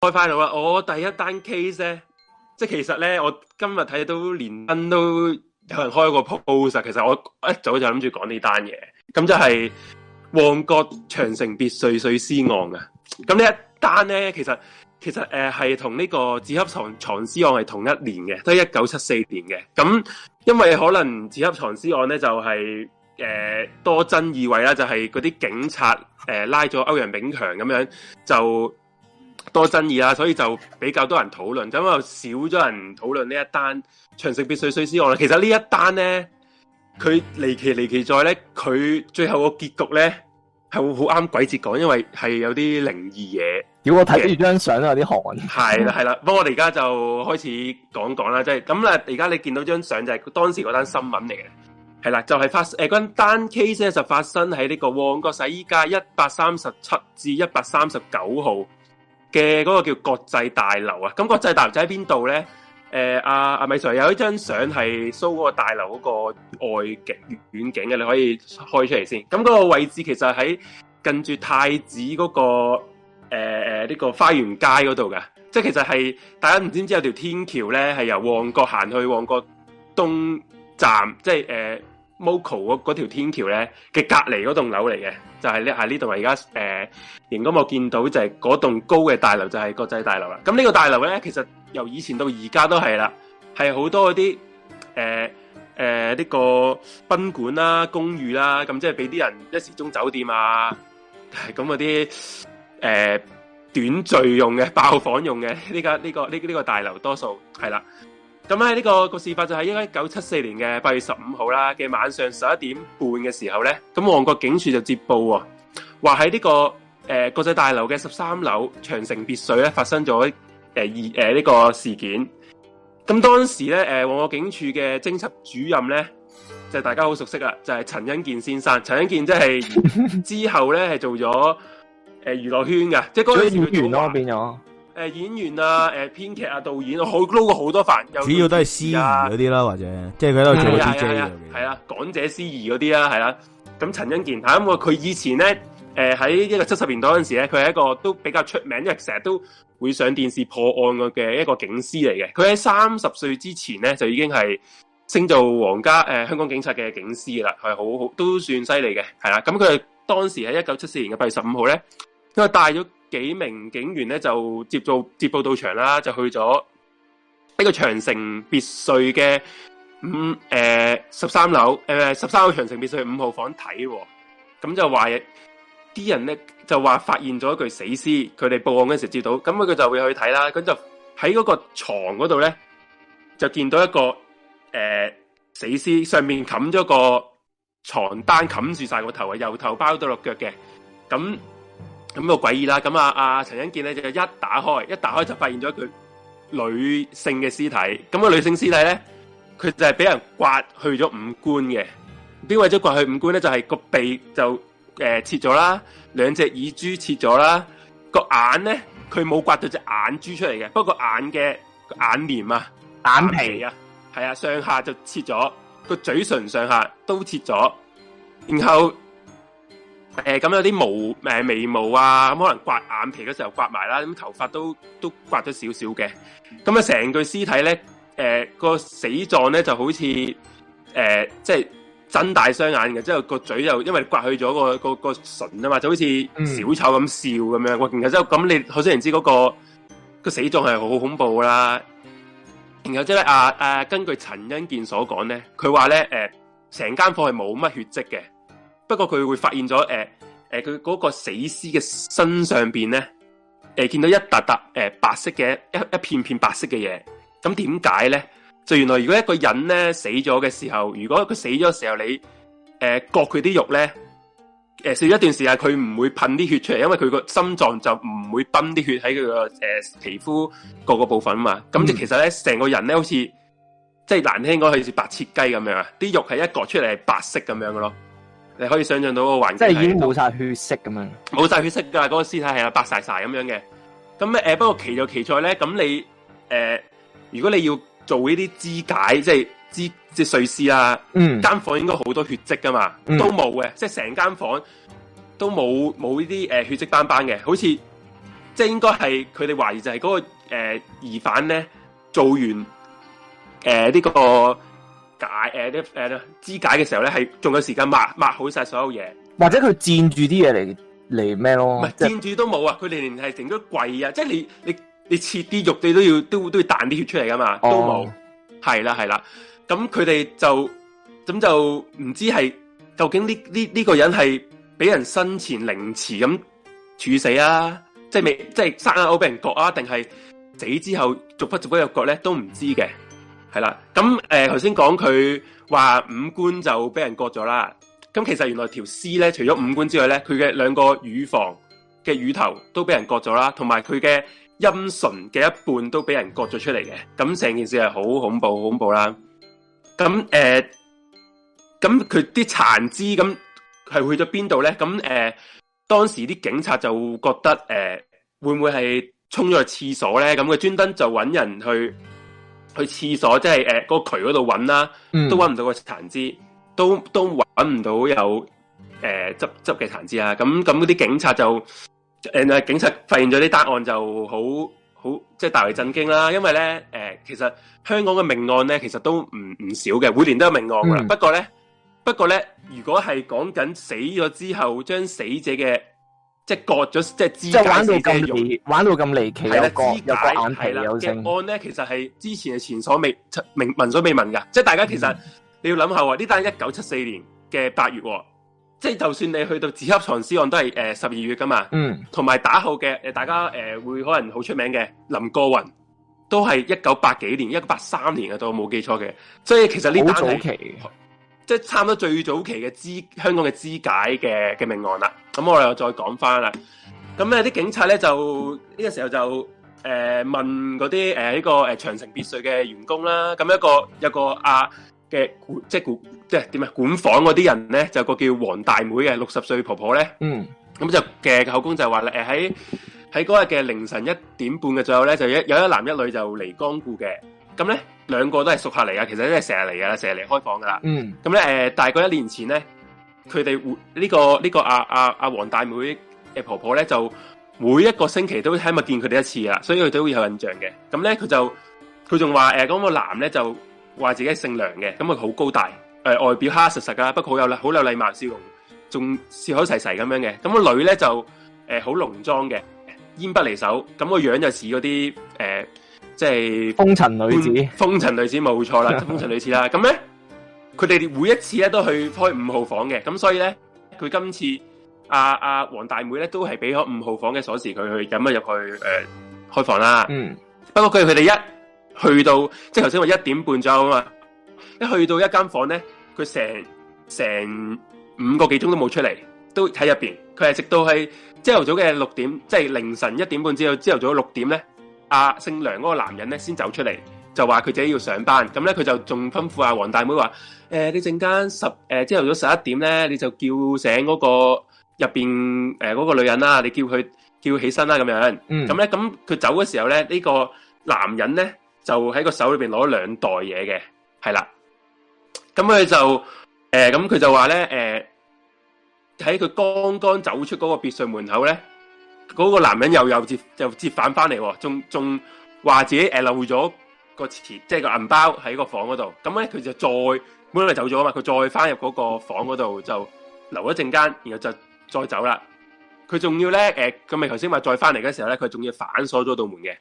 開翻啦！我第一單 case 咧，即係其實咧，我今日睇到連登都有人開個 post 啊。其實我一早就諗住講呢單嘢，咁就係旺角長城別墅碎屍案啊！咁呢一單咧，其實其實誒係同呢個紙盒藏藏屍案係同一年嘅，都係一九七四年嘅。咁因為可能紙盒藏屍案咧就係、是、誒、呃、多爭議位啦，就係嗰啲警察誒拉咗歐陽炳強咁樣就。多爭議啦，所以就比較多人討論，咁又少咗人討論呢一單長城別墅碎屍案啦。其實呢一單咧，佢離奇離奇在咧，佢最後個結局咧，係會好啱鬼節講，因為係有啲靈異嘢。如果我睇住張相都有啲寒。係啦，係啦，不過我哋而家就開始講講啦，即係咁啦。而家你見到張相就係當時嗰單新聞嚟嘅，係啦，就係發誒嗰單 case 就發生喺呢個旺角洗衣街一百三十七至一百三十九號。嘅嗰個叫國際大樓啊，咁國際大樓就喺邊度咧？誒、呃，阿、啊、阿米 Sir 有一張相係 show 嗰個大樓嗰個外景遠景嘅，你可以開出嚟先。咁嗰個位置其實喺近住太子嗰、嗰個誒呢、呃呢個花園街嗰度嘅，即係其實係大家唔知唔知有條天橋咧，係由旺角行去旺角東站，即係誒。呃 Moco 嗰條天橋咧嘅隔離嗰棟樓嚟嘅，就係咧喺呢度。而家誒，而家、呃、我見到就係嗰棟高嘅大樓就係、是、國際大樓啦。咁呢個大樓咧，其實由以前到而家都係啦，係好多嗰啲誒誒呢個賓館啦、啊、公寓啦、啊，咁即係俾啲人一時鐘酒店啊，咁嗰啲誒短聚用嘅、爆房用嘅呢、呢個呢、呢個呢呢、呢個大樓多數係啦。是。咁喺呢個個事發就係應該一九七四年嘅八月十五號啦嘅晚上十一點半嘅時候咧，咁旺角警署就接報、哦，話喺呢個誒、呃、國際大樓嘅十三樓長城別墅咧發生咗誒二誒呢個事件。咁當時咧，誒旺角警署嘅偵緝主任咧，就是、大家好熟悉啦，就係、是、陳欣健先生。陳欣健真係之後咧係做咗誒娛樂圈嘅，即係演員咯變咗。誒演員啊，誒編劇啊，導演、啊，好攞過好多飯。又啊、主要都係司儀嗰啲啦，或者即係佢喺度做 DJ 嘅、啊。係啦、啊，啊啊、港姐司儀嗰啲啦，係啦、啊。咁陳欣健嚇咁啊，佢以前咧誒喺一個七十年代嗰陣時咧，佢係一個都比較出名，因為成日都會上電視破案嘅一個警司嚟嘅。佢喺三十歲之前咧，就已經係升做皇家誒、呃、香港警察嘅警司啦，係好好都算犀利嘅。係啦、啊，咁佢當時喺一九七四年嘅八月十五號咧，因為帶咗。幾名警員咧就接到接報到場啦，就去咗呢個長城別墅嘅五誒十三樓誒十三樓長城別墅五號房睇，咁、哦嗯、就話啲人咧就話發現咗一具死屍，佢哋報案嗰時接到，咁佢佢就會去睇啦，咁就喺嗰個床嗰度咧就見到一個誒、呃、死屍，上面冚咗個床單冚住晒個頭啊，由頭包到落腳嘅，咁、嗯。咁個詭異啦，咁啊阿陳欣健咧就一打開，一打開就發現咗一具女性嘅屍體。咁、那個女性屍體咧，佢就係俾人刮去咗五官嘅。邊為咗刮去五官咧，就係、是、個鼻就誒、呃、切咗啦，兩隻耳珠切咗啦，個眼咧佢冇刮到隻眼珠出嚟嘅，不過眼嘅眼簾啊、眼皮啊，係皮啊，上下就切咗，個嘴唇上下都切咗，然後。誒，咁、呃、有啲毛，誒、呃、眉毛啊，咁、嗯、可能刮眼皮嘅時候刮埋啦，咁、嗯、頭髮都都刮咗少少嘅，咁啊成具屍體咧，誒、呃、那個死狀咧就好似，誒、呃、即係睜大雙眼嘅，之後個嘴又因為刮去咗、那個、那個、那個唇啊嘛，就好似小丑咁笑咁樣。哇、嗯，然後即係咁你可想而知嗰、那個、那個死狀係好恐怖啦。然後即係啊誒、啊，根據陳恩健所講咧，佢話咧，誒成間房係冇乜血迹嘅。不過佢會發現咗誒誒，佢、呃、嗰、呃、個死屍嘅身上邊咧，誒、呃、見到一笪笪誒白色嘅一一片片白色嘅嘢。咁點解咧？就原來如果一個人咧死咗嘅時候，如果佢死咗嘅時候你誒、呃、割佢啲肉咧，誒、呃，死咗一段時間佢唔會噴啲血出嚟，因為佢個心臟就唔會泵啲血喺佢個誒皮膚各個部分啊嘛。咁就其實咧，成個人咧好似即係難聽講，好似白切雞咁樣啊！啲肉係一割出嚟係白色咁樣嘅咯。你可以想象到嗰個環境是，即係已經冇晒血色咁樣，冇晒血色噶，嗰、嗰個屍體係白晒晒咁樣嘅。咁咧、呃、不過奇就奇在咧，咁你誒、呃，如果你要做呢啲肢解，即係肢即係碎屍啦，嗯，間房應該好多血跡噶嘛，都冇嘅，嗯、即係成間房都冇冇呢啲誒血跡斑斑嘅，好似即係應該係佢哋懷疑就係嗰、嗰個、呃、疑犯咧做完誒呢、呃呢個。解誒啲肢解嘅時候咧，係仲有時間抹抹好晒所有嘢，或者佢佔住啲嘢嚟嚟咩咯？唔係不、就是、佔住都冇啊！佢哋連係成咗櫃啊！即係你你你切啲肉，你都要都都要彈啲血出嚟噶嘛？哦、都冇。係啦係啦，咁佢哋就咁就唔知係究竟呢呢呢個人係俾人生前凌遲咁處死啊？即係未即係生啊，冇病人割啊，定係死之後逐骨逐骨又割咧？都唔知嘅。嗯係啦，咁誒頭先講佢話五官就俾人割咗啦，咁其實原來條屍咧，除咗五官之外咧，佢嘅兩個乳房嘅乳頭都俾人割咗啦，同埋佢嘅陰唇嘅一半都俾人割咗出嚟嘅，咁成件事係好恐怖，好恐怖啦。咁誒，咁佢啲殘肢咁係去咗邊度咧？咁誒、呃，當時啲警察就覺得誒、呃，會唔會係沖咗去廁所咧？咁佢專登就揾人去。去廁所，即係誒、呃，那個渠嗰度揾啦，嗯、都揾唔到個殘肢，都都揾唔到有誒、呃、執執嘅殘肢啊。咁咁嗰啲警察就誒、呃、警察發現咗啲答案就很，就好好即係大為震驚啦。因為咧誒、呃，其實香港嘅命案咧，其實都唔唔少嘅，每年都有命案噶啦、嗯。不過咧，不過咧，如果係講緊死咗之後，將死者嘅即係割咗，即係肢解咁，玩到咁離，玩到咁離奇，割又割眼皮有，又剩案咧，其實係之前係前所未明聞所未聞噶。即係大家其實、嗯、你要諗下喎，呢單一九七四年嘅八月，即係就算你去到紙盒藏屍案都係誒十二月噶嘛。嗯，同埋打後嘅誒，大家誒、呃、會可能好出名嘅林過雲，都係一九八幾年，一九八三年嘅，都冇記錯嘅。所以其實呢單好早即係差唔多最早期嘅肢香港嘅肢解嘅嘅命案啦，咁、嗯、我哋又再講翻啦。咁咧啲警察咧就呢、這個時候就誒、呃、問嗰啲誒呢個誒、呃、長城別墅嘅員工啦，咁、嗯、一個有個阿嘅、啊、管即係管即係點啊管房嗰啲人咧就個叫黃大妹嘅六十歲婆婆咧，嗯，咁、嗯、就嘅口供就係話咧誒喺喺嗰日嘅凌晨一點半嘅左右咧就一有一男一女就嚟光顧嘅，咁、嗯、咧。嗯兩個都係熟客嚟噶，其實都係成日嚟噶，成日嚟開房噶啦。咁咧、嗯，誒、呃，大概一年前咧，佢哋會呢個呢、呢個阿阿阿黃大妹婆婆咧，就每一個星期都喺咪見佢哋一次啦，所以佢都會有印象嘅。咁咧，佢就佢仲話，誒，嗰、呃嗰個男咧就話自己姓梁嘅，咁啊好高大，誒、呃、外表哈黑實實噶，不過好有好有禮貌，笑容仲笑口齊齊咁樣嘅。咁、咁個女咧就誒好濃妝嘅，煙、呃、不離手，咁、咁個樣就似嗰啲誒。呃即係風塵女子，風塵女子冇錯啦，風塵女子啦。咁咧， 佢哋每一次咧都去開五號房嘅，咁所以咧，佢今次阿阿黃大妹咧都係俾咗五號房嘅鎖匙，佢去咁樣入去誒開房啦。嗯，不過佢哋一去到，即係頭先話一點半左右啊嘛，一去到一間房咧，佢成成五個幾鐘都冇出嚟，都喺入邊。佢係直到係朝頭早嘅六點，即係凌晨一點半之後，朝頭早六點咧。阿、啊、姓梁嗰個男人咧，先走出嚟，就話佢自己要上班。咁咧，佢就仲吩咐阿黃大妹話：誒、呃，你陣間十誒，朝、呃、頭早十一點咧，你就叫醒嗰個入邊誒嗰個女人啦、啊，你叫佢叫起身啦、啊，咁樣。嗯。咁咧，咁佢走嘅時候咧，呢、這個男人咧就喺個手裏邊攞咗兩袋嘢嘅，係啦。咁佢就誒，咁、呃、佢就話咧，誒、呃，喺佢剛剛走出嗰個別墅門口咧。嗰個男人又又接又接返翻嚟喎，仲仲話自己誒留咗個錢，即係個銀包喺個房嗰度。咁咧佢就再，本嚟走咗啊嘛，佢再翻入嗰個房嗰度就留咗一陣間，然後就再走啦。佢仲要咧誒，咁咪頭先話再翻嚟嘅時候咧，佢仲要反鎖咗道門嘅，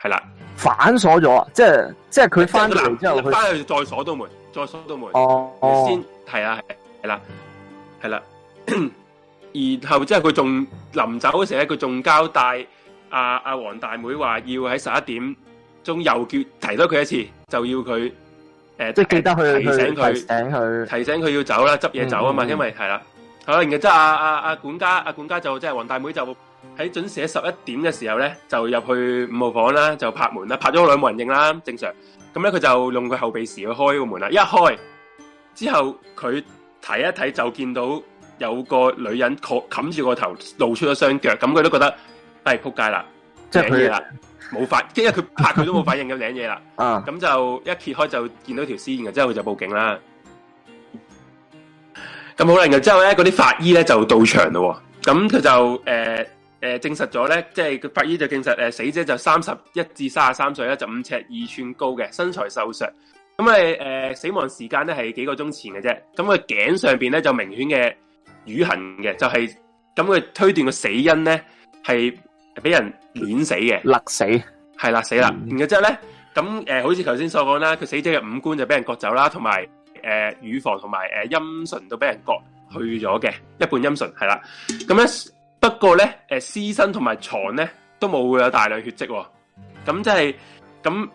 係啦，反鎖咗，即係即係佢翻咗嚟之後，翻去，去再鎖道門，再鎖道門。哦，你先係啊，係啦，係啦。 然後即係佢仲臨走嗰時咧，佢仲交代阿阿黃大妹話要喺十一點，仲又叫提多佢一次，就要佢誒，即係是提記得去提醒佢，醒佢提醒佢他要走啦，執嘢走啊嘛，嗯嗯因為係啦，係啦。然後即係阿阿阿管家，阿、啊、管家就即係黃大妹就喺準時十一點嘅時候咧，就入去五號房啦，就拍門啦，拍咗兩冇人應啦，正常。咁咧佢就用佢後備匙去開個門啦，一開之後佢睇一睇就見到，有個女人，確冚住個頭，露出咗雙腳，咁佢都覺得，哎，扑街啦，即擰嘢啦，冇法，因為佢拍佢都冇反應，咁擰嘢啦，啊，咁 就一揭開就見到條屍，然之後就報警啦。咁好啦，咁之後咧，嗰啲法醫咧就到場啦，咁佢就誒誒、呃呃、證實咗咧，即係個法醫就證實，誒、呃，死者就三十一至三十三歲啦，就五尺二寸高嘅，身材瘦削，咁咪誒死亡時間咧係幾個鐘前嘅啫，咁佢頸上邊咧就明顯嘅。瘀痕嘅，就係咁佢推斷嘅死因咧，係俾人碾死嘅，勒死，係勒死啦。嗯、然之後咧，咁誒、呃，好似頭先所講啦，佢死者嘅五官就俾人割走啦，同埋誒乳房同埋誒陰唇都俾人割去咗嘅，一半陰唇係啦。咁咧，不過咧，誒、呃、屍身同埋床咧都冇會有大量血迹，哦，咁即係咁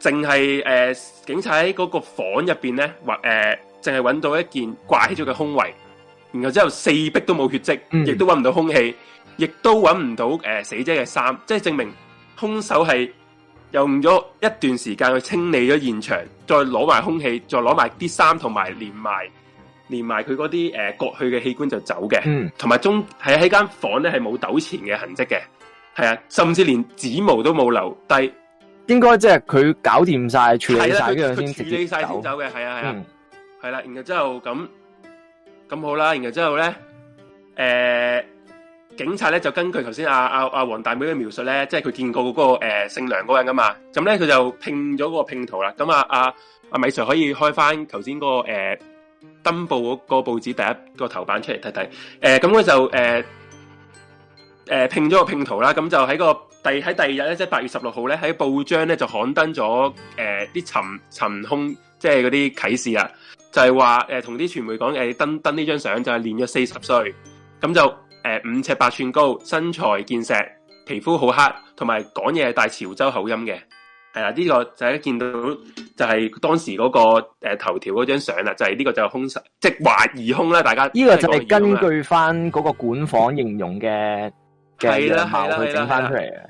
淨係誒警察喺嗰個房入邊咧或誒淨係搵到一件掛起咗嘅胸圍。然後之後四壁都冇血跡，亦、嗯、都搵唔到兇器，亦都搵唔到誒、呃、死者嘅衫，即係證明凶手係用咗一段時間去清理咗現場，再攞埋兇器，再攞埋啲衫同埋連埋連埋佢嗰啲誒割去嘅器官就走嘅。同埋、嗯、中係喺間房咧係冇糾纏嘅痕跡嘅，係啊，甚至連指毛都冇留低，應該即係佢搞掂晒處理晒，跟住處理晒先走嘅，係啊係啊，係啦，嗯、然後之後咁。咁好啦，然後之後咧，誒、呃、警察咧就根據頭先阿阿阿黃大妹嘅描述咧，即係佢見過嗰個、呃、姓梁嗰個人㗎嘛，咁咧佢就拼咗個拼圖啦。咁啊啊啊米 Sir 可以開返頭先嗰個、呃、登報嗰個報紙第一個頭版出嚟睇睇。誒咁佢就誒誒拼咗個拼圖啦。咁就喺個第喺第二日咧，即係八月十六號咧，喺報章咧就刊登咗誒啲尋尋兇，即係嗰啲啟示啦。就係話誒，同、呃、啲傳媒講嘅，你、呃、登登呢張相就係年約四十歲，咁就誒五、呃、尺八寸高，身材健碩，皮膚好黑，同埋講嘢係帶潮州口音嘅，係、哎、啦，呢、這個就係見到就係當時嗰、那個誒、呃、頭條嗰張相啦，就係、是、呢個就係兇手即懷疑兇，啦，大家呢個就係根據翻嗰個管房形容嘅嘅面貌去整翻出嚟嘅，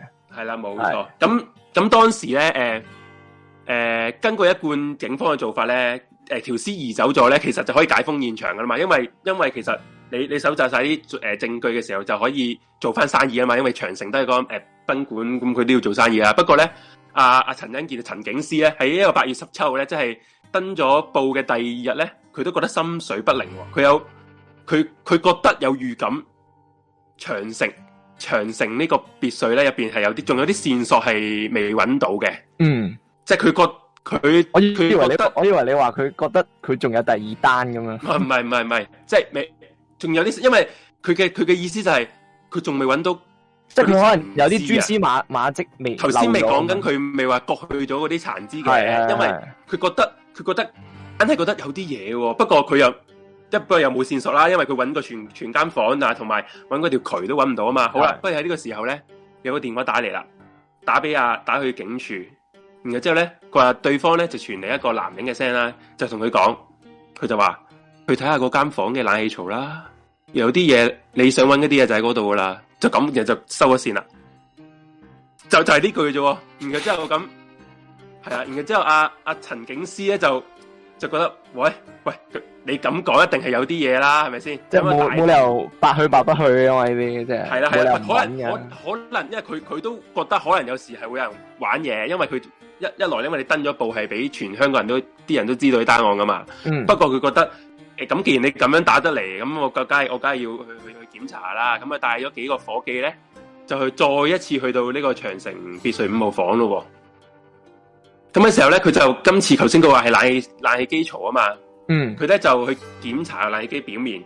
係啦，冇錯。咁咁的的當時咧，誒、呃、誒、呃，根據一貫警方嘅做法咧。誒、呃，條屍移走咗咧，其實就可以解封現場噶啦嘛，因為因為其實你你蒐集晒啲誒證據嘅時候，就可以做翻生意啊嘛，因為長城都係、那個誒、呃、賓館，咁佢都要做生意啊。不過咧，阿、啊、阿、啊、陳欣健、陳警司咧，喺呢個八月十七號咧，即、就、係、是、登咗報嘅第二日咧，佢都覺得心水不寧喎，佢有佢佢覺得有預感，長城長城呢個別墅咧入邊係有啲仲有啲線索係未揾到嘅，嗯，即係佢覺。佢，我以佢覺得，我以為你話佢覺得佢仲有第二單咁啊？唔係唔係唔係，即係未仲有啲，因為佢嘅佢嘅意思就係佢仲未揾到，即係佢可能有啲蛛絲馬馬跡未。頭先未講緊，佢未話割去咗嗰啲殘肢嘅，的因為佢覺得佢覺得硬係覺得有啲嘢。不過佢又一，不過又冇線索啦。因為佢揾過全全間房啊，同埋揾過條渠都揾唔到啊嘛。好啦，的不如喺呢個時候咧有個電話打嚟啦，打俾阿、啊、打去警署。然後之後咧，佢話對方咧就傳嚟一個男人嘅聲啦，就同佢講，佢就話去睇下嗰間房嘅冷氣槽啦，有啲嘢你想揾嗰啲嘢就喺嗰度噶啦，就咁然後就收咗線啦，就就係呢句啫。然後之、就是、後咁，係 啊，然之後阿阿陳警司咧就就覺得，喂喂，你咁講一定係有啲嘢啦，係咪先？即係冇冇理由白去白不去啊？呢啲係，係啦係啦，可能可可能因為佢佢都覺得可能有時係會有人玩嘢，因為佢。一一來因為你登咗報係俾全香港人都啲人都知道啲單案噶嘛。嗯、不過佢覺得誒，咁、欸、既然你咁樣打得嚟，咁我個，我梗係要去去去檢查啦。咁啊，帶咗幾個伙計咧，就去再一次去到呢個長城別墅五號房咯、啊。咁嘅時候咧，佢就今次頭先佢話係冷氣冷氣機嘈啊嘛。嗯，佢咧就去檢查冷氣機表面，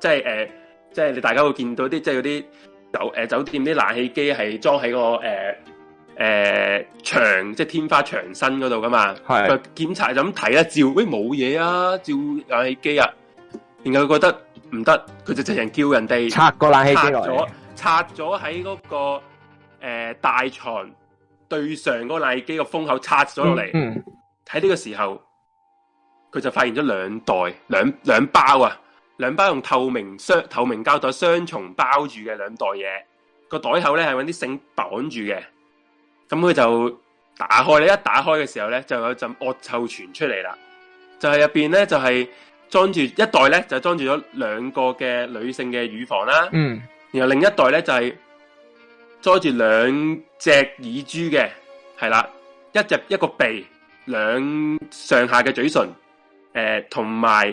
即係誒、呃，即係你大家會見到啲，即係嗰啲酒誒、呃，酒店啲冷氣機係裝喺個誒。呃誒，牆、呃、即係天花牆身嗰度噶嘛？係檢查就咁睇一照，喂冇嘢啊！照冷氣機啊，然後佢覺得唔得，佢就直情叫人哋拆個冷氣機落嚟，拆咗喺嗰個誒、呃、大床對上嗰個冷氣機個風口拆咗落嚟。嗯，喺呢個時候，佢就發現咗兩袋兩兩包啊，兩包用透明雙透明膠袋雙重包住嘅兩袋嘢，個袋口咧係搵啲繩綁住嘅。咁佢就打開咧，一打開嘅時候咧，就有陣惡臭傳出嚟啦。就係入邊咧，就係裝住一袋咧，就裝住咗兩個嘅女性嘅乳房啦。嗯。然後另一袋咧就係裝住兩隻耳珠嘅，係啦，一隻一個鼻，兩上下嘅嘴唇，誒、呃，同埋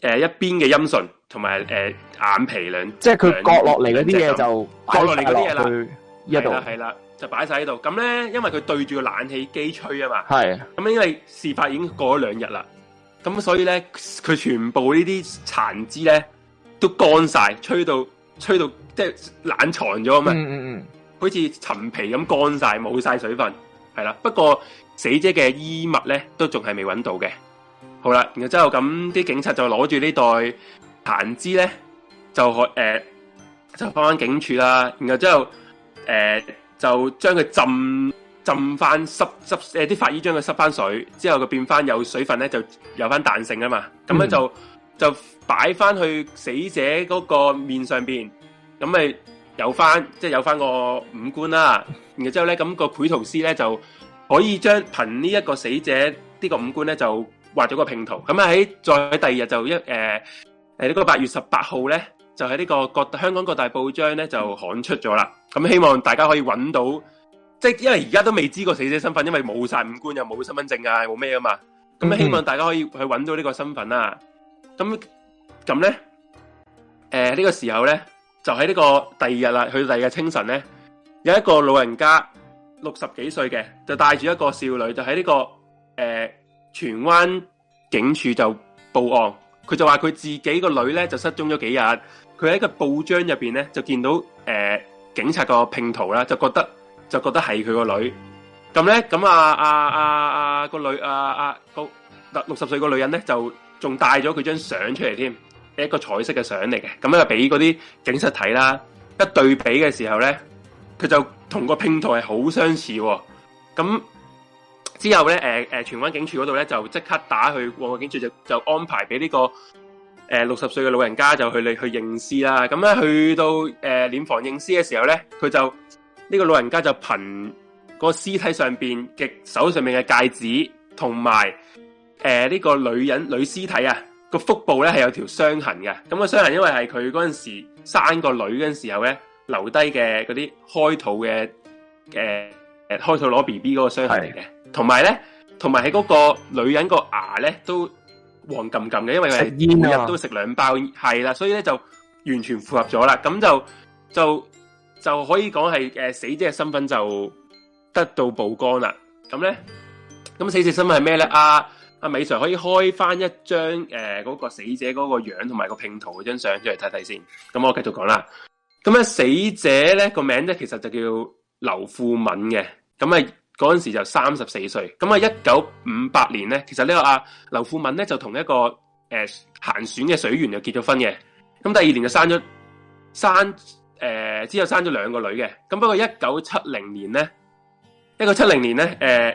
誒一邊嘅陰唇，同埋誒眼皮兩隻，即係佢割落嚟嗰啲嘢就擺落嚟去。係啦。就擺晒喺度，咁咧，因為佢對住個冷氣機吹啊嘛，係，咁因為事發已經過咗兩日啦，咁所以咧，佢全部呢啲殘肢咧都乾晒，吹到吹到即係冷藏咗啊嘛，嗯嗯，好似陳皮咁乾晒，冇晒水分，係啦。不過死者嘅衣物咧都仲係未揾到嘅。好啦，然後之後咁啲警察就攞住呢袋殘肢咧，就可誒、呃，就翻翻警署啦，然後之後誒。呃就將佢浸浸翻濕濕誒啲、欸、法醫將佢濕翻水，之後佢變翻有水分咧，就有翻彈性啊嘛。咁、嗯、樣就就擺翻去死者嗰個面上邊，咁咪有翻即係有翻個五官啦。然之後咧，咁、那個繪圖師咧就可以將憑呢一個死者呢、這個五官咧就畫咗個拼圖。咁啊喺再第二日就一誒誒、呃呃這個、呢個八月十八號咧。就喺呢個國香港各大報章咧就刊出咗啦，咁、嗯嗯嗯、希望大家可以揾到，即係因為而家都未知個死者身份，因為冇晒五官又冇身份證啊，冇咩啊嘛，咁、嗯嗯、希望大家可以去揾到呢個身份啦。咁咁咧，誒呢、呃這個時候咧，就喺呢個第二日啦，佢第二日清晨咧，有一個老人家六十幾歲嘅，就帶住一個少女就在、這個，就喺呢個誒荃灣警署就報案，佢就話佢自己個女咧就失蹤咗幾日。佢喺一個報章入邊咧，就見到誒、呃、警察個拼圖啦，就覺得就覺得係佢、啊啊啊嗰個女。咁咧，咁啊，阿阿阿個女，阿阿六十歲個女人咧，就仲帶咗佢張相出嚟添，一個彩色嘅相嚟嘅。咁就俾嗰啲警察睇啦，一對比嘅時候咧，佢就同個拼圖係好相似。咁之後咧，誒、呃、誒，荃灣警署嗰度咧就即刻打去旺角、嗰個、警署就，就就安排俾呢、呢個。誒，六十歲嘅老人家就去嚟去認屍啦。咁、嗯、咧去到誒殮、呃、房認屍嘅時候咧，佢就呢、這個老人家就憑個屍體上邊嘅手上面嘅戒指，同埋誒呢個女人女屍體啊個腹部咧係有條傷痕嘅。咁、那個傷痕因為係佢嗰陣時生個女嗰陣時候咧留低嘅嗰啲開肚嘅誒誒開肚攞 B B 嗰個傷痕嚟嘅。同埋咧，同埋喺嗰個女人個牙咧都。黃冚冚嘅，因為佢每日都食兩包，係啦，所以咧就完全符合咗啦，咁就就就可以講係誒死者嘅身份就得到曝光啦。咁咧，咁死者身份係咩咧？阿阿、嗯啊、米 Sir 可以開翻一張誒嗰個死者嗰個樣同埋個拼圖嘅張相出嚟睇睇先。咁我繼續講啦。咁啊死者咧個名咧其實就叫劉富敏嘅。咁啊。嗰陣時就三十四歲，咁啊一九五八年呢，其實呢個阿、啊、劉富敏呢，就同一個誒咸、呃、選嘅水源就結咗婚嘅，咁第二年就生咗生誒、呃、之後生咗兩個女嘅，咁不過一九七零年呢，一九七零年呢，誒、呃、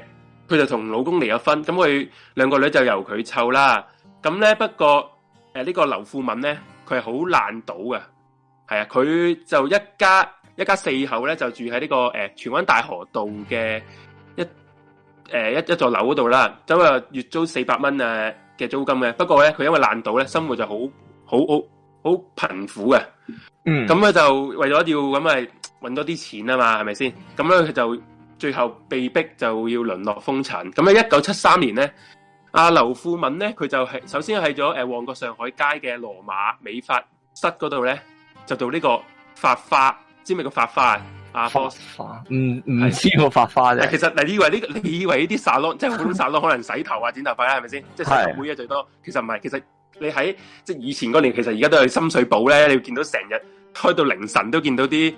佢就同老公離咗婚，咁佢兩個女就由佢湊啦，咁呢，不過誒呢、呃這個劉富敏呢，佢係好難倒爛賭噶，係啊，佢就一家一家四口呢，就住喺呢、這個誒荃灣大河道嘅。一誒、呃、一一座樓嗰度啦，咁啊月租四百蚊啊嘅租金嘅，不過咧佢因為爛到咧，生活就好好好好貧苦嘅，嗯，咁咧就為咗要咁咪揾多啲錢啊嘛，係咪先？咁咧佢就最後被逼就要淪落風塵。咁喺一九七三年咧，阿劉富敏咧佢就係、係、首先喺咗誒旺角上海街嘅羅馬美髮室嗰度咧，就做呢個髮花，知唔知個髮花？花唔唔知個髮花啫，啊，其實你以為呢，這個？你以為呢啲沙龍，即係好多沙龍，可能洗頭啊、 剪頭髮啦，係咪先？即係洗頭妹啊最多。其實唔係，其實你喺即係以前嗰年，其實而家都係深水埗咧，你會見到成日開到凌晨都見到啲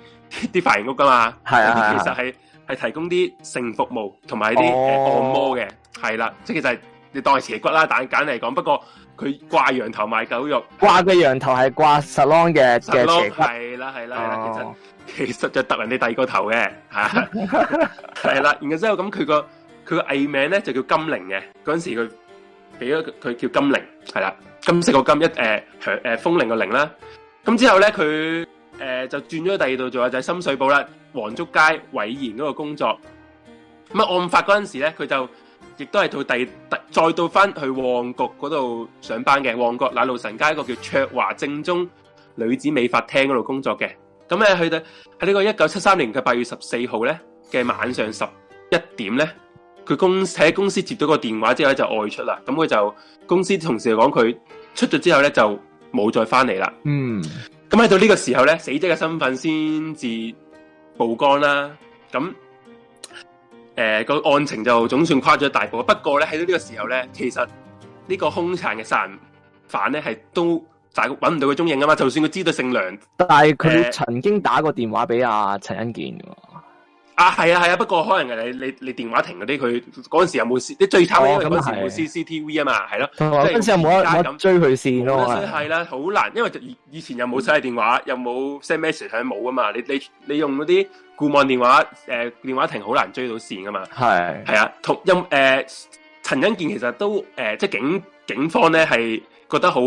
啲髮型屋噶嘛。係啊，其實係係、啊、提供啲性服務同埋啲按摩嘅，係啦，哦，即係其實你當係邪骨啦，但係簡嚟講，不過。佢掛羊頭賣狗肉，掛嘅羊頭係掛 salon 嘅嘅斜 cut，係啦係啦，其實其實就突人哋第二個頭嘅，係啦，係啦。然之後咁佢個佢個藝名咧就叫金鈴嘅，嗰陣時佢俾咗佢叫金鈴，係啦，金色個金一誒響誒風鈴個鈴啦。咁之後咧佢誒就轉咗第二度做就係深水埗啦，黃竹街偉賢嗰個工作。咁啊案發嗰陣時咧佢就。亦都係到第第，再到翻去旺角嗰度上班嘅，旺角奶路臣街一個叫卓華正宗女子美髮廳嗰度工作嘅。咁咧，佢喺呢個一九七三年嘅八月十四號咧嘅晚上十一點咧，佢公喺公司接到個電話之後就外出啦。咁佢就公司同事講佢出咗之後咧就冇再翻嚟啦。嗯，咁喺到呢個時候咧，死者嘅身份先至曝光啦。咁。誒、呃，個案情就總算跨咗一大步。不過咧，喺呢個時候咧，其實呢個兇殘嘅殺人犯咧係都大揾唔到佢蹤影啊嘛。就算佢知道姓梁，但係他佢、呃、曾經打過電話俾阿陳恩健。啊，係啊，係啊，啊，不過可能你你你電話亭嗰啲，佢嗰陣時候有冇？啲最慘咧，佢嗰陣冇 C C T V 啊嘛，係咯有，嗰陣、啊、時有冇？咁樣追佢綫咯，係啦，好、啊、難，因為以前又冇手提電話，嗯、又冇 send message，冇啊嘛，你你你用嗰啲固網電話誒、呃、電話亭，好難追到綫噶嘛，係係啊，同音誒陳欣健其實都誒、呃，即警警方咧係覺得好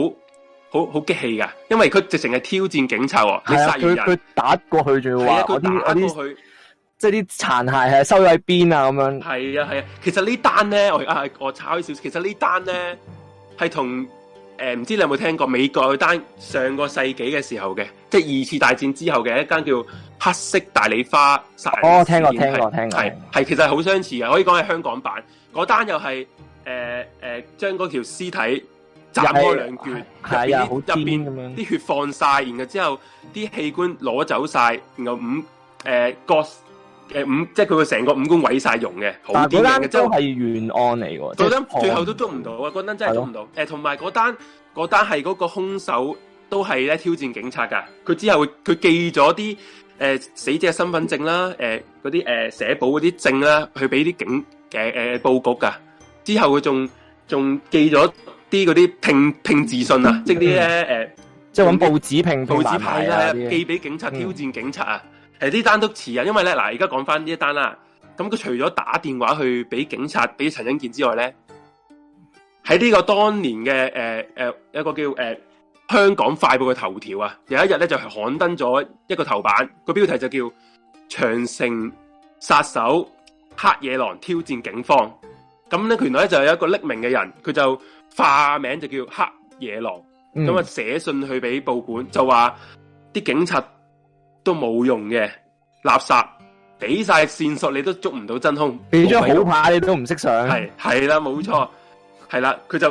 好好激氣噶，因為佢直情係挑戰警察，啊、你殺人，佢打過去仲要、啊、打過去即係啲殘骸係收喺邊啊，咁樣、啊。係啊係啊，其實呢單咧，我我炒少少。其實呢單咧係同誒唔知你有冇聽過美國嗰單上個世紀嘅時候嘅，即係二次大戰之後嘅一間叫黑色大理花殺人事件，哦，聽過聽過，係係係，其實係好相似嘅，可以講係香港版。嗰單又係誒誒，將嗰條屍體斬開兩段，入邊入邊咁樣，啲血放晒，然後之後啲器官攞走晒，然後五誒、呃割誒五，即係佢個成個五官毀晒容嘅，好癲嘅，即原案嚟喎。嗰單是最後都捉唔到啊！嗰單真係捉唔到。誒，同埋嗰單嗰單係嗰個凶手都係咧挑戰警察噶。佢之後佢寄咗啲誒死者嘅身份證啦，誒嗰啲誒社保嗰啲證啦，去俾啲警嘅誒布局噶。之後佢仲仲寄咗啲嗰啲拼拼字信啊，即係啲咧誒，即係搵報紙拼報紙牌啊，寄俾警察、嗯、挑戰警察啊！呢單都遲啊，因為咧嗱，而家講翻呢一單啦。咁佢除咗打電話去俾警察、俾陳永健之外咧，喺呢個當年嘅誒誒一個叫誒、呃、香港快報嘅頭條啊，有一日咧就是、刊登咗一個頭版，個標題就叫《長城殺手黑野狼挑戰警方》呢。咁咧，原來咧就有一個匿名嘅人，佢就化名就叫黑野狼，咁啊寫信去俾報館，就話啲警察。都冇用嘅垃圾，俾晒線索你都捉唔到真兇，俾張好牌你都唔識上。嗯是，係係啦，冇錯，係啦，嗯，佢就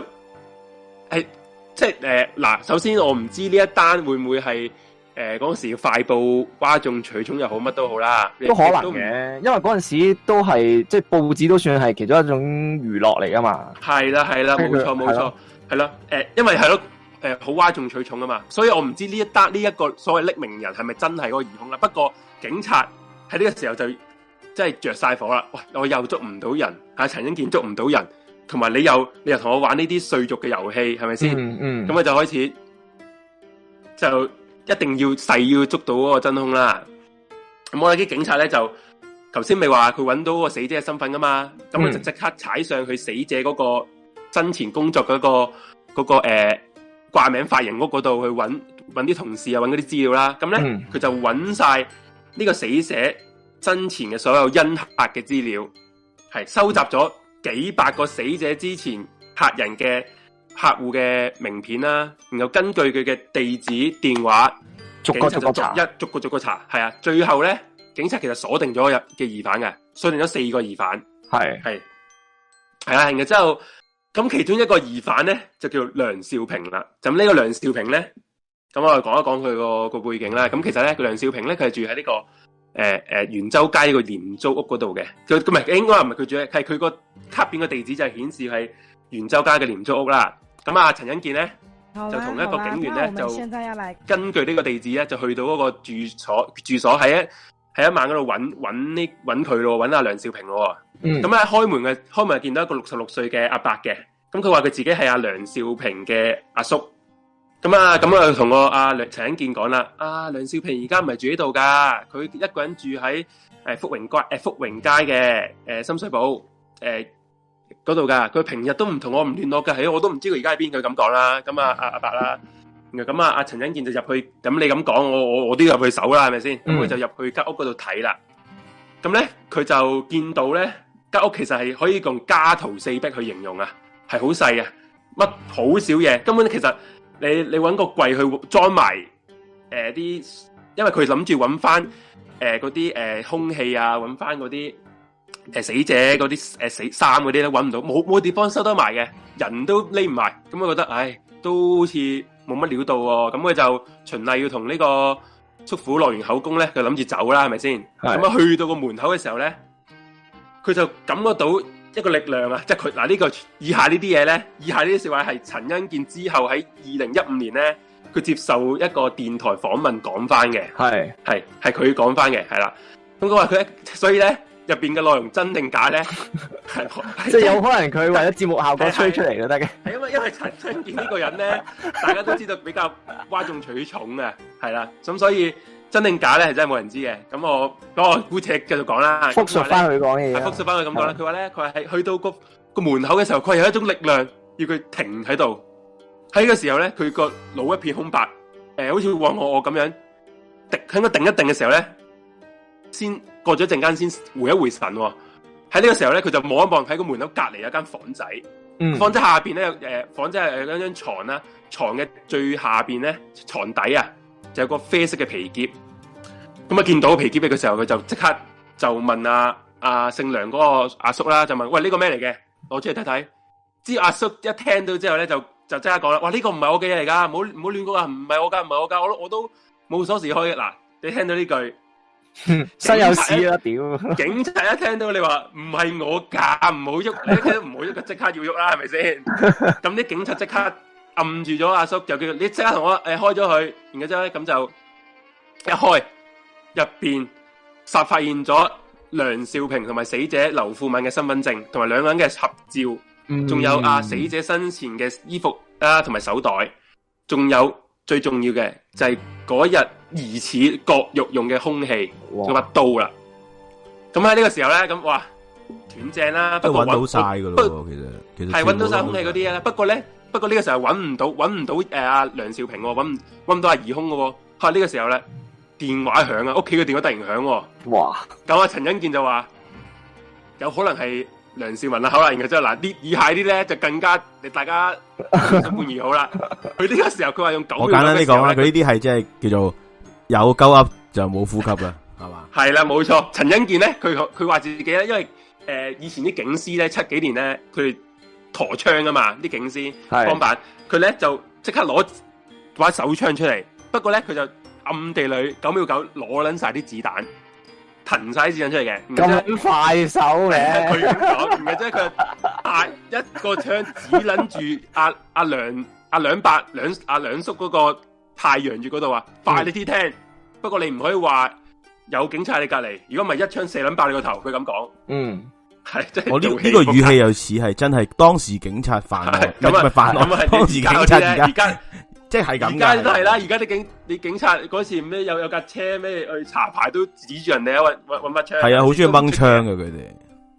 係即係誒嗱，首先我唔知呢一單會唔會係誒嗰時候快報嘩眾取寵又好，乜都好啦，都可能嘅，因為嗰陣時候都係即係報紙都算係其中一種娛樂嚟噶嘛，係啦係啦，冇錯冇錯，係啦，誒，因為係咯。是誒，好嘩眾取寵啊嘛！所以我唔知呢一單呢一個所謂匿名人係咪真係個個疑兇啦。不過警察喺呢個時候就真係着晒火啦。喂，我又捉唔到人陳陳英健捉唔到人，同埋你又你又同我玩呢啲碎肉嘅遊戲，係咪先？嗯，咁我就開始就一定要誓要捉到嗰個真凶啦。咁我哋啲警察咧就，頭先咪話佢揾到個死者嘅身份㗎嘛？咁佢就即刻踩上去死者嗰個真前工作嗰個嗰個誒。掛名髮型屋嗰度去揾啲同事啊，揾啲資料啦。咁咧佢就揾晒呢個死者生前嘅所有恩客嘅資料，係收集咗幾百個死者之前客人嘅客戶嘅名片啦。然後根據佢嘅地址、電話，逐個警察就逐一逐個逐個查。係啊，最後咧警察其實鎖定咗入嘅疑犯嘅，鎖定咗四個疑犯。係係係啊，然後之後。咁其中一個疑犯咧就叫梁少平啦。咁呢個梁少平咧，咁我哋講一講佢個背景啦。咁其實咧，佢梁少平咧，佢係住喺呢、這個誒誒元洲街呢個廉租屋嗰度嘅。佢咁唔係，應該唔係佢住咧？係佢個卡片嘅地址就顯示喺元洲街嘅廉租屋啦。咁啊，陳欣健咧，就同一個警員咧就根據呢個地址咧，就去到嗰個住所住所喺。喺一晚嗰度揾揾呢揾佢咯，揾阿梁少平咯。咁喺、嗯、開門嘅開門又見到一個六十六歲嘅阿伯嘅，咁佢話佢自己係阿梁少平嘅阿叔。咁啊，咁啊同個阿梁陳建健講啦，啊梁少平而家唔係住呢度噶，佢一個人住喺誒、呃、福榮街誒福榮街嘅誒深水埗誒嗰度噶。佢、呃、平日都唔同我唔聯絡嘅，係、哎、我都唔知佢而家喺邊。佢咁講啦，咁啊阿伯啦。啊咁啊，阿陳振健就入去，咁你咁講，我我我都要入去搜啦，係咪先？咁佢、嗯、就入去間屋嗰度睇啦。咁咧，佢就見到咧間屋其實係可以用家徒四壁去形容啊，係好細啊，乜好少嘢，根本其實你你揾個櫃去裝埋誒啲，因為佢諗住揾翻誒嗰啲誒空氣啊，揾翻嗰啲誒死者嗰啲誒死衫嗰啲咧，揾唔到，冇冇地方收得埋嘅，人都匿唔埋，咁佢覺得唉，都好似。冇乜料到喎，咁佢、哦、就循例要同呢個速虎落完口供咧，佢諗住走啦，係咪先？咁啊是，去到個門口嘅時候咧，佢就感覺到一個力量啊！即係佢嗱呢個以下呢啲嘢咧，以下呢啲說話係陳欣健之後喺二零一五年咧，佢接受一個電台訪問講翻嘅，係係係佢講翻嘅，係啦。咁佢話佢所以咧。入邊嘅內容真定假咧？即係有可能佢為咗節目效果吹出嚟咯，得嘅。係因為因為陳生健呢個人咧，大家都知道比較嘩眾取寵啊，係啦。咁所以真定假咧，係真係冇人知嘅。咁我咁我姑且繼續講啦，複述翻佢講嘢啦，複述翻佢咁講啦。佢話咧，佢話係去到個個門口嘅時候，佢有一種力量要佢停喺度。喺個時候咧，佢個腦一片空白，誒，好似我我我咁樣，停喺度定一定嘅時候咧。先過咗一陣間，先回一回神喎、哦。喺呢個時候咧，佢就望一望喺個門口隔籬有一間房仔、嗯呃。房仔下邊咧，誒房仔係有兩張床啦、啊，床嘅最下邊咧，床底啊，就有一個啡色嘅皮篋。咁、嗯、啊，見到皮篋嘅時候，佢就即刻就問阿、啊、阿、啊、姓梁嗰個阿叔啦，就問：喂，呢個咩嚟嘅？攞出嚟睇睇。之後阿叔一聽到之後咧，就就即刻講啦：哇，呢、這個唔係我嘅嘢嚟㗎，唔好唔好亂講啊！唔係我㗎，唔係我㗎，我我都冇鎖匙開嘅。嗱，你聽到呢句？西有屎啦！屌，警察一聽到你話唔係我㗎，唔好喐，你一聽到唔好喐，就即刻要喐啦，係咪先？咁啲警察即刻按住咗阿叔，就叫你即刻同我誒開咗佢，然之後咧咁就一開入邊，實發現咗梁少平同埋死者劉富敏嘅身份證，同埋兩個人嘅合照，仲有阿死者生前嘅衣服啊，同埋手袋，仲有。最重要嘅就係嗰日疑似割肉用嘅空氣嗰把刀啦，咁喺呢個時候咧，咁哇，斷正啦，不過搵到晒噶咯。其實係搵到晒空氣嗰啲啦，不過咧，不過呢個時候搵唔到，搵唔到，誒，阿梁少平喎，搵唔搵唔到阿疑凶噶喎，吓呢個時候咧，電話響啊，屋企嘅電話突然響，哇，咁阿陳欣健就話有可能係。梁少文啦，好啦，然之後嗱啲以下啲咧就更加，你大家一 滿意好啦。佢呢個時候佢話用九秒嘅簡單你講啦佢呢啲係即係叫做有鳩噏就冇呼吸啦，係嘛 吧？係啦，冇錯。陳欣健咧，佢佢話自己咧，因為誒、呃、以前啲警司咧，七幾年咧，佢哋陀槍噶嘛，啲警司幫辦，佢咧是的 就即刻攞把手槍出嚟，不過咧佢就暗地裏九秒九攞捻晒啲子彈。騰晒子彈出嚟嘅，咁、就是、快手咧，佢咁講，唔係即係佢壓一個槍指捻住阿阿梁阿兩伯兩阿兩叔嗰個太陽穴嗰度啊，快啲聽！不過你唔可以話有警察喺你隔籬，如果唔係一槍射捻爆你個頭，佢咁講。嗯，係即係我呢呢個語氣又似係真係當時警察犯案，唔係犯案，當時警察而家。現在現在即係咁，而家都係啦。而家啲警，你警察嗰時咩有有架車咩去查牌都指住人哋啊，搵搵把槍？係啊，好中意掹槍嘅佢哋。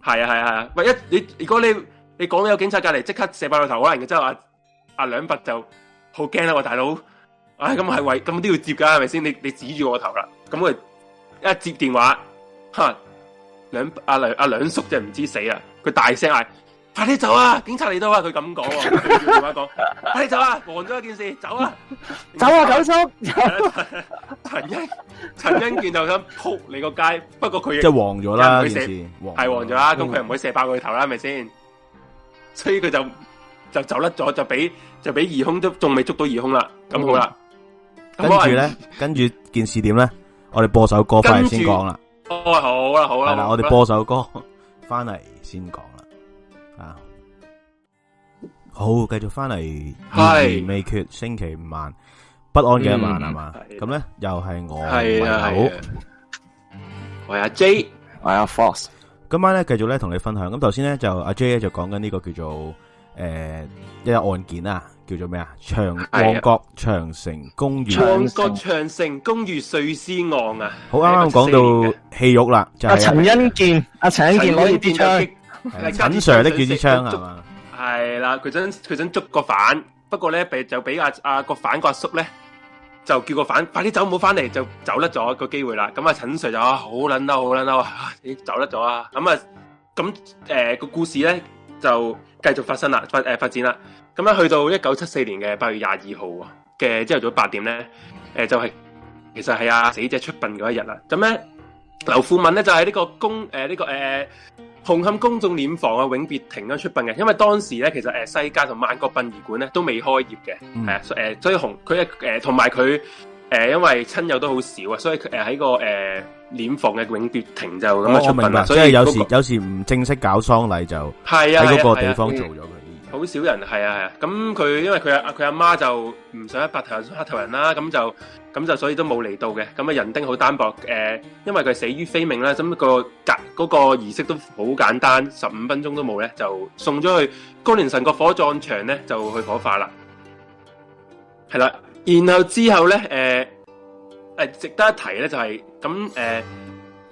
係啊，係啊，啊，喂一你，如果你你講有警察隔籬，即刻射爆個頭啦！然之後阿阿兩伯就好驚啦，喂、啊啊啊、大佬，唉咁係喂咁都要接噶，係咪先？你你指住我個頭啦，咁佢一接電話吓兩阿兩阿兩叔就唔知死啦，佢大聲嗌。快啲走啊！警察你都話啊！佢咁講喎，講。快啲走啊！黃咗一件事，走啊！走啊，九叔陳陳英健就想扑你個街，不過佢即係黃咗啦件事，係黃咗啦。咁佢唔會射爆佢頭啦，係咪先？所以佢就就走甩咗，就俾就俾疑空都仲未捉到疑空啦。咁好啦，跟住咧，跟住件事點咧？我哋播首歌翻嚟先講啦。好好啦，好啦，啦，我哋播首歌翻嚟先講。好，繼續翻，嚟懸而未決，星期五晚不安嘅一晚係嘛？咁咧又係我為首，我阿 J，我阿 Force，今晚咧繼續咧同你分享。咁頭先咧就阿 J 咧就講緊呢個叫做誒一個案件啊，叫做咩啊？長旺角長城公寓，旺角長城公寓碎屍案啊！好啱啱講到戲肉啦，就阿陳恩健，阿陳恩健可以點槍？陳 Sir 搦住支槍係嘛？係啦，佢想佢想捉個犯，不過咧就俾阿阿個犯個阿叔咧，就叫個犯快啲走，唔好返嚟，就走甩咗個機會啦。咁啊，陳 Sir 就啊好捻嬲，好捻嬲，你走甩咗啊！咁啊，咁誒個故事咧就繼續發生啦，發誒、呃、發展啦。咁樣去到一九七四年嘅八月廿二號嘅朝頭早八點咧，誒、呃、就係、是、其實係啊死者出殯嗰一日啦。咁咧劉富文咧就喺、是、呢個公誒呢、呃這個誒。呃紅磡公眾殮房啊，永別亭都出殯嘅，因為當時咧其實誒世界同萬國殯儀館咧都未開業嘅，係啊，誒所以紅佢誒同埋佢誒因為親友都好少啊，所以誒喺個誒殮房嘅永別亭就咁出殯啦，即係有時有時唔正式搞喪禮就喺嗰個地方做咗佢。好少人，係啊，係啊，咁佢因為佢阿佢阿媽就唔想白頭黑頭人啦，咁就咁就所以都冇嚟到嘅咁啊人丁好單薄，誒、呃，因為佢死於非命啦，咁、那個簡、嗰個儀式都好簡單，十五分鐘都冇咧，就送咗去高年神個火葬場咧，就去火化啦，係啦、啊，然後之後咧，誒、呃、誒，值得一提咧就係咁誒，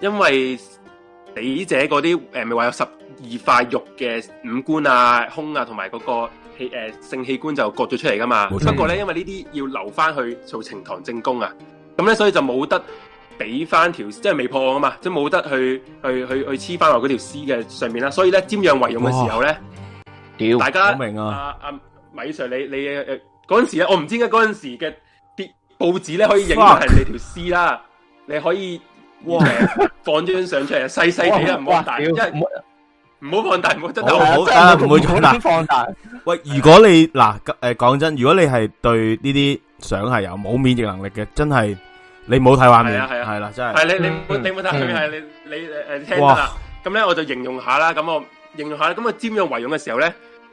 因為死者嗰啲誒，咪、呃、話有十。二塊肉嘅五官啊、胸啊，同埋嗰個器誒、呃、性器官就割咗出嚟噶嘛。沒錯 不過咧，因為呢啲要留翻去做呈堂證供啊，咁咧所以就冇得俾翻條，即係未破案啊嘛，即係冇得去去去去黐翻落嗰條屍嘅上面啦、啊。所以咧，瞻仰遺容嘅時候咧，屌哇大家明啊，啊？阿、啊、阿米 Sir，你你誒嗰陣時咧，我唔知點解嗰陣時嘅啲報紙咧可以影到係你條屍啦， 你可以哇 放張相出嚟，細細哋啊，唔好大，但細細因為。唔好放大，唔好真大，真係唔會。嗱，放大。喂，如果你嗱，誒，講真，如果你係對呢啲相係有冇免疫能力嘅，真係你唔好睇畫面。係啊，係啊，係啦，真係。係你你唔好你唔好睇畫面，你你誒聽啦。咁咧，我就形容下啦。咁我形容下啦。咁啊，瞻仰遺容嘅時候咧，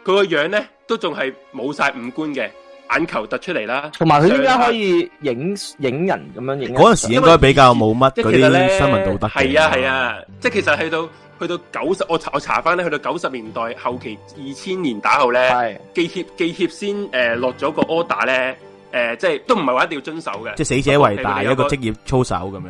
佢個樣咧都仲係冇晒五官嘅，眼球突出嚟啦。同埋佢依家可以影影人咁樣影。嗰陣時應該比較冇乜嗰啲新聞道德。係啊，係啊，即係其實去到。去到九十，我我查翻咧，去到九十年代後期，二千年打後咧的，記協記協先誒落咗個 order 咧，誒、呃、即係都唔係話一定要遵守嘅。即死者為大一個，一個職業操守咁樣。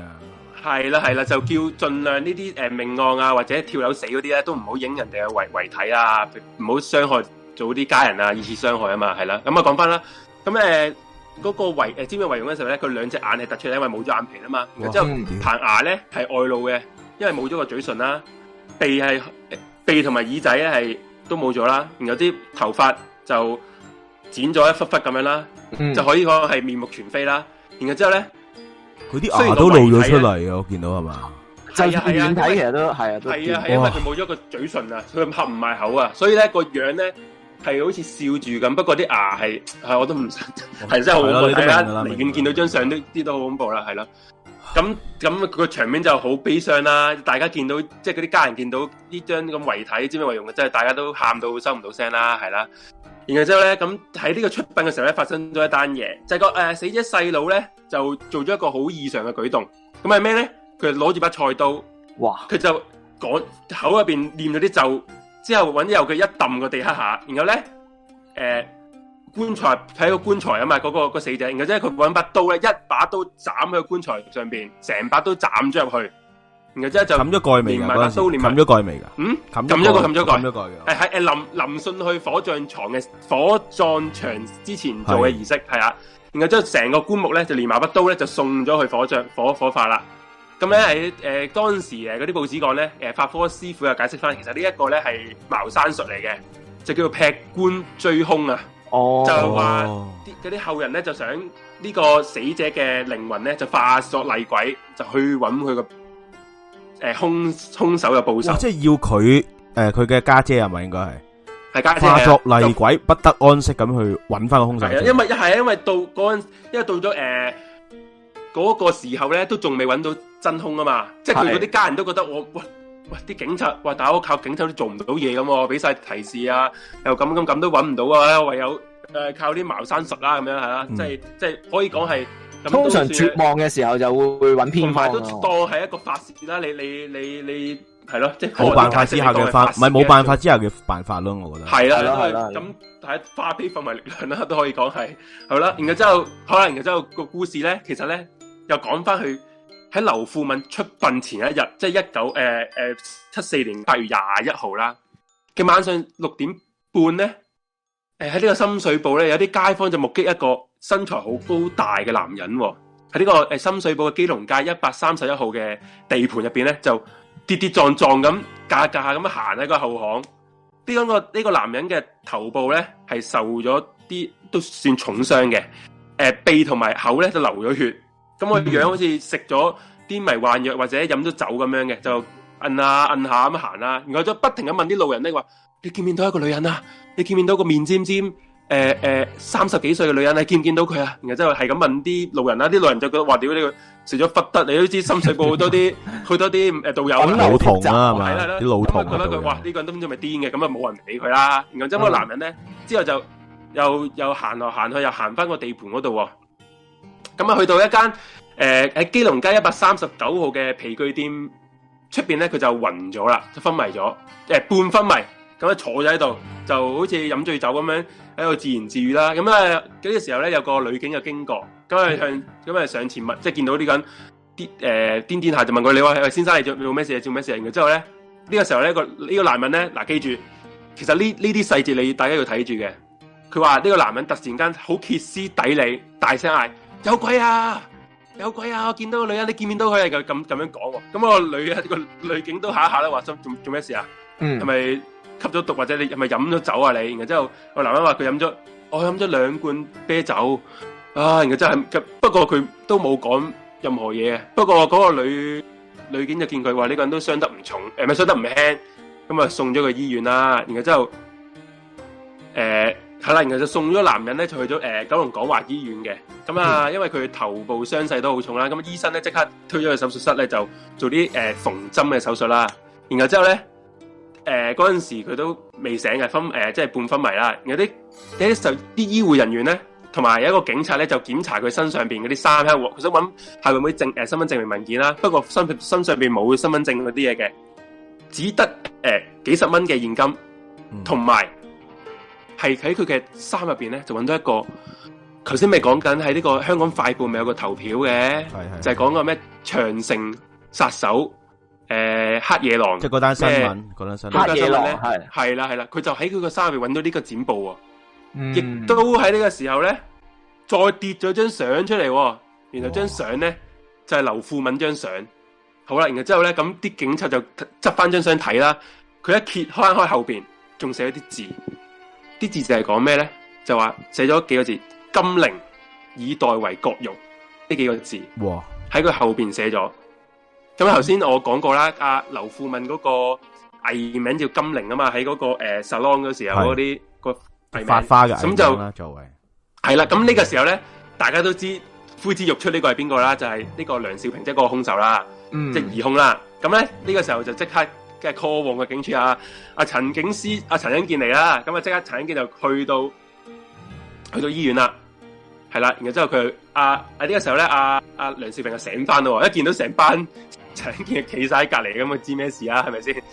係啦係啦，就叫盡量呢啲誒命案啊或者跳樓死嗰啲咧，都唔好影人哋嘅遺遺體啊，唔好傷害做啲家人啊，二次傷害啊嘛，係啦。咁啊講翻啦，咁誒嗰個遺誒、呃、知唔知遺容嘅時候咧，佢兩隻眼係突出，因為冇咗眼皮啊嘛。之後棚牙咧係外露嘅，因為冇咗個嘴唇啦、啊。鼻係鼻同埋耳仔係都冇咗啦，然後啲頭髮就剪咗一忽忽咁樣啦，就可以講係面目全非啦。然後之後咧，佢啲牙都露咗出嚟嘅，我見到係嘛？係啊係啊，睇其實都係啊，係啊係啊，因為佢冇咗個嘴唇啊，佢合唔埋口啊，所以咧個樣咧係好似笑住咁，不過啲牙係係我都唔信，係真係好恐怖啦。大家離遠見到張相都，知都好恐怖啦，係啦。咁咁，那個場面就好悲傷啦，啊，大家見到即係嗰啲家人見到呢張咁遺體，知咩遺容嘅，即係大家都喊到收唔到聲啦，啊，係啦。然後之後咧，咁喺呢個出殯嘅時候咧，發生咗一單嘢，就是，個誒、呃、死者細佬咧就做咗一個好異常嘅舉動。咁係咩咧？佢攞住把菜刀，佢哇就講口入邊念咗啲咒，之後揾之由佢一抌個地黑下，然後咧，誒、呃。棺材睇個棺材啊嘛，嗰個個死者，然後即係佢揾把刀咧，一把刀斬喺個棺材上邊，成把刀斬咗入去，然後即係就冚咗蓋未，唔把刀斂埋，冚咗時完蓋未噶，嗯，冚咗個，冚咗個，冚咗個嘅，誒，係誒林林信去火葬場嘅火葬場之前做嘅儀式，係啊的，然後將成個棺木咧就連埋把刀咧就送咗去火葬火火化啦，咁咧喺誒當時誒嗰啲報紙講咧，誒、呃、法科師傅又解釋翻，其實這呢一個咧係茅山術嚟嘅，就叫做劈棺追凶啊。Oh. 就係話啲嗰啲後人咧就想呢個死者嘅靈魂咧就化作厲鬼，就去揾佢個誒凶凶手嘅報仇，即係要佢誒佢嘅家姐係咪應該係係家姐，姐化作厲鬼不得安息，咁去揾翻個凶手的，因為係因為到嗰陣因為到咗誒嗰個時候咧都仲未揾到真凶啊嘛，即係佢嗰啲家人都覺得我喂。喂，啲警察，喂，大佬靠警察都做唔到嘢，咁，俾晒提示啊，又咁咁咁都揾唔到啊，唯有誒靠啲茅山術啦，咁樣係，即係即係可以講係。通常絕望嘅時候就會揾偏方咯。都當係一個法事啦，你你你你係咯，即係冇辦法之下嘅法，唔係冇辦法之下嘅辦法咯，我覺得。係啦，都係咁，喺化悲憤為力量啦，都可以講係係啦。然後之後可能，然後之後個故事咧，其實咧又講翻去。喺劉富敏出殯前一、就是 19, 呃呃、日，即係一九誒誒七四年八月廿一號啦。嘅晚上六點半咧，誒喺呢個深水埗咧有啲街坊就目擊一個身材好高大嘅男人喺、哦、呢個誒深水埗嘅基隆街一百三十一號嘅地盤入邊咧就跌跌撞撞咁，夾格下咁行喺個後巷。呢、呢個呢、呢個男人嘅頭部咧係受咗啲都算重傷嘅，誒、呃、鼻同埋口咧就流咗血。咁我樣好似食咗啲迷幻藥或者飲咗酒咁樣嘅，就摁下摁下咁行啦。然後就不停咁問啲路人咧，話你見唔見到一個女人啊？你見唔見到個面尖尖誒誒、呃、三十幾歲嘅女人？你見唔見到佢啊？然後之係係咁問啲路人啦，啲路人就覺得話：，屌呢個食咗忽得，你都知深水埗好多啲 去多啲誒導遊啊，老同啦、啊，係咪的？啲老同覺得佢，哇！呢個都唔知咪癲嘅，咁啊冇人理佢啦。然後之、嗯、後個男人咧，之後就又又行嚟行去，又行翻個地盤嗰度。咁啊，去到一間誒喺基隆街一百三十九號嘅皮具店出邊咧，佢就暈咗啦，就昏迷咗，誒、呃、半昏迷，咁啊坐咗喺度，就好似飲醉酒咁樣喺度自言自語啦。咁啊，呢、嗰個時候咧有個女警就經過，咁啊向咁啊上前問，即係見到呢咁啲誒癲癲下就問佢：你話誒先生，你做做咩事？做咩事？然之後咧呢、呢個時候咧個呢、呢個男人咧嗱、啊，記住，其實呢呢啲細節你大家要睇住嘅。佢話呢個男人突然間好歇斯底里，大聲嗌。有鬼啊！有鬼啊！我見到個女人，你見面都可以咁咁咁樣講喎。咁我個女人個女警都吓一吓啦，話：，什做做咩事啊？嗯，係咪吸咗毒或者你係咪飲咗酒啊？你，然後之後我男人話佢飲咗，我飲咗兩罐啤酒。啊，然後真係，不過佢都冇講任何嘢啊。不過嗰個女女警就見佢話呢個人都傷得唔重，誒，唔係傷得唔輕，咁啊送咗去醫院啦。然後之後，誒。係啦，然後就送咗男人咧，就去咗誒、呃、九龍港華醫院嘅。咁、嗯、啊，因為佢頭部傷勢都好重啦，咁啊醫生咧即刻推咗去手術室咧，就做啲誒縫針嘅手術啦。然後之後咧，誒嗰陣時佢都未醒嘅分誒、呃，即係半昏迷啦。有啲有啲就啲醫護人員咧，同埋有一個警察咧，就檢查佢身上邊嗰啲衫，佢想搵係咪唔會證誒、呃、身份證明文件啦。不過身身上邊冇身份證嗰啲嘢嘅，只得誒、呃、幾十蚊嘅現金同埋。係喺佢嘅衫入邊咧，就搵到一個。頭先咪講緊喺呢個香港快報咪有個投票嘅，是是是就係講個咩長城殺手誒、呃、黑野狼，即係嗰單新聞，嗰麼單新聞咧係係啦係啦，佢的就喺佢個衫入邊搵到呢個剪報喎、哦。亦、嗯、都喺呢個時候咧，再跌咗張相出嚟、哦，然後張相咧就係劉富敏張相。好啦，然後之後咧，咁啲警察就執翻張相睇啦。佢一揭開一開後邊，仲寫咗啲字。啲字就係講咩咧？就話寫咗幾個字：金陵以代為國用。呢幾個字喎，喺佢哇後面寫咗。咁頭先我講過啦，阿、啊、劉富敏嗰個藝名叫金陵啊嘛，喺嗰、那個、呃、salon 嗰時候嗰啲個發花咁就作為係啦。咁呢個時候咧，大家都知呼之欲出呢、這個係邊個啦？就係、是、呢個梁少平即係嗰個兇手啦，嗯、即係疑兇啦。咁咧呢、這個時候就即刻。嘅臥王嘅警署啊，阿、啊、陳警司阿陳、啊、英健嚟啦、啊，咁啊即刻陳英健就去到去到醫院啦，係啦，然後之後佢啊，呢個時候咧阿阿梁少平就醒翻咯，啊、一見到成班陳英健企晒喺隔籬咁，知咩事啊？係咪先？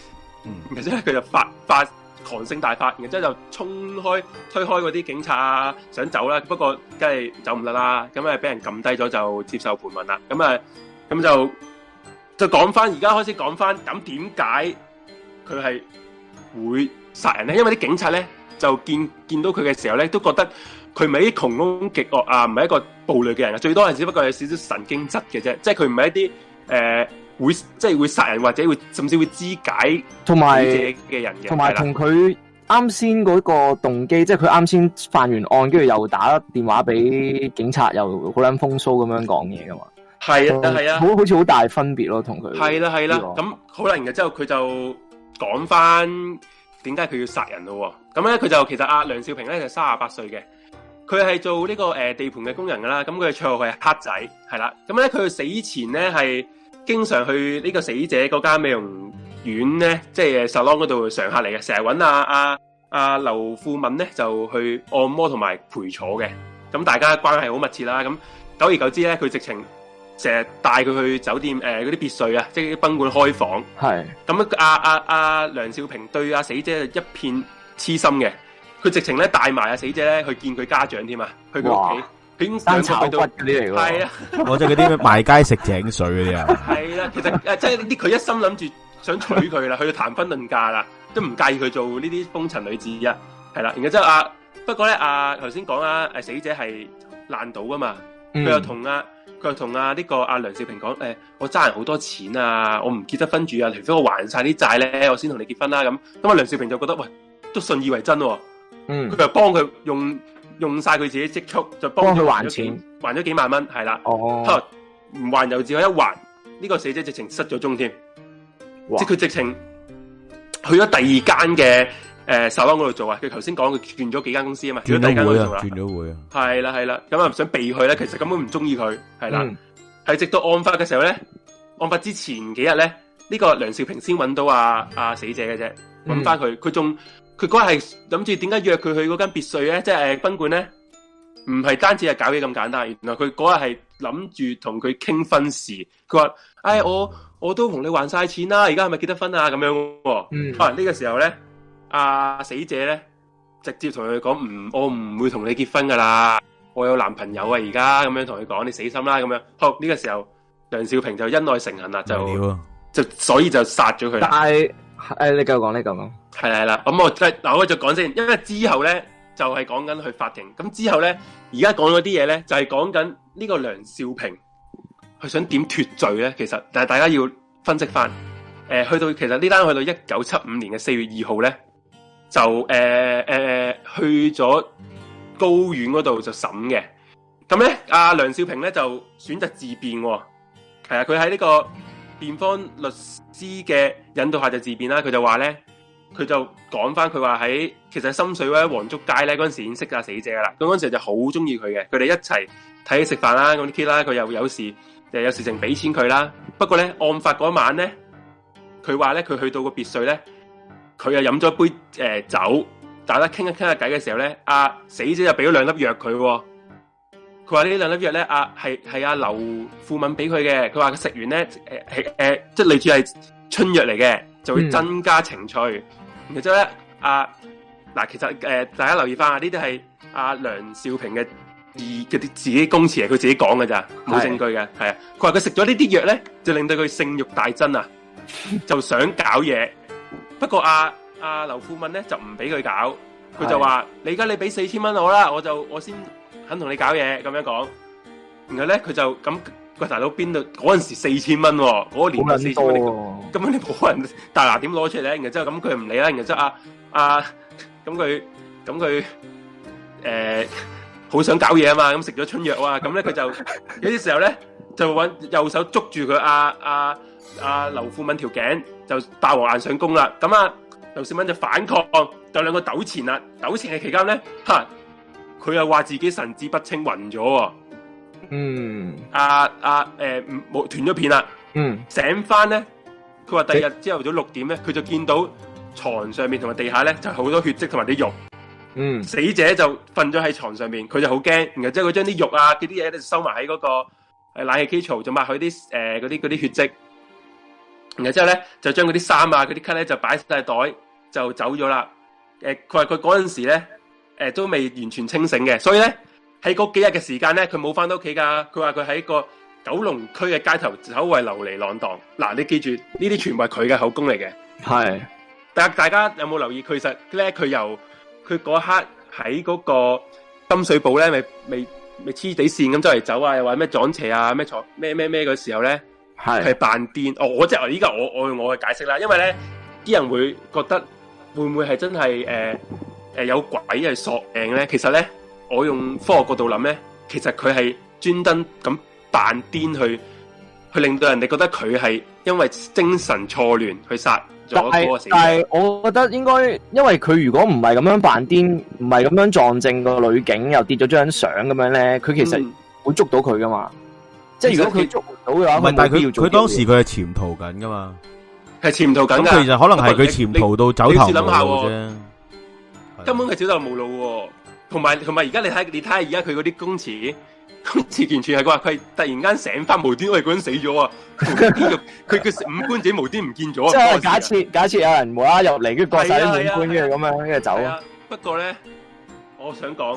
嗯、然之後佢就發發狂聲大發，然之後就衝開推開嗰啲警察啊，想走啦、啊，不過梗係走唔得啦，咁啊俾人撳低咗就接受盤問啦，咁啊咁就。就講翻，而家開始講翻。咁點解佢係會殺人咧？因為啲警察咧就見見到佢嘅時候咧，都覺得佢唔係啲窮凶極惡啊，唔係一個暴力嘅人啊，最多係只不過係少少神經質嘅啫。即係佢唔係一啲誒、呃、會，即係會殺人或者會，甚至會肢解同埋嘅人嘅。同埋同佢啱先嗰個動機，的即係佢啱先犯完案，跟住又打電話俾警察，又好捻風騷咁樣講嘢噶嘛。係啊，係、嗯、啊，好好似好大分別咯，同佢、啊。係啦、啊，係啦、啊，咁好啦，然之後佢就講翻點解佢要殺人咯？咁咧、嗯，佢就其實阿梁少平咧就三十八歲嘅，佢係做呢個誒地盤嘅工人噶啦，咁佢綽號係黑仔，係啦、啊。咁咧佢死前咧係經常去呢個死者嗰間美容院咧，即、就、係、是、salon 嗰度常客嚟嘅，成日搵阿阿阿劉富敏咧就去按摩同埋陪坐嘅，咁大家關係好密切啦。咁久而久之咧，佢直情。成日帶佢去酒店，誒嗰啲別墅啊，即係啲賓館開房。係咁、嗯、啊！阿阿阿梁少平對阿死者一片痴心嘅，佢直情咧帶埋阿死者咧去見佢家長添啊，去佢屋企，點樣去到係啊！我即係嗰啲賣街食井水嗰啲啊！係啦， 其實即係啲佢一心諗住想娶佢啦，去談婚論嫁啦，都唔介意佢做呢啲風塵女子啊，係啦。然後之後啊，不過咧啊，頭先講啊，誒死者係爛賭㗎嘛，佢、嗯、又同啊。就同阿呢個阿梁少平講，誒、欸，我爭人好多錢啊，我唔結得婚住啊，除非我還晒啲債咧，我先同你結婚啦、啊。咁，咁阿梁少平就覺得，喂，都信以為真、哦，嗯，佢就幫佢用用晒佢自己積蓄，就幫佢還錢，還咗幾，幾萬蚊，係啦，哦，唔還又只有一還，呢、這個死者直情失咗蹤添，哇即佢直情去咗第二間嘅。誒、呃，沙灣度做啊，佢頭先講佢轉咗幾間公司啊嘛，轉咗第二間去做啦，轉咗會啊，係啦係啦，咁啊唔想避佢咧，其實根本唔中意佢，係啦、啊，係、啊嗯嗯嗯嗯、直到案發嘅時候咧，案發之前幾日咧，呢、這個梁少平先揾到阿、啊、阿、啊、死者嘅啫，揾翻佢，佢仲佢嗰日係諗住點解約佢去嗰間別墅咧，即係賓館咧，唔係單止係搞嘢咁簡單，原來佢嗰日係諗住同佢傾婚事，佢話，哎，我我都同你還晒錢啦，而家係咪結得婚啊？咁、啊、樣、哦，可能呢個時候咧。啊、死者咧，直接同佢講唔，我唔會同你結婚噶啦，我有男朋友啊，而家咁樣同佢講，你死心啦咁樣。學、這、呢個時候，梁少平就因愛成恨啦，就、啊、就所以就殺咗佢。但係誒、哎，你繼續講呢個咯，係係啦。咁我即係我咧就講先，因為之後咧就係、是、講緊去法庭。咁之後咧，而家講咗啲嘢咧，就係、是、講緊呢個梁少平佢想點脫罪咧。其實但係大家要分析翻，誒、呃，去到其實呢單去到一九七五年嘅四月二號咧。就誒誒、呃呃、去咗高院嗰度就審嘅，咁咧阿梁少平咧就選擇自辯喎、哦，係啊，佢喺呢個辯方律師嘅引導下就自辯啦、啊，佢就話咧，佢就講翻佢話喺其實深水灣黃竹街咧嗰陣時已經認識下死者噶啦，咁嗰陣時就好中意佢嘅，佢哋一齊睇食飯啦，咁啲 K 啦，佢又有時就有事情俾錢佢啦，不過咧案發嗰晚咧，佢話咧佢去到個別墅咧。佢又飲咗杯誒、呃、酒，大家傾一傾下偈嘅時候咧，阿、啊、死者就俾咗兩粒藥佢、哦。佢話呢兩粒藥咧，阿係係阿劉富敏俾佢嘅。佢話佢食完咧，誒、呃、誒、即係、呃就是、類似係春藥嚟嘅，就會增加情趣。然之後咧，阿、啊、嗱，其實誒、呃，大家留意翻，呢啲係阿梁少平嘅自、自己供詞，係佢自己講嘅咋，冇是的 證據嘅，係啊。佢話佢食咗呢啲藥咧，就令到佢性慾大增啊，就想搞嘢。 不過阿阿劉富敏咧就唔俾佢搞，佢就話：現在你而家你俾四千蚊我啦，我就我先肯同你搞嘢咁樣講。然後咧佢就咁個大佬邊度？嗰陣時四千蚊，嗰個年代四千蚊，咁樣你冇可能大拿點攞出嚟咧？然後之後咁佢唔理啦。然後之後阿阿咁佢咁佢誒好想搞嘢啊嘛！咁食咗春藥啊，咁咧佢就有啲時候咧就搵右手捉住佢阿阿。啊啊阿劉、啊、富敏條頸就霸王硬上弓啦，咁啊劉少敏就反抗，就兩個糾纏啦。糾纏嘅期間咧，吓佢又話自己神志不清暈了，暈咗。嗯，啊，啊，誒、欸，冇斷咗片啦。嗯，醒返咧，佢話第二日朝頭早六點咧，佢你就見到床上面同埋地下咧就好多血跡同埋啲肉。嗯，死者就瞓咗喺床上面，佢就好驚，然後之後佢將啲肉啊啲嘢收埋喺嗰個誒、啊、冷氣機槽，就抹佢啲誒嗰啲啲血跡。然後之後咧就將嗰啲衫啊、嗰啲咳咧就擺晒袋就走咗啦。誒、呃，佢話佢嗰陣時咧，誒、呃、都未完全清醒嘅，所以咧喺嗰幾日嘅時間咧，佢冇翻到屋企噶。佢話佢喺個九龍區嘅街頭走為流離浪蕩。嗱、啊，你記住呢啲全部係佢嘅口供嚟嘅。係是，但係大家有冇留意？其實咧，佢由佢嗰刻喺嗰個深水埗咧，未未未黐底線咁走嚟走啊，又話咩撞邪啊，咩撞咩咩咩嘅時候咧？係，係扮癲。我我即係依家我我用我嘅解釋啦。因為咧，啲人會覺得會唔會係真係誒誒有鬼係索命咧？其實咧，我用科學角度諗咧，其實佢係專登咁扮癲去去令到人哋覺得佢係因為精神錯亂去殺咗嗰個死者。但係但係，我覺得應該因為佢如果唔係咁樣扮癲，唔係咁樣撞正個女警又跌咗張相咁樣咧，佢其實會捉到佢噶嘛。嗯即係如果佢捉唔到嘅話，唔係實，佢要但係佢佢當時佢係潛逃緊噶嘛？係潛逃緊，其實可能係佢潛逃到走投無路啫。根本佢走投無路，同埋同埋而家你睇，你睇下而家佢嗰啲公詞，公詞完全係話佢係突然間醒翻，無端端死咗啊！佢佢 五官整無端唔見咗即係是假設假設有人無啦啦入嚟，跟住割晒啲五官的，跟住咁樣跟住的走啊！不過咧，我想講。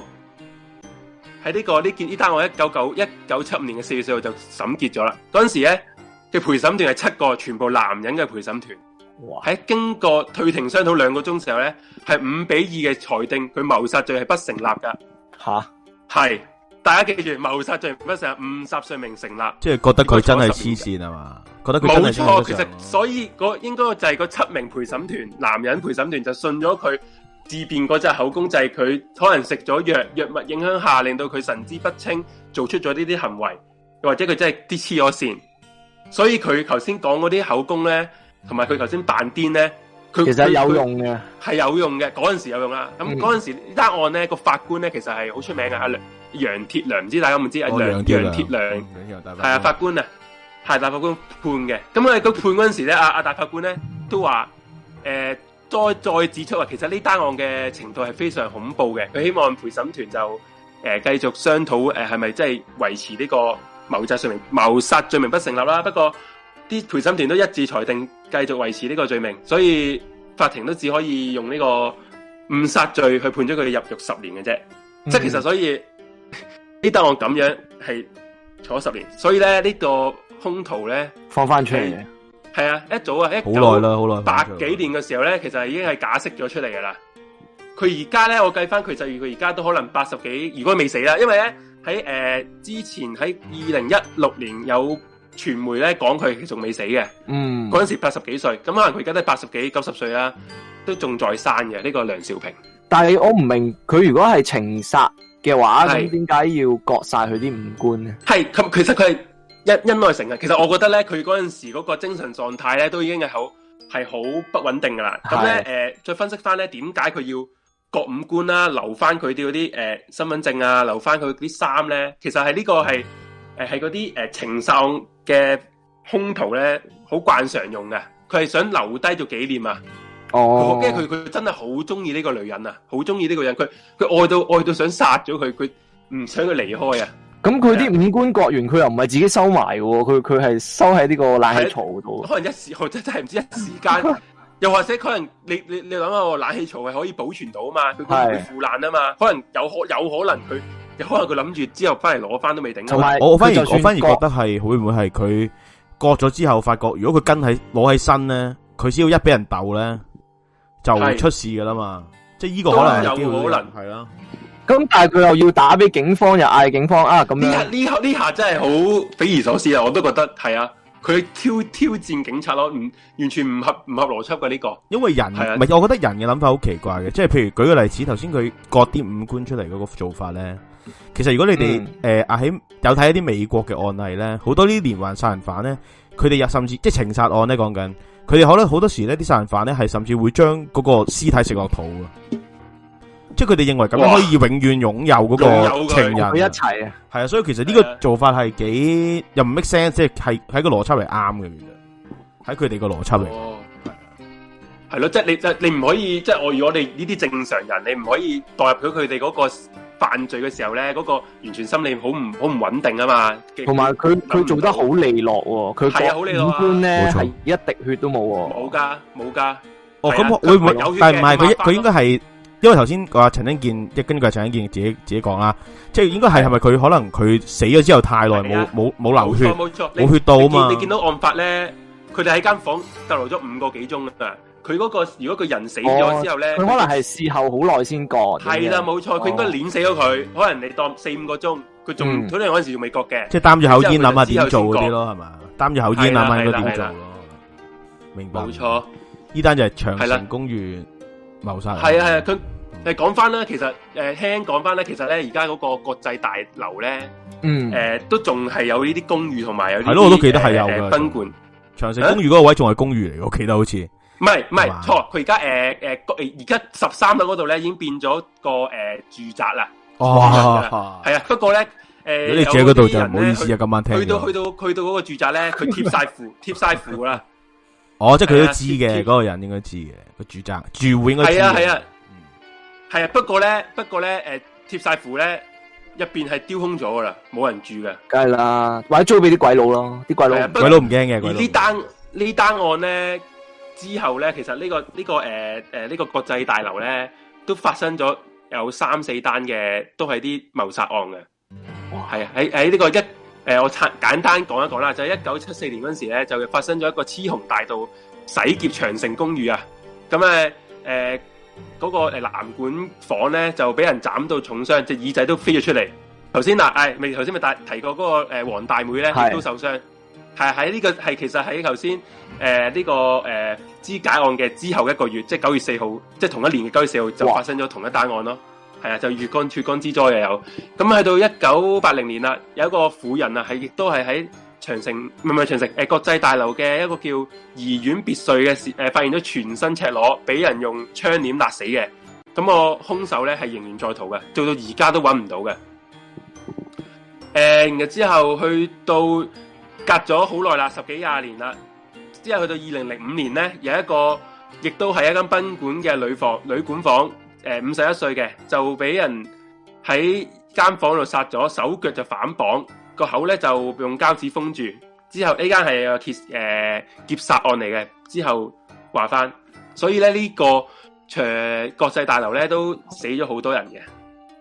喺呢、這個呢件呢單案一九九一九七五年嘅四月四號就審結咗啦。嗰陣時咧嘅陪審團係七個，全部男人嘅陪審團。哇！喺經過退庭商討兩個鐘時候咧，係五比二嘅裁定，佢謀殺罪係不成立噶。吓哈，係大家記住，謀殺罪唔係成五十歲名成立。成立即係覺得佢真係黐線啊嘛？覺得佢冇錯，其實所以個應該就係個七名陪審團男人陪審團就信咗佢。自辯嗰隻口供就係佢可能食咗藥藥物影響下，令到佢神志不清，做出咗呢啲行為，或者佢真係啲黐咗線。所以佢頭先講嗰啲口供咧，同埋佢頭先扮癲咧，佢其實有用嘅，係有用嘅。嗰陣時有用啦。咁嗰陣時、嗯、嗰陣時呢單案咧，個法官咧，其實係好出名嘅阿、啊、梁楊鐵梁，唔知大家唔知阿、哦、梁楊鐵梁，係啊？法官啊，係大法官判嘅。咁啊，佢判嗰陣時咧，阿阿大法官咧都話誒。呃再再指出話，其實呢單案嘅程度係非常恐怖嘅。佢希望陪審團就誒、呃、繼續商討誒係咪即係維持呢個謀殺罪名，謀殺罪名不成立啦。不過啲陪審團都一致裁定繼續維持呢個罪名，所以法庭都只可以用呢個誤殺罪去判咗佢哋入獄十年嘅啫。嗯、即係其實所以呢單案咁樣係坐十年，所以咧呢個兇徒咧放翻出嚟。係啊，一早啊，好耐啦，好耐啦，百幾年嘅時候咧，其實已經係假釋咗出嚟噶啦。佢而家咧，我計翻佢就如佢而家都可能八十幾，如果未死啦。因為咧喺誒之前喺二零一六年有傳媒咧講佢仲未死嘅。嗯，嗰陣時八十幾歲，咁可能佢而家都八十幾、九十歲啦，都仲在生嘅呢個梁兆平。但係我唔明，佢如果係情殺嘅話，咁點解要割晒佢啲五官咧？係，其實佢。因因愛成恨，其實我覺得咧，佢嗰陣時嗰個精神狀態咧，都已經係好係好不穩定噶啦。咁咧的，誒、呃，再分析翻咧，點解佢要割五官啦、啊，留翻佢啲嗰啲誒身份證啊，留翻佢啲衫咧，其實係、呃呃、呢個係誒係嗰啲誒情殺嘅凶徒咧，好慣常用嘅。佢係想留低做紀念啊！哦，我驚佢佢真係好中意呢個女人啊，好中意呢個人，佢佢愛到愛到想殺咗佢，佢唔想佢離開啊！咁佢啲五官割完，佢又唔係自己收埋嘅，佢佢係收喺呢個冷氣槽度。可能一時，我真真係唔知一時間， 又或者可能你你你諗下個冷氣槽係可以保存到啊嘛，佢佢腐爛啊嘛，是可能有可有可能佢，有可能佢諗住之後翻嚟攞翻，都未定。同埋我反而我反而覺得係會唔會係佢割咗之後發覺，如果佢跟喺攞喺身咧，佢只要一俾人逗咧，就會出事噶啦嘛。是即係呢個可能有，有可能係咁但係佢又要打俾警方， 又嗌警方啊，咁呢下呢下真係好匪夷所思啊。我都覺得係啊，佢挑挑戰警察咯。唔完全唔合唔合邏輯嘅呢個，因為人係、啊、我覺得人嘅諗法好奇怪嘅，即係譬如舉個例子，頭先佢割啲五官出嚟嗰個做法咧，其實如果你哋誒阿喺有睇一啲美國嘅案例咧，好多呢啲連環殺人犯咧，佢哋又甚至即係情殺案咧，講緊佢哋可能好多時咧，啲殺人犯咧係甚至會將嗰個屍體食落肚啊。即係佢哋認為咁樣可以永遠擁有嗰個情人，佢一齊啊，係啊，所以其實呢個做法係幾又唔 make sense，即係係喺個邏輯嚟啱嘅，原來喺佢哋個邏輯嚟，係咯，即係你即係你唔可以，即係我如果我哋呢啲正常人，你唔可以代入到佢哋嗰個犯罪嘅時候咧，嗰個完全心理好唔好唔穩定啊嘛，同埋佢佢做得好利落喎，佢五官咧係一滴血都冇喎，冇噶冇噶，哦咁佢唔係，但係唔係佢佢應該係。因為頭先個陳英健，即係根據陳英健自己自己講啦，即係應該係係咪佢可能佢死咗之後太耐冇冇冇流血，冇血到啊嘛。你見到案發咧，佢哋喺間房逗留咗五個幾鐘啊！佢嗰個如果個人死咗之後咧，佢可能係事後好耐先過，係啦冇錯，佢應該碾死咗佢。可能你當四五個鐘，佢仲佢哋嗰陣時仲未割嘅，即係擔住口煙諗下點做嗰啲咯，係嘛？擔住口煙諗下佢點做咯，明白冇錯。呢單就係長城公寓。流失係啊係啊，佢誒講翻啦，其實誒聽講翻咧，其實咧而家嗰個國際大樓咧，嗯誒都仲係有呢啲公寓同埋有啲係咯，我都記得係有。誒賓館長城公寓嗰個位仲係公寓嚟，我記得好似唔係唔係錯，佢而家誒誒而家十三樓嗰度咧已經變咗個誒住宅啦，哇係啊，不過咧誒你住喺嗰度就唔好意思啊，今晚聽去到去到去到嗰個住宅咧，佢貼晒符貼晒符啦。哦，即係佢都知嘅，嗰、啊、個人應該知嘅，個住宅住戶應該知道的啊，係啊，係啊，係啊。不過咧，不過咧，誒、呃，貼晒符咧，入邊係丟空咗噶啦，冇人住嘅。梗係啦，或者租俾啲鬼佬咯，啲鬼佬，啊、鬼佬唔驚嘅。而呢單呢單案咧之後咧，其實呢、呢個呢、呢個誒誒呢個國際大樓咧，都發生咗有三四單嘅，都係啲謀殺案嘅。係哇啊，喺喺呢個一。誒、呃，我簡簡單講一講啦，就係一九七四年嗰時咧，就發生咗一個雌雄大盜洗劫長城公寓啊，咁、嗯、誒、誒、呃嗰個誒男管房咧就俾人斬到重傷，隻耳仔都飛咗出嚟。頭先嗱，誒、哎，未頭先咪提過嗰個誒黃大妹咧，亦是都受傷，係喺呢個係其實係頭先誒呢個誒肢、呃、解案嘅之後一個月，即係九月四號，即、就、係、是、同一年嘅九月四號就發生咗同一單案咯。係啊，就月光脱光之災又有，咁去到一九八零年啦，有一個婦人啊，係亦都係喺長城唔唔係長城，誒、呃、國際大樓嘅一個叫怡園別墅嘅時，誒發現咗全身赤裸，俾人用窗簾勒死嘅，咁個凶手咧係仍然在逃嘅，做到而家都揾唔到嘅。誒，然之後去到隔咗好耐啦，十幾廿年啦，之後去到二零零五年呢，有一個亦都係一間賓館嘅旅房旅館房。誒，五十一歲嘅就俾人喺間房度殺咗，手腳就反綁，個口咧就用膠紙封住。之後呢間係劫誒、呃、劫殺案嚟嘅。之後話翻，所以咧呢、呢個卓國際大樓咧都死咗好多人嘅。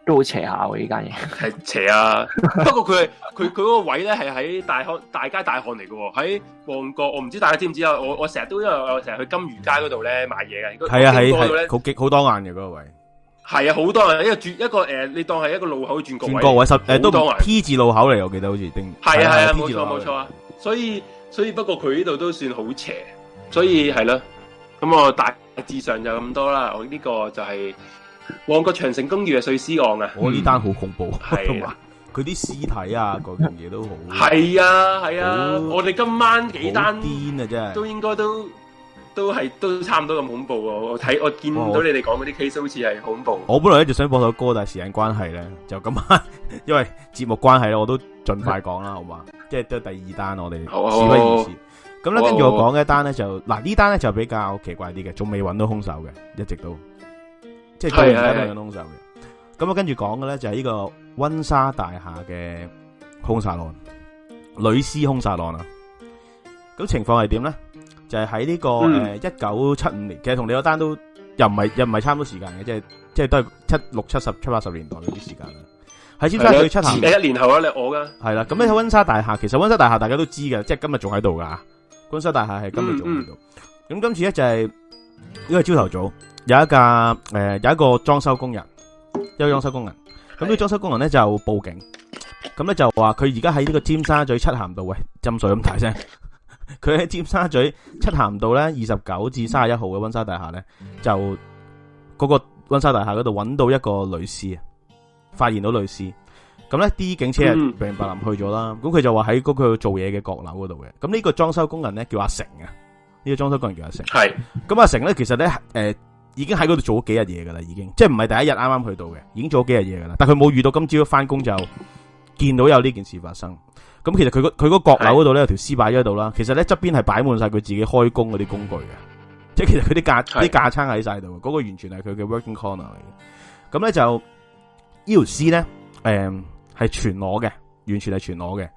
都好斜下喎，呢間嘢，係斜啊！不過佢係佢佢個位咧係喺大巷大街大巷嚟嘅喎，喺旺角。我唔知大家知唔知啊？我我成日都因為我成日去金魚街嗰度咧買嘢嘅。係啊係啊，好極好多眼嘅嗰個位。係啊，好多人。一個轉一個誒，你當係一個路口轉角。轉角位十誒都 P 字路口嚟，我記得好似丁。係啊係啊，冇錯冇錯啊！所以所以，不過佢呢度都算好斜，所以係啦。咁我大致上就咁多啦。我呢個就係。旺角長城公寓嘅碎屍案啊，我呢單好恐怖。係啊，佢啲屍體啊，各樣嘢都好，係啊係啊，我哋今晚幾單癲啊，真係都應該都都係都差唔多咁恐怖，我睇我見到你哋講嗰啲 case 好似係恐怖，我本來一直想播首歌，但係時間關係咧就咁，因為節目關係咧，我都盡快講啦，好嘛，即係都係第二單，我哋事不宜遲，咁咧跟住我講一單咧就嗱呢單咧就比較奇怪啲嘅，仲未揾到凶手嘅，一直都。即係係係係，咁啊，跟住講嘅咧就係呢個温莎大廈嘅兇殺案，女屍兇殺案啊！咁情況係點咧？就係喺呢個誒一九七五年，其實同你嗰單都又唔係又唔係差唔多時間嘅，即係即係都係七六七十七八十年代嗰啲時間啦。喺尖沙咀七行，你一年後啊，你我噶係啦。咁咧喺温莎大廈，其實温莎大廈大家都知噶，即係今日仲喺度噶。温莎大廈係今日仲喺度。咁今次咧就係因為朝頭早。有一架誒、呃，有一個裝修工人，有一個裝修工人，咁呢個裝修工人咧就報警，咁咧就話佢而家喺呢個尖沙咀漆咸道，嘅浸水咁大聲，佢喺尖沙咀漆咸道咧二十九至三十一號嘅溫莎大廈咧，就嗰個溫莎大廈嗰度揾到一個女屍，啊，發現到女屍。咁咧啲警車係便白雲去咗啦，咁佢就話喺嗰個做嘢嘅閣樓嗰度嘅，咁呢個裝修工人咧叫阿成啊，呢、這個裝修工人叫阿成，係是，咁阿成咧其實咧誒。呃已經喺嗰度做咗幾日嘢噶啦，已經即係唔係第一日啱啱去到嘅，已經做咗幾日嘢噶啦。但係佢冇遇到今朝翻工就見到有呢件事發生。咁其實佢個佢個閣樓嗰度咧有條屍擺咗喺度啦。是的 其實咧側邊係擺滿晒佢自己開工嗰啲工具嘅，即係其實佢啲架啲架撐喺晒度。嗰是的、那個完全係佢嘅 working corner 嚟嘅。咁咧就、這個、呢條屍咧，誒、呃、係全裸嘅，完全係全裸嘅。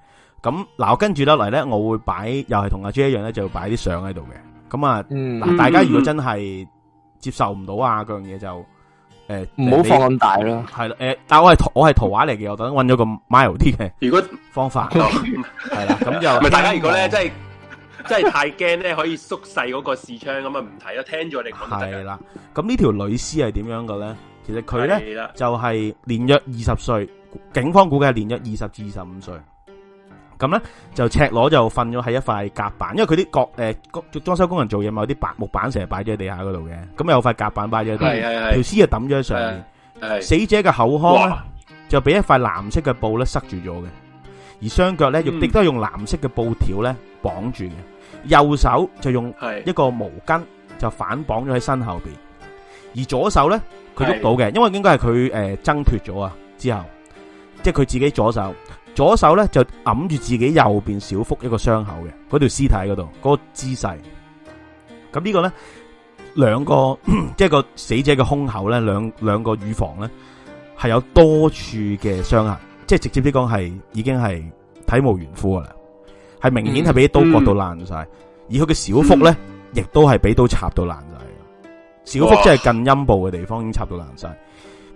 咁嗱，跟住落嚟咧，我會擺又係同阿 J 一樣咧，就擺啲相喺度嘅。咁啊，嗱、嗯，大家如果真係，嗯接受唔到啊！嗰樣嘢就誒，唔好放大啦。係啦，誒，但係我係我係圖畫嚟嘅，我等下搵咗個 mild 啲嘅。如果方法係啦，咁就唔係，大家如果咧，真係真係太驚咧，可以縮細嗰個視窗咁啊，唔睇啦，聽住我哋講。係啦，咁呢條女屍係點樣嘅咧？其實佢咧就係年約二十歲，警方估計係年約二十至二十五歲。咁咧就赤裸就瞓咗喺一塊夾板，因為佢啲角誒，工裝修工人做嘢嘛，有啲白木板成日擺咗喺地下嗰度嘅。咁有塊夾板擺咗喺度，條屍就抌咗喺上面。死者嘅口腔咧就俾一塊藍色嘅布咧塞住咗嘅，而雙腳咧亦亦都係用藍色嘅布條咧綁住嘅。右手就用一個毛巾就反綁咗喺身後邊，而左手咧佢喐到嘅，因為應該係佢誒掙脱咗啊之後，即係佢自己左手。左手咧就揞住自己右邊小腹一個傷口嘅，嗰條屍體嗰度，嗰、嗰個姿勢。咁呢個咧，兩個即係個死者嘅胸口咧，兩兩個乳房咧係有多處嘅傷痕，即、就、係、是、直接啲講係已經係體無完膚㗎啦，係明顯係俾刀割到爛晒，嗯、而佢嘅小腹咧亦都係俾刀插到爛晒，小腹即係近陰部嘅地方已經插到爛晒。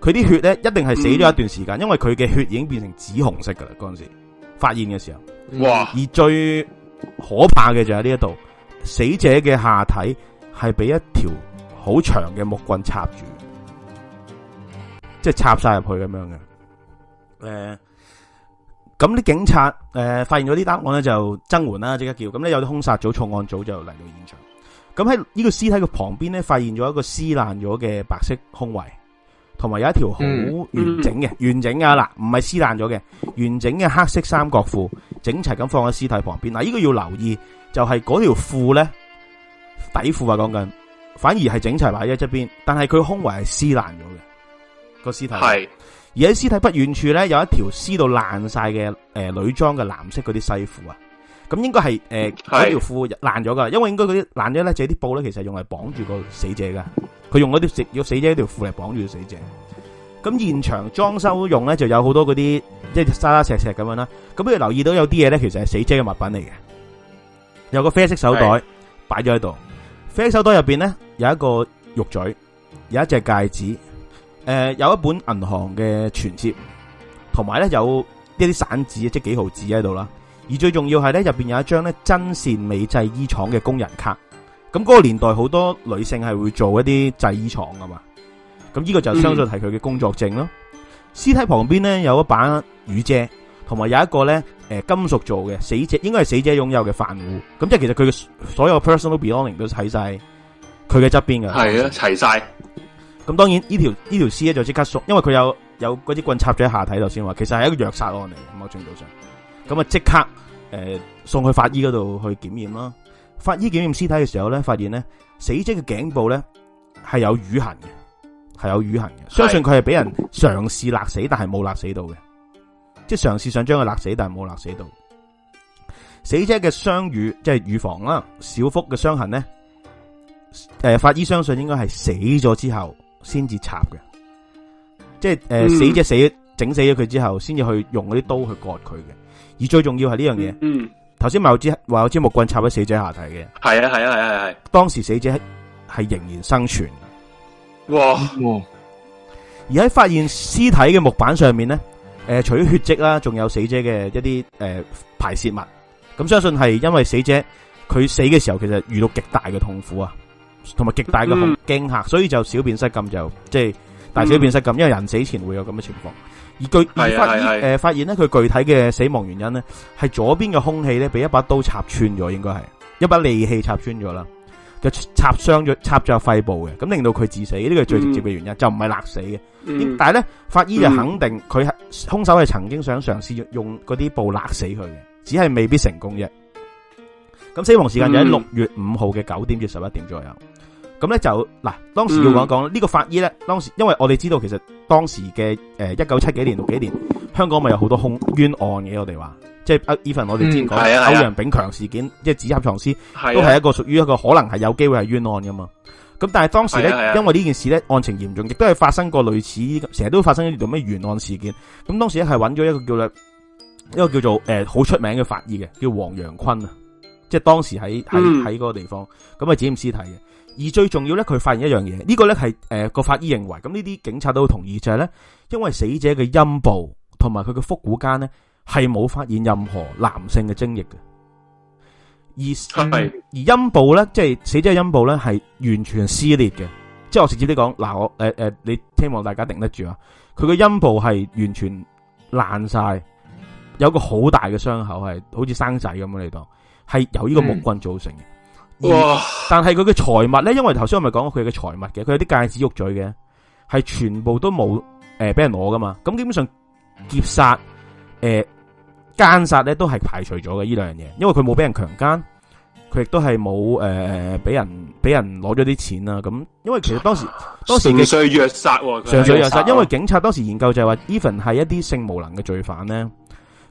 佢啲血咧，一定係死咗一段時間，因為佢嘅血已經變成紫紅色噶啦。嗰陣時發現嘅時候，哇！而最可怕嘅就喺呢一度，死者嘅下體係俾一條好長嘅木棍插住，即係插晒入去咁樣嘅。誒、呃，咁啲警察誒、呃、發現咗呢單案咧，就增援啦，即刻叫。咁咧有啲兇殺組、重案組就嚟到現場。咁喺呢個屍體嘅旁邊咧，發現咗一個撕爛咗嘅白色胸圍。同埋有一條好完整嘅，嗯嗯，完整㗎啦，唔係撕爛咗嘅，完整嘅黑色三角褲，整齊咁放喺屍體旁邊。嗱，啊，呢，這個要留意就係嗰條褲咧，底褲啊講緊，反而係整齊埋喺一邊，但係佢胸圍係撕爛咗嘅，個屍體係。是而喺屍體不遠處咧，有一條撕到爛晒嘅誒女裝嘅藍色嗰啲西褲啊，咁應該係誒嗰條褲爛咗噶，因為應該嗰啲爛咗咧，借啲布咧，其實是用嚟綁住個死者噶。佢用嗰啲食要死者一條褲嚟綁住死者。咁現場裝修用咧，就有好多嗰啲即係沙沙石石咁樣啦。咁你留意到有啲嘢咧，其實係死者嘅物品嚟嘅，有個啡色手袋擺咗喺度，是啡色手袋入邊咧有一個玉嘴，有一隻戒指，誒、呃，有一本銀行嘅存折，同埋咧有一啲散紙，即係幾毫紙喺度啦。而最重要係咧入邊有一張咧真善美製衣廠嘅工人卡。咁嗰個年代好多女性係會做一啲製衣廠噶嘛，咁呢個就相信係佢嘅工作證咯。屍、嗯、體旁邊呢有一把雨遮，同埋有一個咧誒、呃、金屬做嘅死者，應該係死者擁有嘅飯壺。咁即係其實佢嘅所有 personal belonging 都喺曬佢嘅側邊噶，係啊，齊曬。咁當然呢條呢條屍咧就即刻熟，因為佢有有嗰啲棍插咗喺下體，頭先話，其實係一個虐殺案嚟嘅某程度上。咁啊即刻誒、呃、送去法醫嗰度去檢驗啦。法醫檢驗屍體嘅時候咧，發現咧死者嘅頸部咧係有瘀痕嘅，係有瘀痕嘅。相信佢係俾人嘗試勒死，但係冇勒死到嘅，即係嘗試想將佢勒死，但係冇勒死到。死者嘅雙乳即係乳房啦，小腹嘅傷痕咧，誒，法醫相信應該係死咗之後先至插嘅，即係誒死者死整死咗佢之後，先至去用嗰啲刀去割佢嘅。而最重要係呢樣嘢。頭先話有支話有支木棍插喺死者下體嘅，係啊係啊係啊係，啊當時死者係仍然生存。哇！而喺發現屍體嘅木板上面咧，誒、呃，除咗血跡啦，仲有死者嘅一啲誒、呃、排泄物。咁相信係因為死者佢死嘅時候，其實遇到極大嘅痛苦啊，同埋極大嘅驚嚇，嗯、所以就小便失禁就即係大小便失禁，就是失禁嗯、因為人死前會有咁嘅情況。而具而法醫誒，發現咧佢具體嘅死亡原因咧，係左邊嘅空氣咧畀一把刀插穿咗，應該係一把利器插穿咗啦，就插傷咗插咗肺部嘅，咁令到佢致死，呢個係最直接嘅原因，嗯，就唔係勒死嘅。嗯，但係咧法醫就肯定佢係兇手係曾經想嘗試用嗰啲布勒死佢嘅，只係未必成功啫。咁死亡時間就喺六月五號嘅九點至十一點左右。咁咧就嗱，當時要講講呢個法醫咧，當時因為我哋知道其實當時嘅誒一九七幾年六幾年，香港咪有好多宗冤案嘅，我哋話即係阿 even 我哋之前講歐陽炳強事件，即係紙盒藏屍，的都係一個屬於一個可能係有機會係冤案噶嘛。咁但係當時咧，因為呢件事咧，案情嚴重，亦都係發生過類似，成日都發生呢啲做咩冤案事件。咁當時咧係揾咗一個叫咧一個叫做誒好、呃、出名嘅法醫嘅，叫黃楊坤啊，即係當時喺喺喺嗰個地方咁啊檢驗屍體嘅。嗯而最重要咧，佢發現一樣嘢，呢個咧係誒個法醫認為，咁呢啲警察都同意，就係咧，因為死者嘅陰部同埋佢嘅腹股間咧係冇發現任何男性嘅精液嘅，而、嗯、而陰部咧，即係死者嘅陰部咧係完全撕裂嘅，即係我直接啲講，嗱我誒誒，你希望大家頂得住啊，佢嘅陰部係完全爛晒，有個好大嘅傷口係好似生仔咁樣嚟到，係由呢個木棍造成嘅。嗯哇！但係佢嘅財物咧，因為頭先我咪講過佢嘅財物嘅，佢有啲戒指玉嘴嘅，係全部都冇誒俾人攞噶嘛。咁基本上劫殺誒、呃、姦殺咧都係排除咗嘅呢兩樣嘢，因為佢冇俾人強姦，佢亦都係冇誒俾人俾人攞咗啲錢啦。咁因為其實當時當時情緒虐殺，啊，情緒虐殺，因為警察當時研究就係話，Even 係一啲性無能嘅罪犯咧，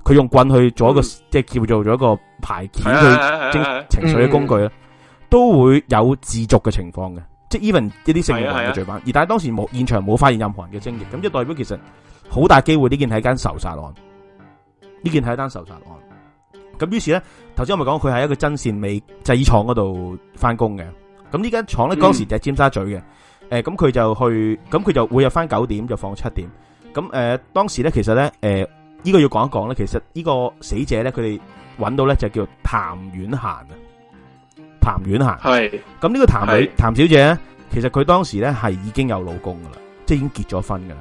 佢用棍去做一個，嗯、即係叫做做一個排遣佢情緒嘅工具，嗯嗯都會有自續嘅情況嘅，即係 even 一啲性嘅罪犯，啊啊、而但係當時冇現場冇發現任何人嘅精液，咁即係代表其實好大機會呢件係一間仇殺案，呢件係一單仇殺案。咁於是咧，頭先我咪講佢喺一個真善美製衣廠嗰度翻工嘅，咁呢間廠咧當時就係尖沙咀嘅，誒、呃，咁佢就去，咁佢就會有翻九點就放七點，咁誒、呃，當時咧其實咧，誒，呢個要講一講咧，其實呢、呃這個、講講其實個死者咧，佢哋揾到咧就是、叫譚婉嫻啊。譚婉霞係，咁呢是個譚女譚小姐咧，其實佢當時咧係已經有老公噶啦，即係已經結咗婚噶啦。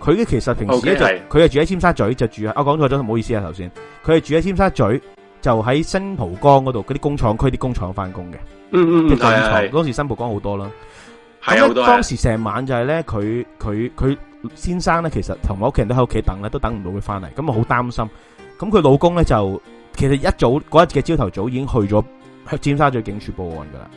佢咧其實平時呢 okay, 就佢係是住喺尖沙咀，就住。喺、啊——我講錯咗，唔好意思啊，頭先。佢係住喺尖沙咀，就喺新蒲崗嗰度，嗰啲工廠區啲工廠翻工嘅，嗯。嗯嗯廠的當時新蒲崗好多啦，咁的當時成晚就係咧，佢佢佢先生咧，其實同我屋企人都喺屋企等咧，都等唔到佢翻嚟，咁啊好擔心。咁佢老公咧就其實一早嗰日嘅朝頭早已經去咗。去尖沙咀警署報案噶啦，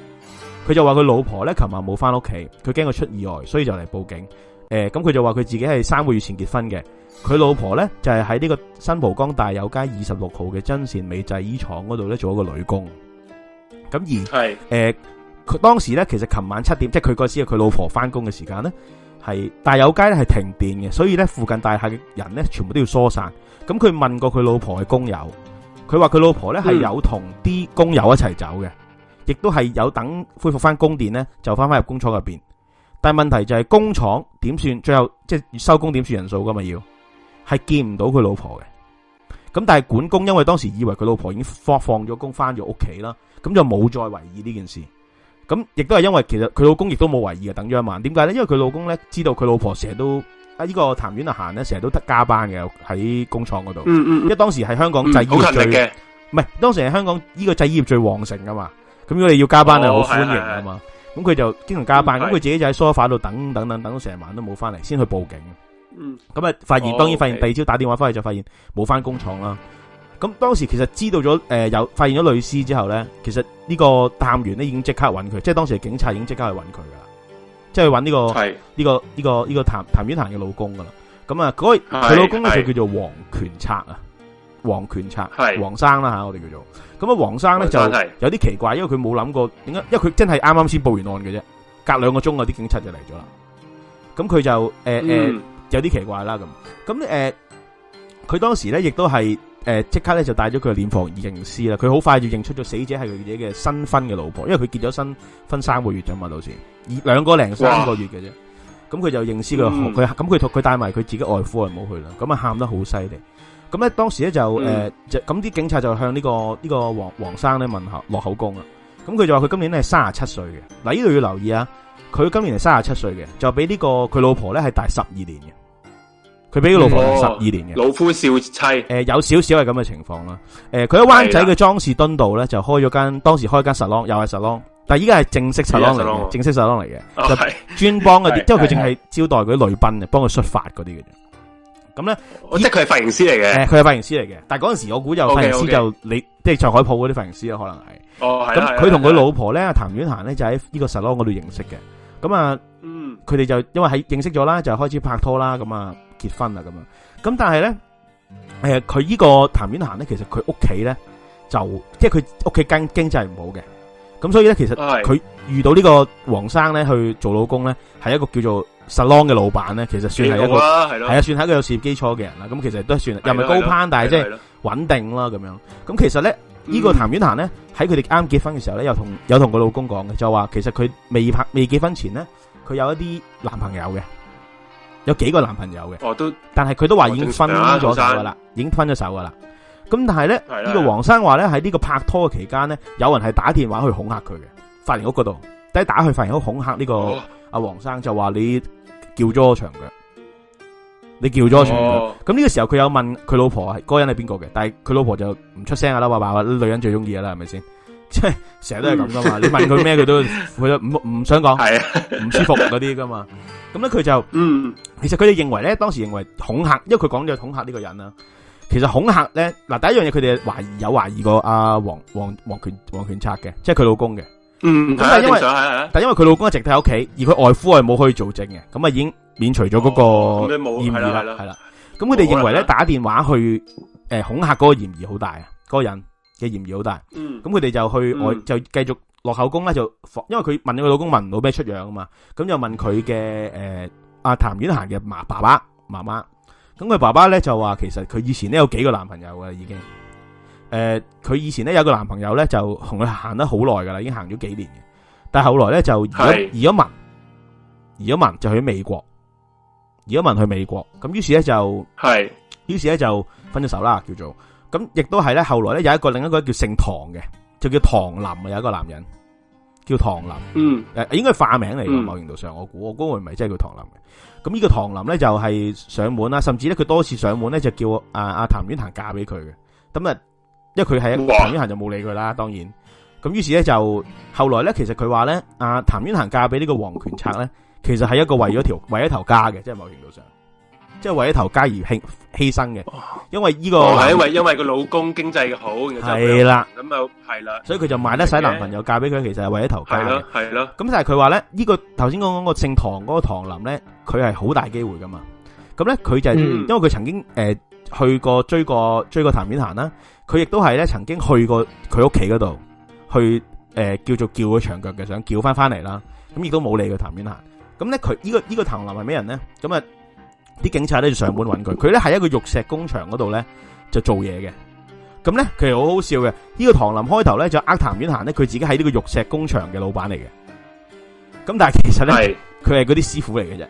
佢就話佢老婆咧琴晚冇翻屋企，佢驚佢出意外，所以就嚟報警。誒、呃，咁佢就話佢自己係三個月前結婚嘅，佢老婆咧就係喺呢個新蒲崗大有街二十六號嘅真善美製衣廠嗰度咧做一個女工。咁而誒，佢、呃、當時咧其實琴晚七點，即係佢個知佢老婆翻工嘅時間咧係大有街咧係停電嘅，所以咧附近大廈嘅人咧全部都要疏散。咁佢問過佢老婆嘅工友。佢話佢老婆咧係有同啲工友一齊走嘅亦都係有等恢復翻供電咧就翻翻入工廠入邊。但係問題就係工廠點算？最後即係收工點算人數噶嘛，要係見唔到佢老婆嘅。咁但係管工因為當時以為佢老婆已經放放咗工翻咗屋企啦，咁就冇再為意呢件事。咁亦都係因為其實佢老公亦都冇為意啊，等咗一晚。點解咧？因為佢老公咧知道佢老婆成日都啊！呢、這個譚遠啊行咧，成日都得加班嘅，喺工廠嗰度、嗯。嗯嗯，因為當時係香港製衣業最，唔係、嗯、當時係香港呢個製衣業最旺盛噶嘛，咁佢哋要加班係好歡迎啊嘛。咁佢、哦、就經常加班，咁佢、嗯、自己就喺 sofa 度等等等等，成晚都冇翻嚟，先去報警。咁啊、嗯，嗯、發現、哦、當然發現 okay. 第二朝打電話翻嚟，就發現冇翻工廠啦。咁當時其實知道咗誒、呃、有發現咗女屍之後咧，其實呢個探員咧已經即刻揾佢，即係當時警察已經即刻去揾佢噶啦。即係揾呢個呢是、呢個呢、呢個呢、呢個譚譚婉婷嘅老公噶啦，咁啊，佢是老公咧就是叫做黃權策啊，黃權策，黃是生啦吓，我哋叫做，咁啊，黃生咧就有啲奇怪，因為佢冇諗過點解，因為佢真係啱啱先報完案嘅啫，隔兩個鐘啊，啲警察就嚟咗啦，咁佢就誒誒、呃嗯呃、有啲奇怪啦，咁，咁、呃、誒，佢當時咧亦都係。誒，即、呃、刻咧就帶咗佢去殮房認屍啦。佢好快就認出咗死者係佢自己嘅新婚嘅老婆，因為佢結咗新婚三個月咋嘛，到時以兩個零三個月嘅啫。咁佢哇 就認屍佢，佢咁佢佢帶埋佢自己外父就就就、嗯呃，就冇去啦。咁啊，喊得好犀利。咁咧，當時咧就誒，就咁啲警察就向呢、這個呢、這個黃黃生咧問下落口供啦。咁佢就話佢今年咧係三十七歲嘅。嗱，呢度要留意啊，佢今年係三十七歲嘅，就俾呢個佢老婆咧係大十二年嘅。佢俾佢老婆十二年嘅，老夫少妻，誒有少少係咁嘅情況啦。誒，佢喺灣仔嘅莊士敦道咧就開咗間，當時開間沙龍，又係沙龍，但係依家係正式沙龍嚟嘅，正式沙龍嚟嘅，就專幫嗰啲，因為佢淨係招待嗰啲女賓嘅，幫佢梳髮嗰啲嘅。咁咧，即係佢係髮型師嚟嘅，佢係髮型師嚟嘅。但係嗰陣時我估就髮型師就你，即係上海鋪嗰啲髮型師可能係哦，咁佢同佢老婆咧，譚婉嫻咧就喺呢個沙龍嗰度認識嘅。咁啊，嗯，佢哋就因為喺認識咗啦，就開始拍拖啦，咁啊。結婚啦咁樣，咁但係咧，誒，佢呢個譚婉嫻咧，其實佢屋企咧就即係佢屋企經濟唔好嘅，咁所以咧，其實佢遇到呢個黃生咧去做老公咧，係一個叫做 salon 嘅老闆咧，其實算係一個係啊，算係一個有事業基礎嘅人啦。咁其實都算，又唔係高攀，但係即係穩定啦咁樣。咁其實咧，呢個譚婉嫻咧喺佢哋啱結婚嘅時候咧，又同有同個老公講嘅，就話其實佢未拍未結婚前咧，佢有一啲男朋友嘅。有幾個男朋友嘅，哦、都但係佢都話已經分咗手噶啦，哦、已經分咗手噶啦。咁、嗯、但係咧呢、嗯、個黃生話咧喺呢、嗯、個拍拖嘅期間咧，嗯、有人係打電話去恐嚇佢嘅，髮型屋嗰度，即係打去髮型屋恐嚇呢個阿黃生，就話你叫咗長腳，你叫咗長腳。咁呢、哦、個時候佢有問佢老婆係嗰人係邊個嘅，但係佢老婆就唔出聲噶啦，話話話女人最中意噶啦，係咪先？即係成日都係咁噶嘛？你問佢咩，佢都佢唔唔想講，係啊，唔舒服嗰啲噶嘛。咁咧佢就，嗯，其實佢哋認為咧，當時認為恐嚇，因為佢講咗恐嚇呢個人啦。其實恐嚇咧，嗱，第一樣嘢，佢哋懷疑有懷疑過阿黃黃黃權黃權策嘅，即係佢老公嘅。嗯，咁但係因為，但係因為佢老公一直喺屋企，而佢外父係冇可以做證嘅，咁啊已經免除咗嗰個嫌疑係咯，係啦。咁佢哋認為咧，打電話去誒恐嚇嗰個嫌疑好大啊，嗰個人。嘅嫌疑好大，咁佢哋就去，嗯、我就繼續落口供呢。就因為佢問佢老公問唔到咩出樣啊嘛，咁就問佢嘅誒阿譚婉嫻嘅媽爸爸、媽媽，咁佢爸爸咧就話，其實佢以前咧有幾個男朋友啊，已經、呃，誒佢以前咧有個男朋友咧就同佢行得好耐噶啦，已經行咗幾年，但係後來咧就移咗移咗民，移咗民就去美國，移咗民去美國，咁於是咧就係，於是咧就分咗手啦，叫做。咁亦都係咧，後來咧有一個另一個叫姓唐嘅，就叫唐林啊，有一個男人叫唐林，嗯，誒，應該化名嚟嘅，某程度上，我估，我估佢唔係真係叫唐林嘅。咁呢個唐林咧就係上門啦，甚至咧佢多次上門咧就叫阿阿譚婉嫻嫁俾佢嘅。咁啊，因為佢係阿譚婉嫻就冇理佢啦，當然。咁於是咧就後來咧、啊，其實佢話咧阿譚婉嫻嫁俾呢個黃權策咧，其實係一個為咗條為咗頭家嘅，即係某程度上。即係為咗頭家而犧牲嘅，因為呢個係、哦、因為因為個老公經濟好，係啦，咁啊係啦，所以佢就賣得使男朋友嫁俾佢，是的其實係為咗頭家啦，係啦，咁但係佢話咧，呢、這個頭先講嗰個姓唐嗰個唐林咧，佢係好大機會噶嘛，咁咧佢就是嗯、因為佢曾經誒、呃、去過追過追過譚婉嫻啦，佢亦都係咧曾經去過佢屋企嗰度去誒、呃、叫做叫佢長腳嘅想叫翻翻嚟啦，咁亦都冇理佢譚婉嫻，咁咧佢呢、這個依、這個唐林係咩人咧？咁啊？啲警察呢就上門揾佢，佢咧係一個玉石工場嗰度咧就做嘢嘅，咁咧佢係好好笑嘅。呢個唐林開頭咧就呃譚婉嫻咧，佢自己喺呢個玉石工場嘅老闆嚟嘅，咁但係其實咧佢係嗰啲師傅嚟嘅啫，是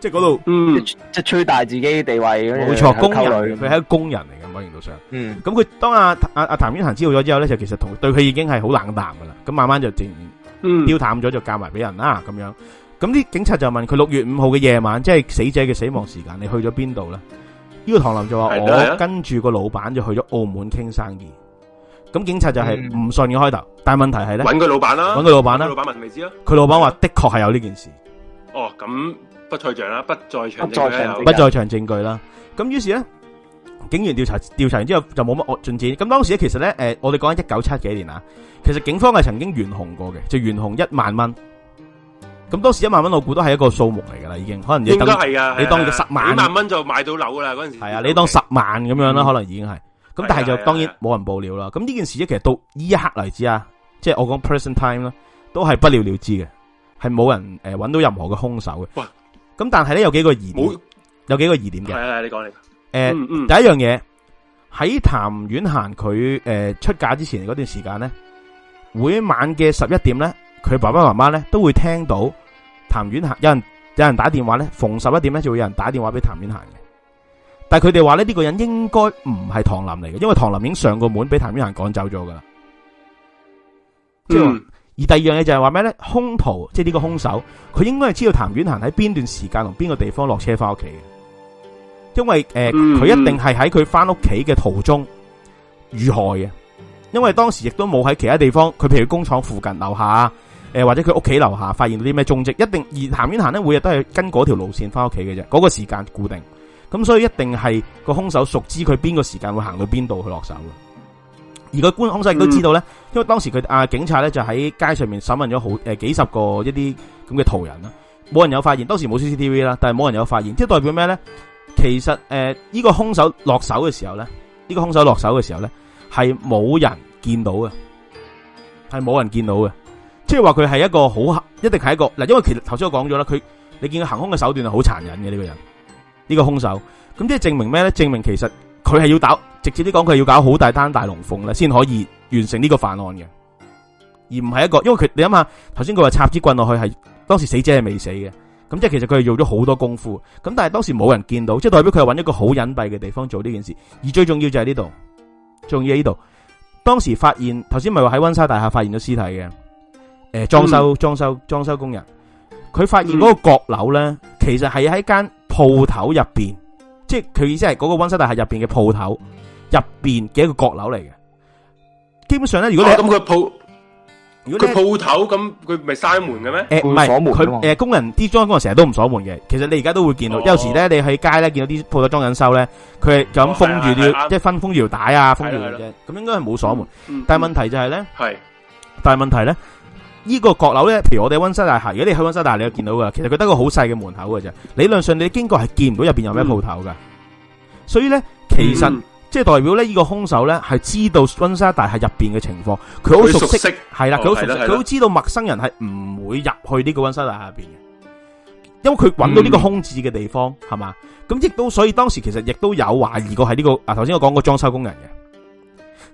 即係嗰度，嗯嗯、即係吹大自己地位冇錯，沒錯女工人，佢係一個工人嚟嘅，某程度上，嗯，咁佢當阿阿阿譚婉嫻知道咗之後咧，就其實同對佢已經係好冷淡噶啦，咁慢慢就靜，就嗯，淡咗就嫁埋俾人啦，咁樣。咁啲警察就問佢六月五號嘅夜晚，即係死者嘅死亡時間，你去咗邊度啦？呢個唐林就話：我跟住個老闆就去咗澳門傾生意。咁警察就係唔信嘅開頭，但係問題係咧，搵佢老闆啦，搵佢老闆啦，老闆問咪知啦。佢老闆話的確係有呢件事。哦，咁不在場啦，不在場，不在場，不在場證據啦。咁於是咧，警員調查調查完之後就冇乜惡進展。咁當時咧，其實咧，誒，我哋講緊一九七幾年啊，其實警方係曾經懸紅過嘅，就懸紅一萬蚊。咁當時一萬蚊我估都係一個數目嚟噶啦，已經可能應該係噶，你當十萬，幾萬蚊就買到樓啦嗰陣時。係啊，你當十萬咁樣啦，可能已經係。咁但係就當然冇人報料啦。咁呢件事咧，其實到依一刻為止啊，即係我講 present time 啦，都係不了了之嘅，係冇人誒揾到任何嘅兇手嘅。喂，咁但係咧，有幾個疑點，有幾個疑點嘅。係係你講嚟。誒，第一樣嘢喺譚婉嫻佢誒出嫁之前嗰段時間咧，每晚嘅十一點咧。佢爸爸媽媽咧都會聽到譚婉嫻有人，有人打電話咧，逢十一點咧就會有人打電話俾譚婉嫻嘅，但係佢哋話咧，呢個人應該唔係唐林嚟嘅，因為唐林已經上過門俾譚婉嫻趕走咗噶啦。嗯，而第二樣嘢就係話咩咧？凶徒即係呢個凶手，佢應該係知道譚婉嫻喺邊段時間同邊個地方落車翻屋企嘅，因為誒佢，呃嗯，一定係喺佢翻屋企嘅途中遇害嘅，因為當時亦都冇喺其他地方，佢譬如工廠附近樓下。誒，或者佢屋企樓下發現到啲咩蹤迹，一定而譚遠行呢每日都係跟嗰條路線返屋企嘅啫，嗰、嗰個時間固定，咁所以一定係個凶手熟知佢邊個時間會行到邊度去落手嘅。而個觀凶手亦都知道呢，因為當時佢、啊、警察呢就喺街上面審問咗好誒、呃、幾十個一啲咁嘅途人啦，冇人有發現，當時冇 C C T V 啦，但係冇人有發現，即係代表咩呢？其實誒，呢、呃呢個凶手落手嘅時候呢，呢、呢個凶手落手嘅時候呢，係冇人見到嘅，係冇人見到嘅。即係話佢係一個好一定係一個嗱，因為其實頭先我講咗啦，佢你見佢行凶嘅手段係好殘忍嘅呢個人，呢個凶手，咁即係證明咩咧？證明其實佢係要搞直接啲講，佢要搞好大單大龍鳳咧，先可以完成呢個犯案嘅，而唔係一個，因為佢你諗下頭先佢話插支棍落去係當時死者係未死嘅，咁即係其實佢係做咗好多功夫，咁但係當時冇人見到，即係代表佢係揾一個好隱蔽嘅地方做呢件事，而最重要就係呢度，重要喺呢度，當時發現頭先咪話喺溫莎大廈發現咗屍體嘅。誒，裝修裝修裝修工人，佢發現嗰個閣樓咧，其實係喺間鋪頭入邊，即係佢意思係嗰個溫室大廈入邊嘅鋪頭入邊嘅一個閣樓嚟嘅。基本上咧，如果你咁，佢鋪，如果鋪頭咁，佢咪閂門嘅咩？誒，唔係，佢誒，工人啲裝修工人成日都唔鎖門嘅。其實你而家都會見到，有時咧你喺街咧見到啲鋪頭裝緊修咧，佢咁封住啲即係封封住條帶啊，封住條嘅啫。咁應該係冇鎖門。但係問題就係咧，係，但係問題咧。這個角呢個閣樓咧，譬如我哋溫莎大廈，如果你去溫莎大廈，你有見到噶，其實佢得個好細嘅門口噶啫。理論上你經過係見唔到入邊有咩鋪頭噶。嗯、所以咧，其實、嗯、即係代表咧，呢個凶手咧係知道溫莎大廈入邊嘅情況，佢好熟悉，係啦，佢好熟悉，佢好、哦、知道陌生人係唔會入去呢個溫莎大廈入邊嘅。因為佢揾到呢個空置嘅地方，係嘛、嗯，咁亦都所以當時其實亦都有懷疑過係呢、這個啊，頭先我講個裝修工人嘅。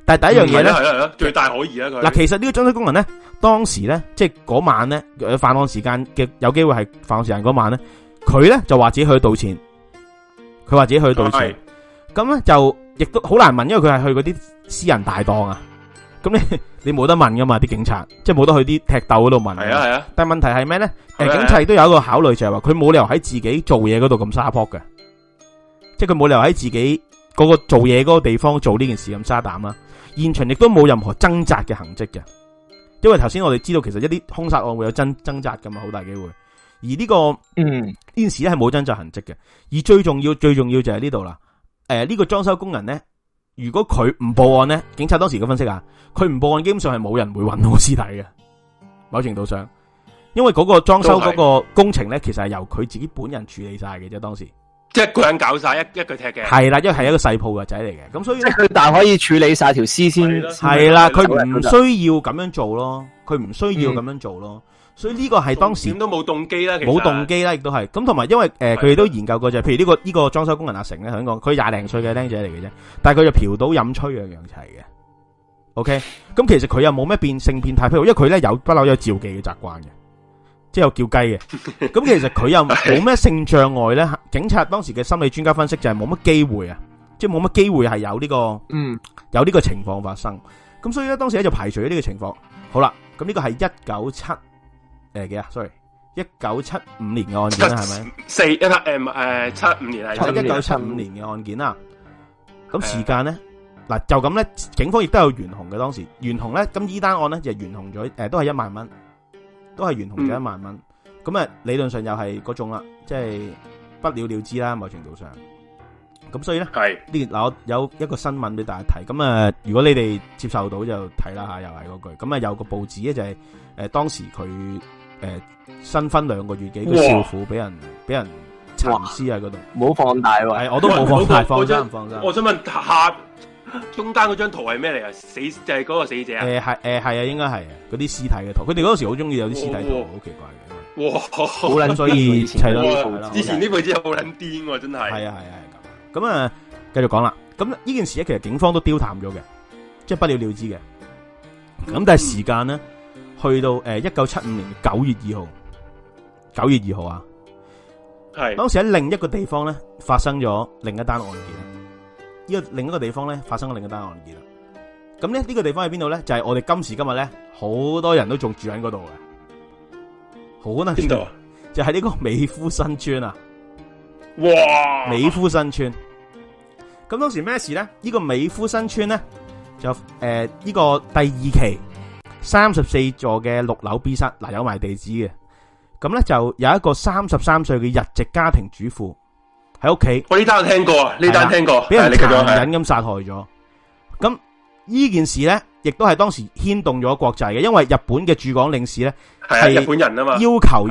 但係第一樣嘢咧，最大可疑啊！嗱，其實呢個裝修工人咧，當時咧，即係嗰晚咧，誒，犯案時間嘅，有機會係犯案時間嗰晚咧，佢咧就話自己去賭錢，佢話自己去賭錢，咁咧就亦都好難問，因為佢係去嗰啲私人大檔啊，咁你你冇得問噶嘛？啲警察即係冇得去啲踢斗嗰度問。係啊係啊！但係問題係咩咧？誒，警察都有一個考慮，就係話佢冇理由喺自己做嘢嗰度咁沙潑嘅，即係佢冇理由喺自己嗰個做嘢嗰個地方做呢件事咁沙膽啊！現場亦都冇任何掙扎嘅痕跡嘅，因為頭先我哋知道其實一啲凶殺案會有爭掙扎噶嘛，好大機會。而呢、這個嗯呢件事咧係冇掙扎痕跡嘅，而最重要最重要就喺呢度啦。誒、呃、呢、這個裝修工人咧，如果佢唔報案咧，警察當時嘅分析啊，佢唔報案基本上係冇人會搵到屍體嘅。某程度上，因為嗰個裝修嗰個工程咧，其實係由佢自己本人處理晒嘅啫，當時。即係一個人搞晒一一個踢嘅係啦，因為係一個細鋪嘅仔嚟嘅，咁所以咧佢但係可以處理晒條屍先係啦，佢唔需要咁樣做咯，佢唔需要咁樣做咯，嗯、所以呢個係當時都冇動機啦，冇動機啦，亦都係咁同埋因為誒，佢哋都研究過就係，譬如呢、這個呢、這個裝修工人阿成咧，香港，佢廿零歲嘅僆仔嚟嘅啫，但係佢就嫖賭飲吹樣樣齊嘅，OK，咁其實佢又冇咩變性變態，譬如因為佢咧有不嬲有召妓嘅習慣嘅。即係有叫雞嘅，咁其實佢又冇咩性障礙咧。警察當時嘅心理專家分析就係冇乜機會啊，即係冇乜機會係有呢個，嗯，有呢個情況發生。咁所以咧當時咧就排除咗呢個情況。好啦，咁呢個係一九七誒幾啊？sorry，一九七五年嘅案件啦，係咪？四一七誒誒七五年係一九七五年嘅案件啦。咁時間咧嗱就咁咧，警方亦都有懸紅嘅。當時懸紅咧，咁呢單案咧就懸紅咗，誒都係一萬蚊。都係袁紅咗一萬蚊，咁啊、嗯、理論上又係嗰種啦，即、就、係、是、不了了之啦，某程度上。咁所以咧，呢嗱是有一個新聞俾大家睇，咁啊如果你哋接受到就睇啦，下又係嗰句。咁啊有個報紙咧就係、是呃、當時佢新婚兩個月幾嘅哇少婦俾人俾人沉屍喺嗰度，冇放大喎。我都冇放大，放唔喂放，我想，放我想問下。中間嗰張圖係咩嚟啊？死就係、是、嗰個死者啊？誒係誒係啊，應該係啊，嗰啲屍體嘅圖。佢哋嗰時好鍾意有啲屍體圖，好奇怪嘅。哇，好捻，哇所以砌到前。之前呢輩子真係好捻癲，真係。係啊係啊係咁。咁啊，繼續講啦。咁呢件事咧，其實警方都丟淡咗嘅，即、就、係、是、不了了之嘅。咁但係時間咧，嗯、去到誒一九七五年九月二號，九月二號啊，係的當時喺另一個地方咧發生咗另一單案件。呢個另一個地方咧，發生咗另一個單案件啦。咁咧呢個地方喺邊度咧？就係、是、我哋今時今日咧，好多人都仲住喺嗰度嘅。好能邊度？啊、就係呢個美孚新村啊！哇！美孚新村。咁當時咩事咧？呢、這個美孚新村咧就誒呢、呃這個第二期三十四座嘅六樓 B 室嗱，有埋地址嘅。咁咧就有一個三十三歲嘅日籍家庭主婦。喺屋企，我呢單聽過，呢單聽過，俾人殘忍咁殺害咗。咁呢件事呢，亦都係當時牽動咗國際嘅，因為日本嘅駐港領事呢，係日本人啊嘛，要求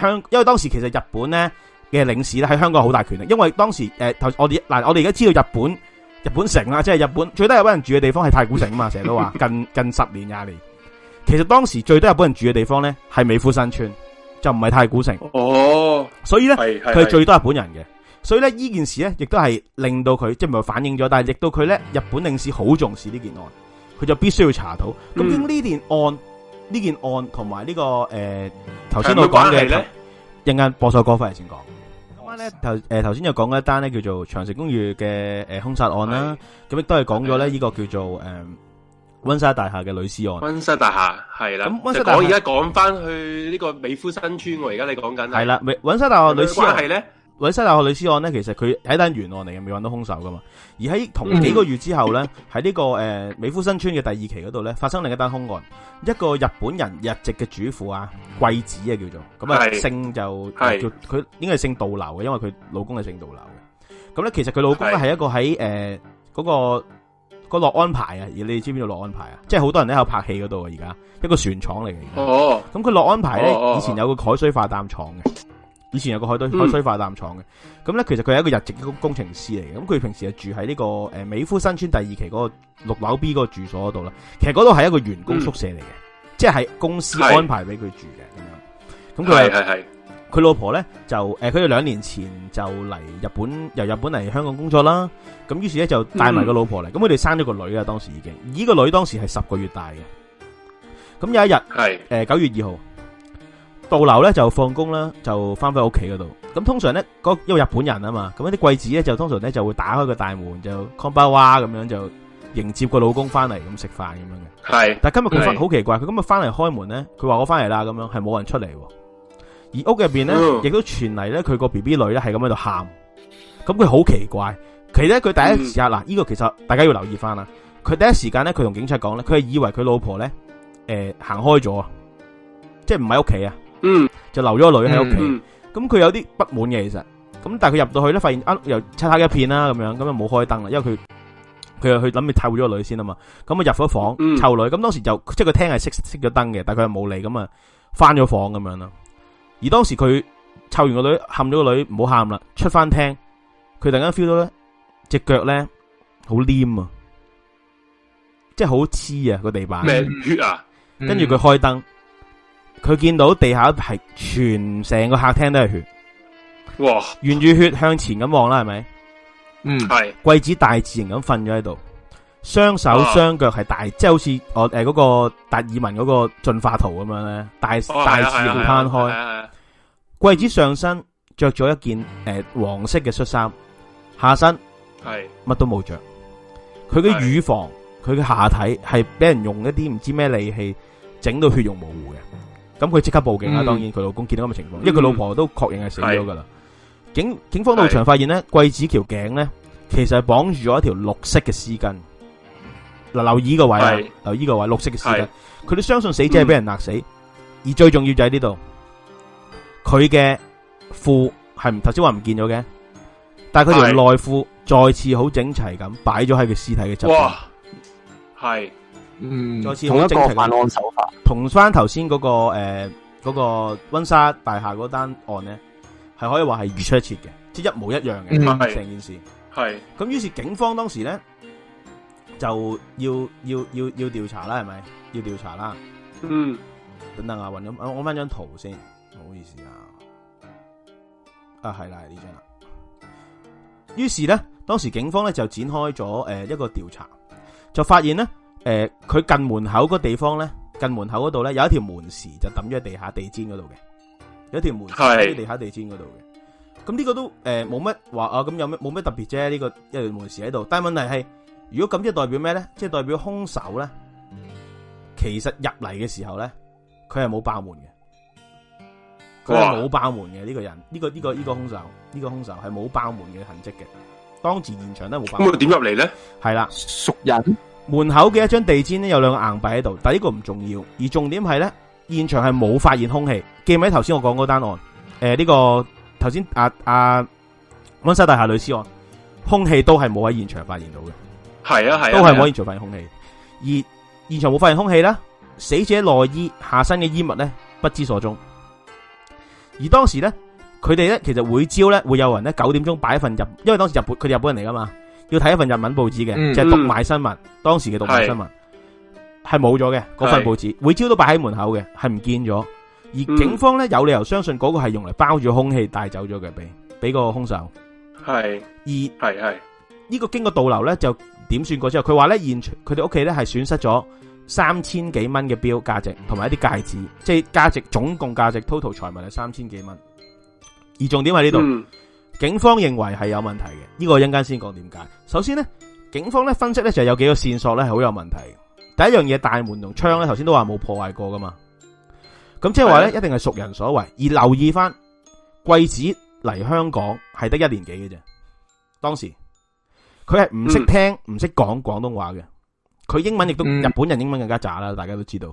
香，因為當時其實日本呢嘅領事呢，喺香港好大權力。因為當時誒，我哋嗱，我哋而家知道日本日本城啊，即係日本最多日本人住嘅地方係太古城啊嘛，成日都話近近十年廿年，其實當時最多日本人住嘅地方呢，係美孚新村，就唔係太古城哦，所以呢，佢最多日本人嘅。所以咧，呢件事咧，亦都係令到佢即係唔係反映咗？但係亦到佢咧，日本領事好重視呢件案，佢就必須要查到。究竟呢件案，呢件案同埋呢個誒，頭先我講嘅，呃、一陣間播首歌翻嚟先講。咁啊咧，頭誒頭先就講一單咧，叫做長城公寓嘅誒、呃、兇殺案啦。咁亦都係講咗咧，呢個叫做誒溫莎大廈嘅女屍案。溫莎大廈係啦，咁溫莎大廈我而家講翻去呢個美孚新村而家你講緊係啦，溫溫莎大廈女屍案係咧。維西大學女屍案呢，其實佢係一單懸案嚟嘅，未揾到凶手噶嘛。而喺同幾個月之後呢，喺呢、 這個誒、呃、美孚新村嘅第二期嗰度呢，發生另一單凶案，一個日本人日籍嘅主婦啊，桂子啊叫做，咁啊姓就，是 就叫佢是 應該係姓杜流嘅，因為佢老公係姓杜流嘅。咁咧，其實佢老公咧係是 一個喺誒嗰個、那個樂、那個、安排啊，而你知唔知道樂安排啊？即係好多人喺度拍戲嗰度啊，而家一個船廠嚟嘅。哦，咁佢樂安排咧，以前有個海水化淡廠嘅。以前有個海都海水化淡廠嘅，咁咧、嗯、其實佢係一個日籍嘅工程師嚟嘅，咁佢平時就住喺呢個誒美孚新村第二期嗰個六樓 B 嗰個住所嗰度啦。其實嗰度係一個員工宿舍嚟嘅，嗯、即係公司安排俾佢住嘅咁是樣。咁佢係佢老婆咧就誒，佢、呃、哋兩年前就嚟日本，由日本嚟香港工作啦。咁於是咧就帶埋個老婆嚟，咁佢哋生咗個女啊，當時已經，呢個女，這個女當時係十個月大嘅。咁有一日是、呃、9日係誒九月二號。倒樓咧就放工啦，就翻返屋企嗰度。咁通常咧，嗰因為日本人啊嘛，咁啲貴子咧就通常咧就會打開個大門就康巴哇咁樣就迎接個老公翻嚟咁食飯咁樣嘅。係，是但係今日佢翻好奇怪，佢是今日翻嚟開門咧，佢話我翻嚟啦咁樣，係冇人出嚟，而屋入邊咧亦都傳嚟咧佢個 B B 女咧係咁喺度喊。咁佢好奇怪，其實佢第一時間嗱呢個其實大家要留意翻啦。佢第一時間咧佢同警察講咧，佢係以為佢老婆咧誒行開咗啊，即係唔喺屋企啊。嗯，就留咗個女喺屋企，咁佢有啲不滿嘅其實，咁但係佢入到去咧，發現啊又漆黑一片啦，咁樣咁就冇開燈啦，因為佢佢又去諗住湊咗個女先啊嘛，咁啊入咗房湊女，咁當時就即係個廳係熄熄咗燈嘅，但係佢又冇嚟，咁啊翻咗房咁樣啦，而當時佢湊完個女，喊咗個女唔好喊啦，出翻廳，佢突然間 feel 到咧隻腳咧好黏啊，即係好黐啊個地板，咩血啊，跟住佢開燈。佢見到地下係全成個客廳都係血，哇！沿住血向前咁望啦，係咪？嗯，係。桂子大字型咁瞓咗喺度，雙手雙腳係大，哇即係好似我誒嗰個達爾文嗰個進化圖咁樣咧，大大字型攤開。桂子上身着咗一件誒、呃、黃色嘅恤衫，下身係乜是都冇着。佢嘅乳房，佢嘅是下體係俾人用一啲唔知咩利器整到血肉模糊嘅。咁佢即刻報警啦，嗯、當然佢老公見到咁嘅情況，因為佢老婆都確認係死咗噶啦。警、警方到場發現咧，是桂子條頸咧其實係綁住咗一條綠色嘅絲巾。嗱，留意個位啦，是留意個位，綠色嘅絲巾。佢都是相信死者係俾人勒死，嗯、而最重要就喺呢度，佢嘅褲係唔，頭先話唔見咗嘅，但係佢條內褲再次好整齊咁擺咗喺佢屍體嘅側邊。哇，係。嗯，再次正同一個犯案手法，同翻頭先嗰個誒嗰、呃那個溫莎大廈嗰單案咧，係可以話係如出一轍嘅，即係一模一樣嘅成、嗯、件事。係咁，於是，是警方當時咧就要要要要調查啦，係咪？要調查啦。是是查嗯，等等啊，搵咗我返張張圖先，唔好意思啊。啊，係啦，張呢張啦。於是咧，當時警方咧就展開咗誒、呃、一個調查，就發現咧。誒，佢、呃、近門口嗰地方咧，近門口嗰度咧有一條門匙就抌咗喺地下地氈嗰度嘅，有一條門匙喺地下的地氈嗰度嘅。咁呢個都誒冇乜話啊，咁有咩冇咩特別啫？呢、這個一條門匙喺度，但係問題係如果咁，即係代表咩咧？即、就、係、是、代表凶手咧，其實入嚟嘅時候咧，佢係冇爆門嘅，佢係冇爆門嘅呢、這個人，呢、這個呢、這個呢、這個凶手，呢、這個凶手係冇爆門嘅痕跡嘅。當時現場都冇爆門。咁佢點入嚟咧？係啦了，熟人。門口嘅一張地氈咧，有兩個硬幣喺度，但係呢個唔重要。而重點係咧，現場係冇發現凶器。記唔記得頭先我講嗰單案？誒、呃，呢、這個頭先阿阿溫莎大廈女屍案，凶器都係冇喺現場發現到嘅。係啊係，啊啊都係冇現場發現凶器。而現場冇發現凶器啦，死者內衣下身嘅衣物咧不知所蹤。而當時咧，佢哋咧其實每朝咧，會有人咧九點鐘擺一份入，因為當時日本佢哋日本人嚟噶嘛。要睇一份日文報紙嘅，嗯、就係讀賣新聞，嗯、當時嘅讀賣新聞係冇咗嘅，嗰是份報紙是每朝都擺喺門口嘅，係唔見咗。而警方咧、嗯、有理由相信嗰個係用嚟包住空氣帶走咗嘅，俾俾個凶手係。是而係係呢個經過導流咧，就點算過之後，佢話咧現佢哋屋企咧係損失咗三千幾蚊嘅標價值，同埋一啲戒指，即係價值總共價值 total 財物係三千幾蚊。而重點喺呢度。嗯警方認為係有問題嘅，呢、這個一陣間先講點解。首先呢，警方咧分析咧就有幾個線索咧係好有問題的。第一樣嘢，大門同窗咧，頭先都話冇破壞過噶嘛。咁即係話咧，是啊、一定係熟人所為。而留意翻，貴子嚟香港係得一年幾嘅啫。當時佢係唔識聽、唔識講廣東話嘅，佢英文亦都日本人英文更加渣啦，大家都知道。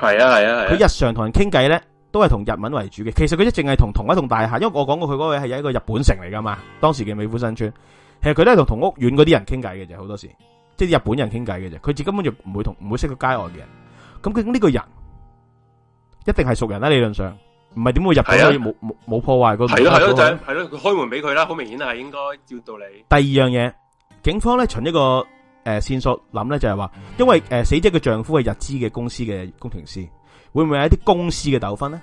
係啊，係啊，佢、啊、日常同人傾偈呢。都係同日文為主嘅，其實佢一直係同同一棟大廈，因為我講過佢嗰位係有一個日本城嚟噶嘛，當時嘅美孚新村，其實佢都係同同屋院嗰啲人傾偈嘅啫，好多時，即係日本人傾偈嘅啫，佢自根本就唔會同唔會識個街外嘅人，咁佢呢個人一定係熟人啦，理論上，唔係，點會日本可以冇冇破壞過係咯，係咯，佢開門俾佢啦，好明顯係應該照道理。第二樣嘢，警方咧循一個誒、呃、線索諗咧就係、是、話，因為誒、呃、死者嘅丈夫係日資嘅公司嘅工程師。會唔會係一啲公司嘅糾紛咧？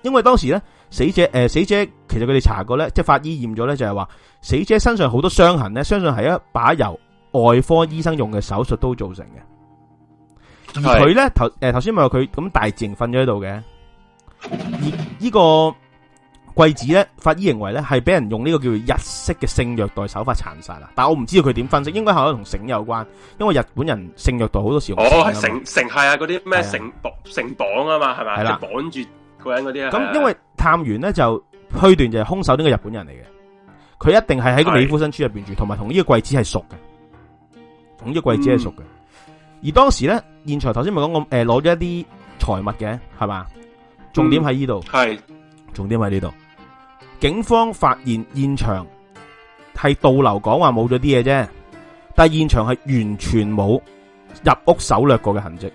因為當時咧，死者誒、呃，死者其實佢哋查過咧，即係法醫驗咗咧，就係話死者身上好多傷痕咧，相信係一把由外科醫生用嘅手術刀造成嘅。而佢咧，是頭誒，頭先咪話佢咁大自然瞓咗喺度嘅，而呢、這個。貴子咧，法醫認為咧係俾人用呢個叫做日式嘅性虐待手法殘殺啦。但係我唔知道佢點分析，應該係有同繩有關，因為日本人性虐待好多時候哦，繩繩係啊，嗰啲咩繩綁繩綁啊嘛，係咪，係啦，綁住個人嗰啲啊。咁因為探員咧就推斷就係兇手呢個日本人嚟嘅，佢一定係喺個美夫新村入邊住，同埋同呢個貴子係熟嘅，同呢個貴子係熟嘅。而當時咧，現場頭先咪講過誒攞咗一啲財物嘅係嘛，重點喺呢度係。重點喺呢度，警方發現現場係倒流講話冇咗啲嘢啫，但係現場係完全冇入屋搜掠過嘅痕跡，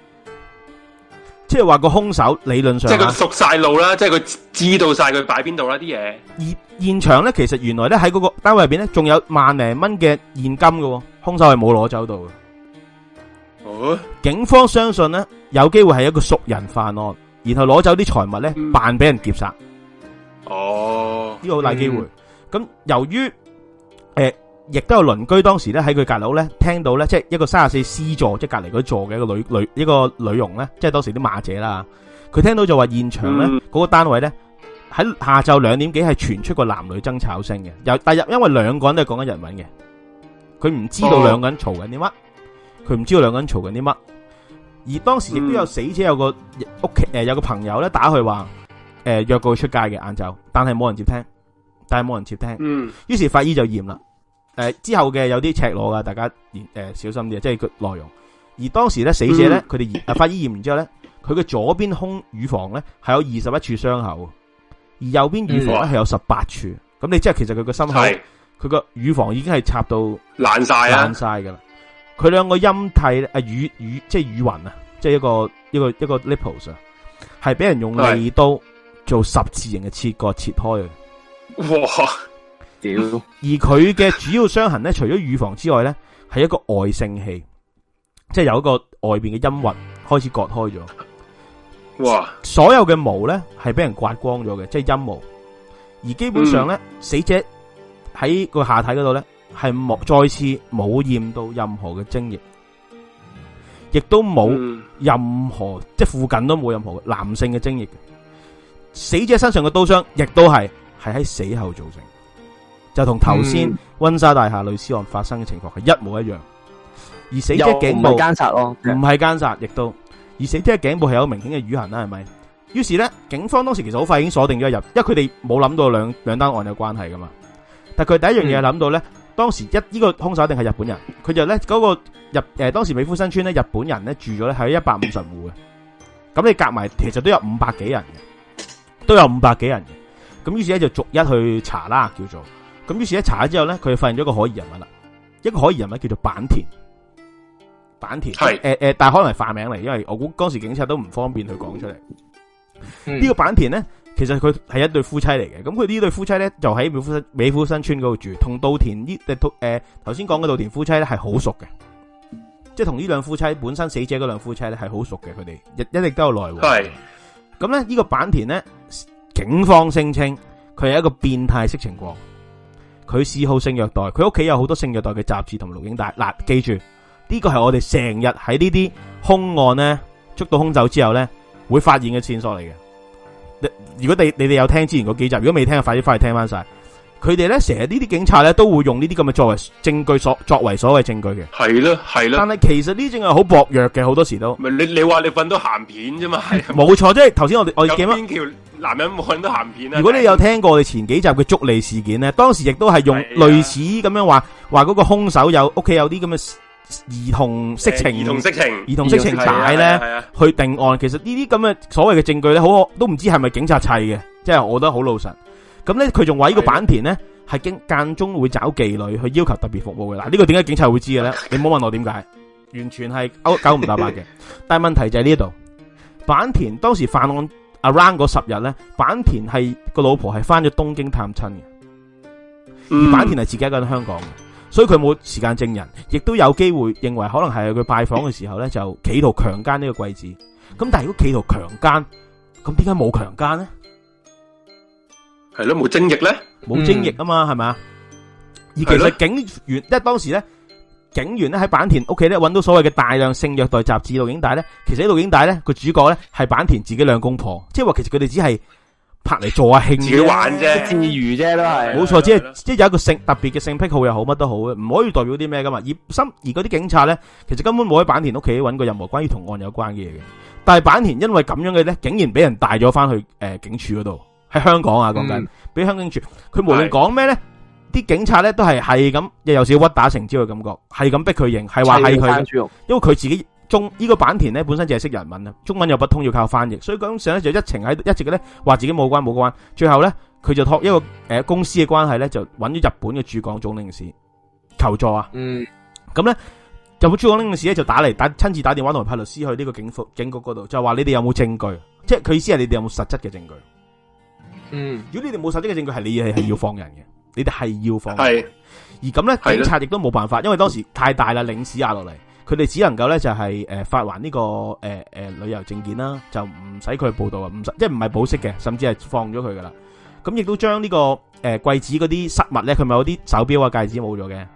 即係話個凶手理論上即係佢熟晒路啦，即係佢知道晒佢擺邊度啦啲嘢。而現場咧，其實原來咧喺嗰個單位入邊咧，仲有萬零蚊嘅現金嘅，凶手係冇攞走到嘅。哦，警方相信呢，有機會係一個熟人犯案，然後攞走啲財物咧，扮俾、嗯、人劫殺。哦，呢個好大機會。咁、嗯、由於誒、呃，亦都有鄰居當時咧喺佢隔樓咧聽到咧，即係一個三十四 C 座，即係隔籬嗰座嘅一個女女，一個女傭咧，即係當時啲馬姐啦。佢聽到就話現場咧嗰、嗯、個單位咧喺下晝兩點幾係傳出個男女爭吵聲嘅。又但因為兩個人都係講緊日文嘅，佢唔知道兩個人嘈緊啲乜，佢唔、哦、知道兩個人嘈緊啲乜。而當時亦都有死者有個屋企誒，有個朋友咧打佢話。誒、呃，約過佢出街嘅晏晝，但係冇人接聽，但係冇人接聽。嗯，於是法醫就驗啦。誒、呃，之後嘅有啲赤裸噶，大家誒、呃、小心啲，即係佢內容。而當時咧，死者咧，佢哋、嗯、法醫驗完之後咧，佢嘅左邊胸乳房咧係有二十一處傷口，而右邊乳房咧係、嗯、有十八處。咁你即係其實佢個心口佢個乳房已經係插到爛晒、啊爛晒噶啦。佢兩個陰蒂、啊乳乳即係乳暈啊，即係一個一個一個 lips 啊，係俾人用利刀做十字形嘅切割切開嘅，哇！屌，而佢嘅主要傷痕咧， 除咗乳房之外咧，係一個外性器，即係有一個外邊嘅陰核開始割開咗。哇！所有嘅毛咧係俾人刮光咗嘅，即係陰毛。而基本上咧，嗯、死者喺個下體嗰度咧係冇再次冇驗到任何嘅精液，亦都冇任何、嗯、即係附近都冇任何男性嘅精液。死者身上嘅刀傷亦都係係喺死後造成，就同頭先溫莎大廈女屍案發生嘅情況係一模一樣。而死者頸部奸殺咯，唔係奸殺，亦都而死者嘅頸部係有明顯嘅瘀痕啦，係咪？於是咧，警方當時其實好快已經鎖定咗入，因為佢哋冇諗到兩兩單案有關係噶嘛。但佢第一樣嘢諗到咧，嗯、當時一呢、這個兇手一定係日本人，佢就咧嗰、那個日誒，當時美孚新村咧，日本人咧住咗喺一百五十戶嘅，咁你隔埋其實都有五百幾人嘅。都有五百幾人嘅，咁於是咧就逐一去查啦，叫做，咁於是一查咗之後咧，佢就發現咗個可疑人物啦，一個可疑人物叫做坂田，坂田係，誒誒是、呃呃，但係可能係化名嚟，因為我估當時警察都唔方便去講出嚟。嗯、個呢個坂田咧，其實佢係一對夫妻嚟嘅，咁佢呢對夫妻咧就喺美孚美孚新村嗰度住，同稻田呢誒，頭先講嘅稻田夫妻咧係好熟嘅，即係同呢兩夫妻本身死者嗰兩夫妻咧係好熟嘅，佢哋一一直都有來往。咁咧，呢、這個坂田咧，警方聲稱佢係一個變態色情狂，佢嗜好性虐待，佢屋企有好多性虐待嘅雜誌同錄影帶。嗱、啊，記住呢個係我哋成日喺呢啲凶案咧捉到凶手之後咧會發現嘅線索嚟嘅。如果你你哋有聽之前嗰幾集，如果未聽，就快啲翻去聽翻晒。佢哋咧成日呢啲警察咧都會用呢啲咁嘅作為證據所作為所謂證據嘅，係啦係啦。但係其實呢啲證係好薄弱嘅，好多時都咪你你話你瞓到咸片啫嘛，冇錯。即係頭先我哋我點啊？有天橋男人瞓到咸片啊！如果你有聽過我哋前幾集嘅捉離事件咧，對當時亦都係用類似咁樣話話嗰個凶手有屋企有啲咁嘅兒童色情、兒童色情、兒童色情帶咧去定案。其實呢啲咁嘅所謂嘅證據咧，好都唔知係咪警察砌嘅，即係我覺得好老實。咁咧，佢仲話呢個坂田咧係經間中會找妓女去要求特別服務嘅啦。呢、這個點解警察會知嘅咧？你唔好問我點解，完全係搞九唔搭八嘅。 但係問題就喺呢度，坂田當時犯案 around 嗰十日咧，坂田係個老婆係翻咗東京探親嘅，嗯、而坂田係自己喺香港，所以佢冇時間證人，亦都有機會認為可能係佢拜訪嘅時候咧就企圖強姦呢個貴子。咁、嗯、但係如果企圖強姦，咁點解冇強姦咧？係咯，冇精液咧，冇精液啊嘛，係咪啊？而其實警員，即係的當時咧，警員咧喺坂田屋企咧揾到所謂嘅大量性虐待雜誌錄影帶咧，其實喺錄影帶咧個主角咧係坂田自己兩公婆，即係話其實佢哋只係拍嚟做下，啊、慶，自己玩啫，自娛啫都係冇錯，即係即係有一個性特別嘅性癖好又好，乜都好唔可以代表啲咩噶嘛。葉心而嗰啲警察咧，其實根本冇喺坂田屋企揾過任何關於同案有關嘅嘢嘅，但係坂田因為咁樣嘅咧，竟然俾人帶咗翻去誒、呃、警署嗰度。喺香港啊，講緊俾香港住。佢無論講咩咧，啲是警察咧都係係咁，又有少屈打成招嘅感覺，係咁逼佢認，係話係佢，因為佢自己中呢、這個坂田咧本身就係識日文啊，中文又不通，要靠翻譯，所以咁上咧就一情喺，一直嘅咧話自己冇關冇關，最後咧佢就託一個誒公司嘅關係咧，就揾咗日本嘅駐港總領事求助啊。嗯，咁咧就冇駐港領事咧就打嚟打親自打電話同派律師去呢個警署警局嗰度，就話你哋有冇證據？即係佢意思係你哋有冇實質嘅證據。嗯，如果你哋冇實質嘅證據，係你係係要放人嘅， 你哋係要放人的。係而咁咧，的警察亦都冇辦法，因為當時太大啦，領事壓落嚟，佢哋只能夠咧就係誒發還呢、這個誒誒、呃呃、旅遊證件啦，就唔使佢去報道啊，唔即係唔係保釋嘅，甚至係放咗佢噶啦。咁亦都將呢個誒櫃子嗰啲失物咧，佢咪有啲手錶啊、戒指冇咗嘅，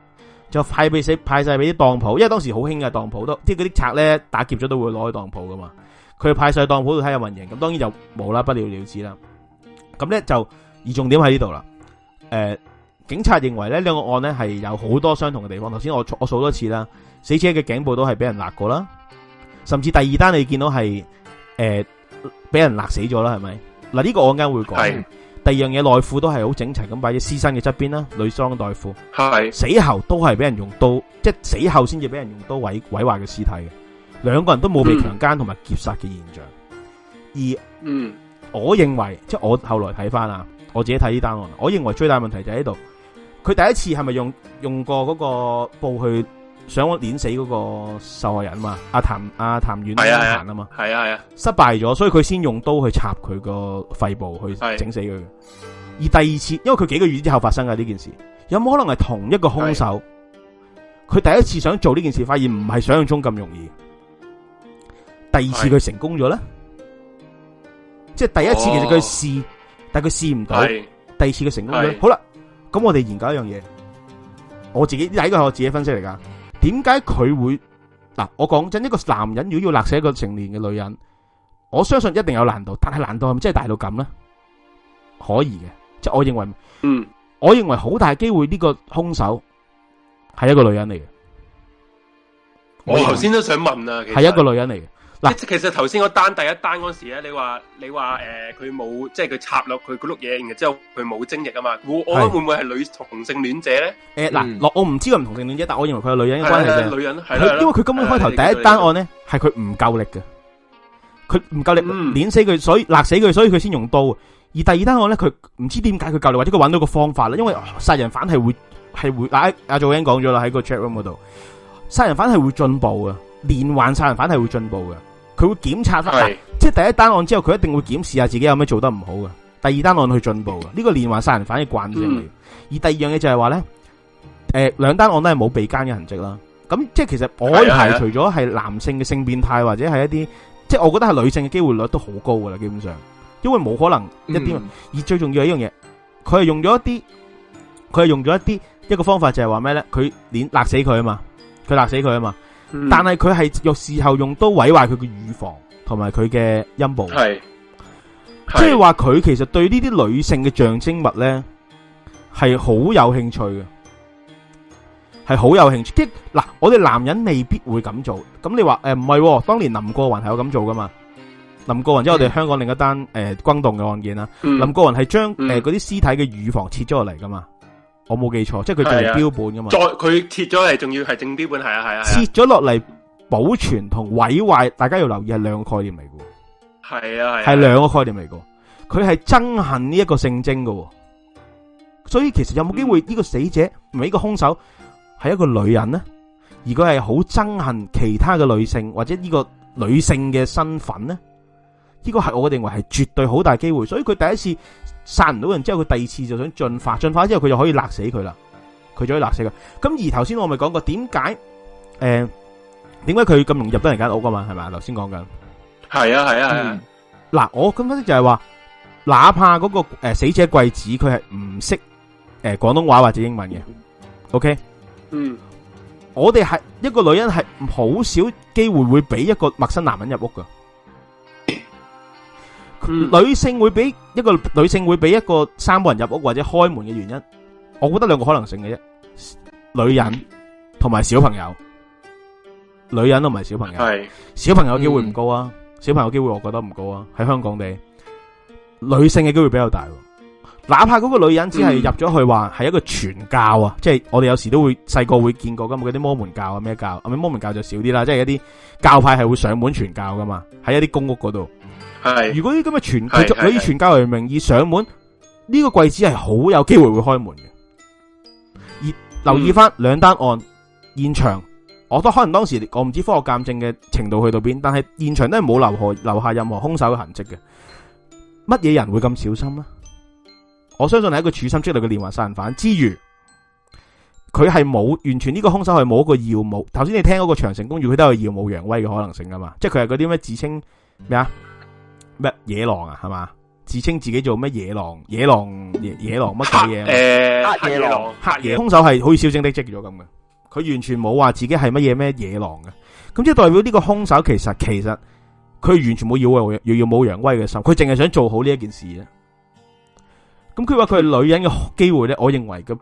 就派俾死派晒俾啲當鋪，因為當時好興嘅當鋪都即係嗰啲賊咧打劫咗都會攞去當鋪噶嘛。佢派晒當鋪度睇下運營，咁當然就冇啦，不了，不了了之啦。咁咧就而重點喺呢度啦。誒、呃，警察認為咧，兩個案咧係有好多相同嘅地方。頭先我我數多次啦，死者嘅頸部都係俾人勒過啦，甚至第二單你見到係誒俾人勒死咗啦，係咪？嗱、啊、呢、這個我間會講。係的第二樣嘢，內褲都係好整齊咁擺喺屍身嘅側邊啦，女裝底褲。係的死後都係俾人用刀，即、就、係、是、死後先至俾人用刀毀毀壞嘅屍體嘅。兩個人都冇被強姦同埋劫殺嘅現象。而嗯。而嗯我認為即係我後來睇翻啊，我自己睇呢單案，我認為最大問題就喺度，佢第一次係咪用用過嗰個布去想碾死嗰個受害人啊嘛？阿譚阿譚婉係啊，譚啊嘛，係啊係啊，失敗咗，所以佢先用刀去插佢個肺部去整死佢。是而第二次，因為佢幾個月之後發生嘅呢件事，有冇可能係同一個兇手？佢是第一次想做呢件事，發現唔係想象中咁容易。第二次佢成功咗咧？即係第一次，其實佢試，哦、但係佢試唔到。是第二次佢成功咧，是好啦，咁我哋研究一樣嘢，我自己第一個係我自己的分析嚟噶。點解佢會嗱？我講真，一個男人如果要勒死一個成年嘅女人，我相信一定有難度。但係難度係咪真係大到咁咧？可以嘅，即係我認為，嗯，我認為好大機會呢個凶手係一個女人嚟嘅。我頭先都想問啊，係一個女人嚟嘅。嗱，啦其實頭先個單第一單嗰時咧，你話你話誒，佢、呃、冇即係佢插落佢嗰碌嘢，然之後佢冇精液啊嘛，是我我諗會唔會係女同性戀者咧？誒、嗯，嗱、欸，我唔知佢唔同性戀者，但我認為佢係女人嘅關係女人，因為佢根本開頭第一單案咧，係佢唔夠力嘅，佢唔夠力，碾、嗯、死佢，所以勒死佢，所以佢先用刀。而第二單案咧，佢唔知點解佢夠力，或者佢搵到個方法啦。因為殺人犯係會係會，嗱，阿祖英講咗啦，喺個 chat room 嗰度，殺人犯係會進步嘅，連環殺人犯係會進步嘅。佢會檢查，的即係第一單案之後，佢一定會檢視下自己有咩做得唔好嘅，第二單案去進步嘅。呢、這個連環殺人犯嘅慣性嚟。嗯、而第二樣嘢就係話咧，誒、呃，兩單案都係冇被奸嘅痕跡啦。咁即係其實我可以排除咗係男性嘅性變態或者係一啲，的即係我覺得係女性嘅機會率都好高噶啦，基本上，因為冇可能一啲。嗯、而最重要係一樣嘢，佢係用咗一啲，佢係用咗一啲一個方法就係話咩咧？佢捏勒死佢啊嘛，佢勒死佢啊嘛。但係佢係用事後用刀毀壞佢嘅乳房同埋佢嘅陰部，係即係話佢其實對呢啲女性嘅象徵物咧係好有興趣嘅，係好有興趣。即係嗱，我哋男人未必會咁做。咁你話誒，唔係，當年林過雲係有咁做噶嘛？林過雲即係，我哋香港另一單誒轟動嘅案件啊。嗯、林過雲係將誒嗰啲屍體嘅乳房切咗落嚟噶嘛？我冇記錯，即係佢做係標本噶嘛？再佢切咗嚟，仲要係整標本，係啊係啊。切咗落嚟保存同毀壞，大家要留意係兩個概念嚟噶。係啊係。係兩個概念嚟噶佢係憎恨呢一個性徵噶所以其實有冇機會呢個死者唔係一個兇手，係一個女人呢？而佢係好憎恨其他嘅女性或者呢個女性嘅身份呢？呢個係我嘅認為係絕對好大機會，所以佢第一次。殺唔到人之後，佢第二次就想進化，進化之後佢就可以勒死佢啦。佢就可以勒死佢。咁而頭先我咪講過點解？誒，點解佢咁容易入得人間屋噶嘛？係咪？頭先講緊。係啊係啊係啊。嗱、啊嗯，我咁分析就係話，哪怕嗰、那個誒、呃、死者貴子佢係唔識誒廣東話或者英文嘅。O K。嗯。OK? 嗯，我哋係一個女人係好少機會會俾一個陌生男人入屋噶。女性會俾一個女性會俾一個三個人入屋或者開門嘅原因，我覺得兩個可能性嘅啫。女人同埋小朋友，女人都唔係小朋友，係小朋友機會唔高啊！小朋友機會我覺得唔高啊，喺香港地，女性嘅機會比較大，啊。哪怕嗰個女人只係入咗去話係一個傳教啊，嗯，即係我哋有時都會細個會見過噶嘛，嗰啲摩門教啊咩教，咁樣摩門教就少啲啦，即係一啲教派係會上門傳教噶嘛，喺一啲公屋嗰度。係如果呢咁嘅全佢以傳教為名義上門，呢個櫃子係好有機會會開門嘅。而留意翻兩單案，嗯、現場，我都可能當時我唔知科學鑑證嘅程度去到邊，但係現場都係冇留下留下任何凶手嘅痕迹嘅。乜嘢人會咁小心咧？我相信係一個處心積慮嘅連環殺人犯。之餘佢係冇完全呢個凶手係冇一個耀武。頭先你聽嗰個長城公寓，佢都有耀武揚威嘅可能性噶嘛？即係佢係嗰啲咩自稱咩啊？咩野狼啊，係咪？自稱自己做咩野狼？野狼野，野狼乜鬼嘢？誒、啊，黑，呃、黑野狼，黑野狼，凶手係好似小正的 j 咗咁嘅。佢完全冇話自己係乜嘢咩野狼嘅。咁即係代表呢個凶手其實其實佢完全冇要要要冇揚威嘅心，佢淨係想做好呢一件事咧。咁佢話佢係女人嘅機會咧，我認為嘅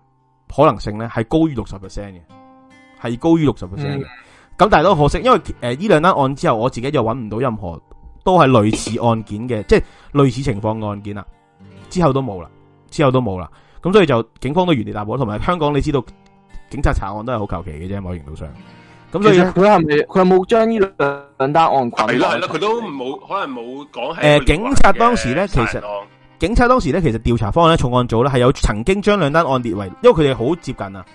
可能性咧係高於六十 percent 嘅，係高於六十 percent 嘅。咁、嗯、但係都可惜，因為誒呢兩單案之後，我自己就揾唔到任何。都係類似案件嘅，即係類似情況案件啦。之後都冇啦，之後都冇啦。咁所以就警方都原地踏步。同埋香港，你知道警察查案都係好求其嘅啫，某程度上。咁所以佢係佢有冇將呢兩單案，案？係咯係咯，佢都冇，可能冇講。誒，警察當時咧，其實警察當時咧，其實調查方案咧，重案組咧，係有曾經將兩單案列為，因為佢哋好接近啊。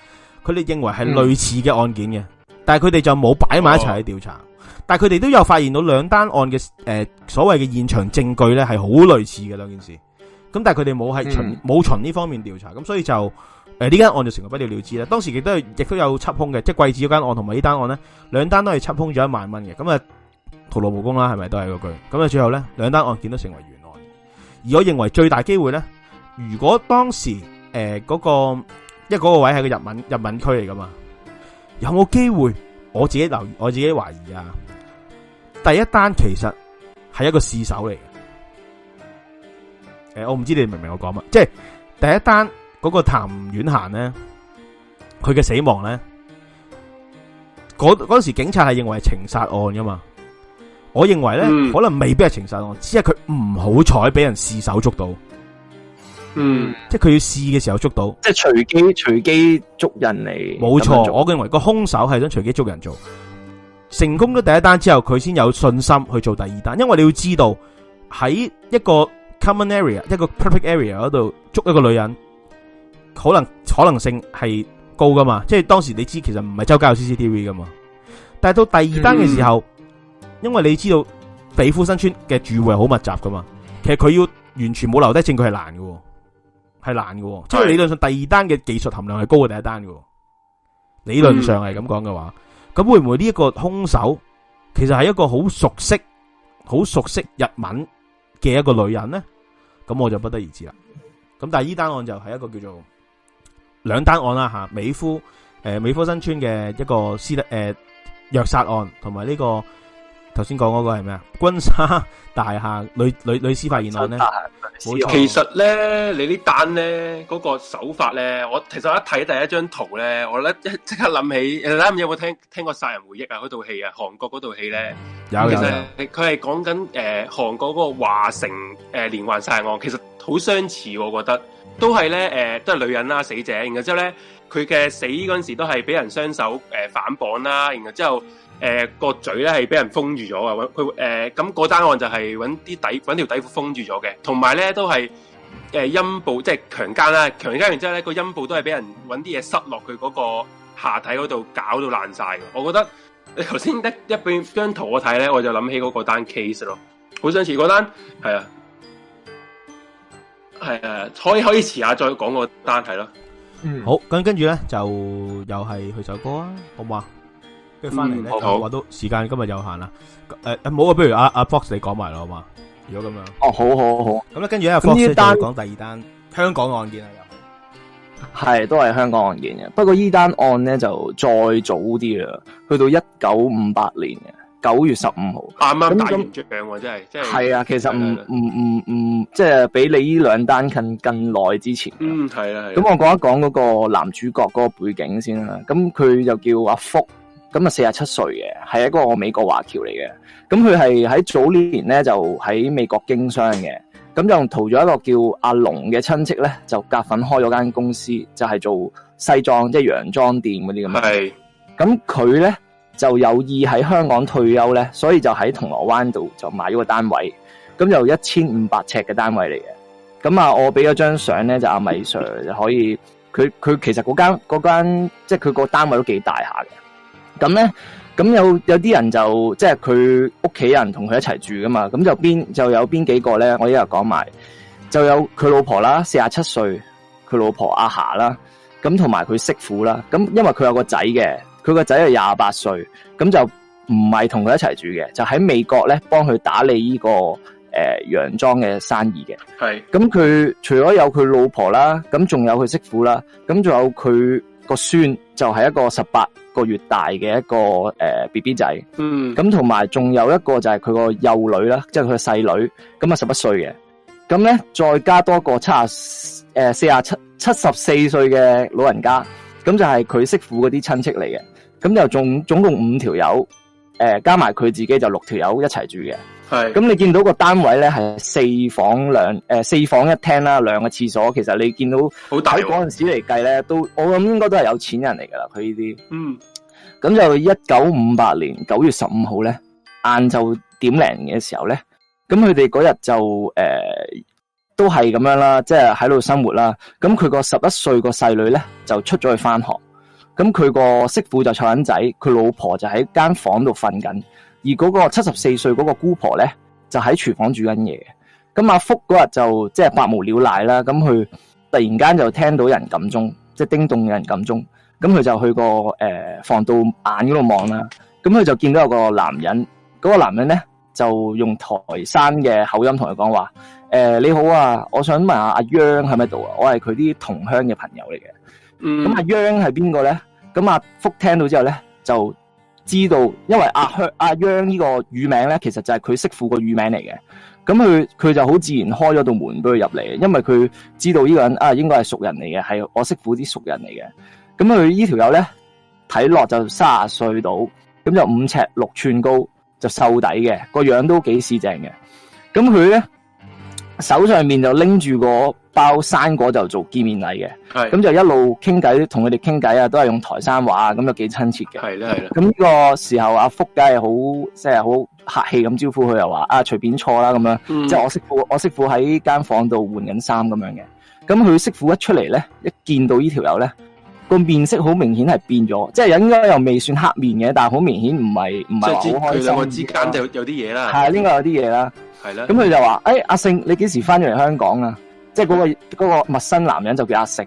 佢哋認為係類似嘅案件嘅，嗯、但係佢哋就冇擺埋一齊去調查。哦但係佢哋都有發現到兩單案嘅誒，所謂嘅現場證據咧係好類似嘅兩件事。咁但係佢哋冇喺冇循呢方面調查，咁所以就誒呢間案就成為不了了之啦。當時亦都亦都有緝兇嘅，即係貴子嗰間案同埋呢單案咧，兩單都係緝兇咗一萬蚊嘅。咁啊，徒勞無功啦，係咪都係嗰句咁啊？就最後咧，兩單案件都成為懸案。而我認為最大機會咧，如果當時誒嗰、呃那個因為嗰個位係個日文日文區嚟噶嘛，有冇機會我？我自己留我自己懷疑啊。第一單其實係一個試手嚟嘅，誒、欸，我唔知你明唔明我講乜？即係第一單嗰個譚婉嫻咧，佢嘅死亡咧，嗰嗰時警察係認為係情殺案噶嘛，我認為咧、嗯、可能未必係情殺案，只係佢唔好彩俾人試手捉到，嗯，即係佢要試嘅時候捉到，即係隨機隨機捉人嚟。冇錯錯，我認為個兇手係想隨機捉人做。成功咗第一單之後，佢先有信心去做第二單，因為你要知道喺一個 common area、一個 perfect area 嗰度捉一個女人，可能可能性係高噶嘛。即係當時你知其實唔係周街有 CCTV 噶嘛。但係到第二單嘅時候，嗯、因為你知道美孚新村嘅住戶好密集噶嘛，其實佢要完全冇留低證據係難喎，係難喎。即係理論上第二單嘅技術含量係高過第一單喎。理論上係咁講嘅話。嗯咁會唔會呢一個凶手其實係一個好熟悉、好熟悉日文嘅一個女人呢？咁我就不得而知啦。咁但係呢單案就係一個叫做兩單案啦，吓美孚誒美孚新村嘅一個私誒、呃、虐殺案，同埋呢個。頭先講嗰個係咩啊？君沙大廈女女女屍發現案咧，其實咧，你呢單咧嗰個手法咧，我其實一睇第一張圖咧，我咧即刻諗起，誒，啱有冇聽聽過《殺人回憶》啊？嗰套戲啊，韓國嗰套戲咧，有嘅，佢係講緊誒，韓國嗰個華城誒連環殺人案，其實好相似，我覺得都係咧，誒，都係、呃、女人啦、啊，死者，然後之後咧，佢嘅死嗰陣時都係俾人雙手誒、呃、反綁啦、啊，然後之後。誒，個、呃、嘴，咧係俾人封住咗啊。佢、呃、誒，咁嗰單案就係揾啲底，揾條底褲封住咗嘅。同埋咧都係誒陰部，即係強姦啦。強姦完之後咧，個陰部都係俾人揾啲嘢塞落佢嗰個下體嗰度，搞到爛晒。我覺得你頭先一一邊張圖我睇咧，我就諗起嗰個單 case 咯，好相似嗰單，係啊，係啊，可以可以遲下再講個單題咯。啊、嗯，好，咁跟住咧就又係去首歌啊，好唔好啊？跟住翻嚟咧，我話都時間今日有限啦。誒，唔好啊，不如阿阿 Fox 你講埋咯，好嘛？如果咁樣，哦，好好好。咁咧，跟住咧，Fox 先講第二單香港案件啊，又係，係都係香港案件嘅。不過呢單案咧就再早啲啦，去到一九五八年嘅九月十五號，啱啱打贏出名喎，真係，係啊，其實唔唔唔唔，即係比你呢兩單近更耐之前。嗯，係啊，係。咁我講一講嗰個男主角嗰個背景先啦。咁佢就叫阿福。咁啊，四十七歲嘅，係一個美國華僑嚟嘅。咁佢係喺早年咧就喺美國經商嘅。咁就同咗一個叫阿龍嘅親戚咧，就夾份開咗間公司，就係、是、做西裝即係洋裝店嗰啲咁樣。咁佢咧就有意喺香港退休咧，所以就喺銅鑼灣度就買咗個單位。咁就一千五百尺嘅單位嚟嘅。咁啊，我俾咗張相咧就阿米 Sir 就可以，佢佢其實嗰間嗰間即係佢個單位都幾大下嘅。咁咧，咁有有啲人就即係佢屋企人同佢一齊住噶嘛。咁就邊就有邊幾個咧，我一日講埋就有佢老婆啦，四十七歲，佢老婆阿霞啦。咁同埋佢媳婦啦。咁因為佢有個仔嘅，佢個仔係廿八歲，咁就唔係同佢一齊住嘅，就喺美國咧幫佢打理呢、這個誒、呃、洋裝嘅生意嘅。係咁佢除咗有佢老婆啦，咁仲有佢媳婦啦，咁仲有佢個孫就係、是、一個十八。一個月大嘅一個誒、呃、B B 仔，嗯，咁同埋仲有一個就係佢個幼女啦，即係佢細女，咁啊十一歲嘅，咁咧再加多個七啊誒四啊七七十四歲嘅老人家，咁就係佢媳婦嗰啲親戚嚟嘅，咁就仲總，總共五條友，誒、呃、加埋佢自己就六條友一齊住嘅。係，咁你見到個單位咧係四房兩，誒、呃、四房一廳啦，兩個廁所。其實你見到喺嗰陣時嚟計咧，都我諗應該都係有錢人嚟㗎啦。佢呢啲，嗯，咁就一九五八年九月十五號咧，晏晝點零嘅時候咧，咁佢哋嗰日就誒、呃、都係咁樣啦，即係喺度生活啦。咁佢個十一歲個細女咧就出咗去返學，咁佢個媳婦就湊緊仔，佢老婆就喺間房度瞓緊。而嗰個七十四歲嗰個姑婆咧，就喺廚房煮緊嘢。咁阿福嗰日就即係、就是、百無聊賴啦，咁佢突然間就聽到人撳鐘，即係叮咚有人撳鐘。咁佢就去個誒、呃、防盜眼嗰度望啦。咁佢就見到有個男人，嗰、那個男人咧就用台山嘅口音同佢講話：誒、呃、你好啊，我想問下阿央喺咪度啊？我係佢啲同鄉嘅朋友嚟嘅。咁、嗯、阿央係邊個咧？咁阿福聽到之後咧就。知道，因為阿香阿央呢個乳名咧，其實就係佢媳婦個乳名嚟嘅。咁佢佢就好自然開咗道門俾佢入嚟，因為佢知道呢個人啊應該係熟人嚟嘅，係我媳婦啲熟人嚟嘅。咁佢呢條友咧睇落就卅啊歲到，咁就五尺六寸高，就瘦底嘅，個樣都幾四正嘅。咁佢咧。手上面就拎住個包生果就做見面禮嘅，咁的就一路傾偈，同佢哋傾偈啊，都係用台山話，咁就幾親切嘅。係啦，係啦。咁呢個時候，阿福梗係好，即係好客氣咁招呼佢，又話啊，隨便坐啦咁樣。即係、嗯、我媳婦，我媳婦喺間房度換緊衫咁樣嘅。咁佢媳婦一出嚟咧，一見到呢條友咧，個面色好明顯係變咗，即係應該又未算黑面嘅，但係好明顯唔係唔係好開心。佢兩個之間就有啲嘢啦，係應該有啲嘢啦。咁佢就話，誒的、哎，阿盛，你幾時翻咗嚟香港啊？即係嗰個、那個陌生男人就叫阿盛。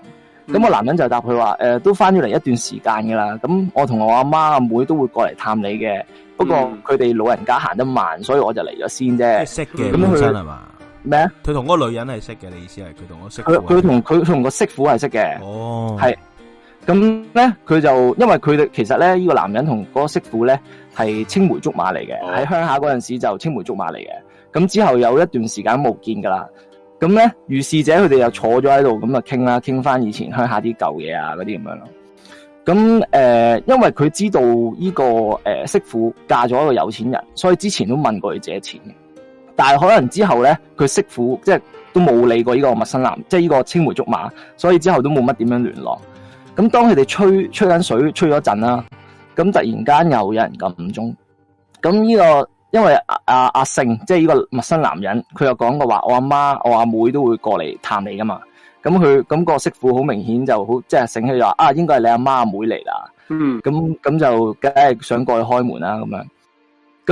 咁、嗯、個男人就答佢話，誒、呃，都翻咗嚟一段時間噶啦。咁我同我阿媽阿妹都會過嚟探你嘅。不過佢哋老人家行得慢，所以我就嚟咗先啫。識嘅的，咁佢係嘛？咩啊？佢同嗰個女人係識嘅。你意思係佢同我識？佢佢同佢同個媳婦係識嘅。哦，係。咁咧，佢就因為佢哋其實咧，呢、這個男人同嗰個媳婦咧係青梅竹馬嚟嘅。哦、喺鄉下嗰陣時就青梅竹馬嚟嘅。咁之後有一段時間冇見噶啦，咁咧如是者佢哋又坐咗喺度，咁啊傾啦，傾翻以前鄉下啲舊嘢啊嗰啲咁樣咯。咁誒、呃，因為佢知道呢、呢個誒、呃、媳婦嫁咗一個有錢人，所以之前都問過佢借錢嘅。但係可能之後咧，佢媳婦即係都冇理過呢個陌生男，即係呢個青梅竹馬，所以之後都冇乜點樣聯絡。咁當佢哋吹吹緊水，吹咗陣啦，咁突然間又有人撳鐘。咁呢、呢個。因為阿阿阿盛，即係呢個陌生男人，佢又講過話，我阿媽我阿妹都會過嚟探你噶嘛。咁佢咁個媳婦好明顯就好，即係醒起就話啊，應該係你阿媽阿妹嚟啦。嗯，咁咁就梗係想過去開門啦，啊。咁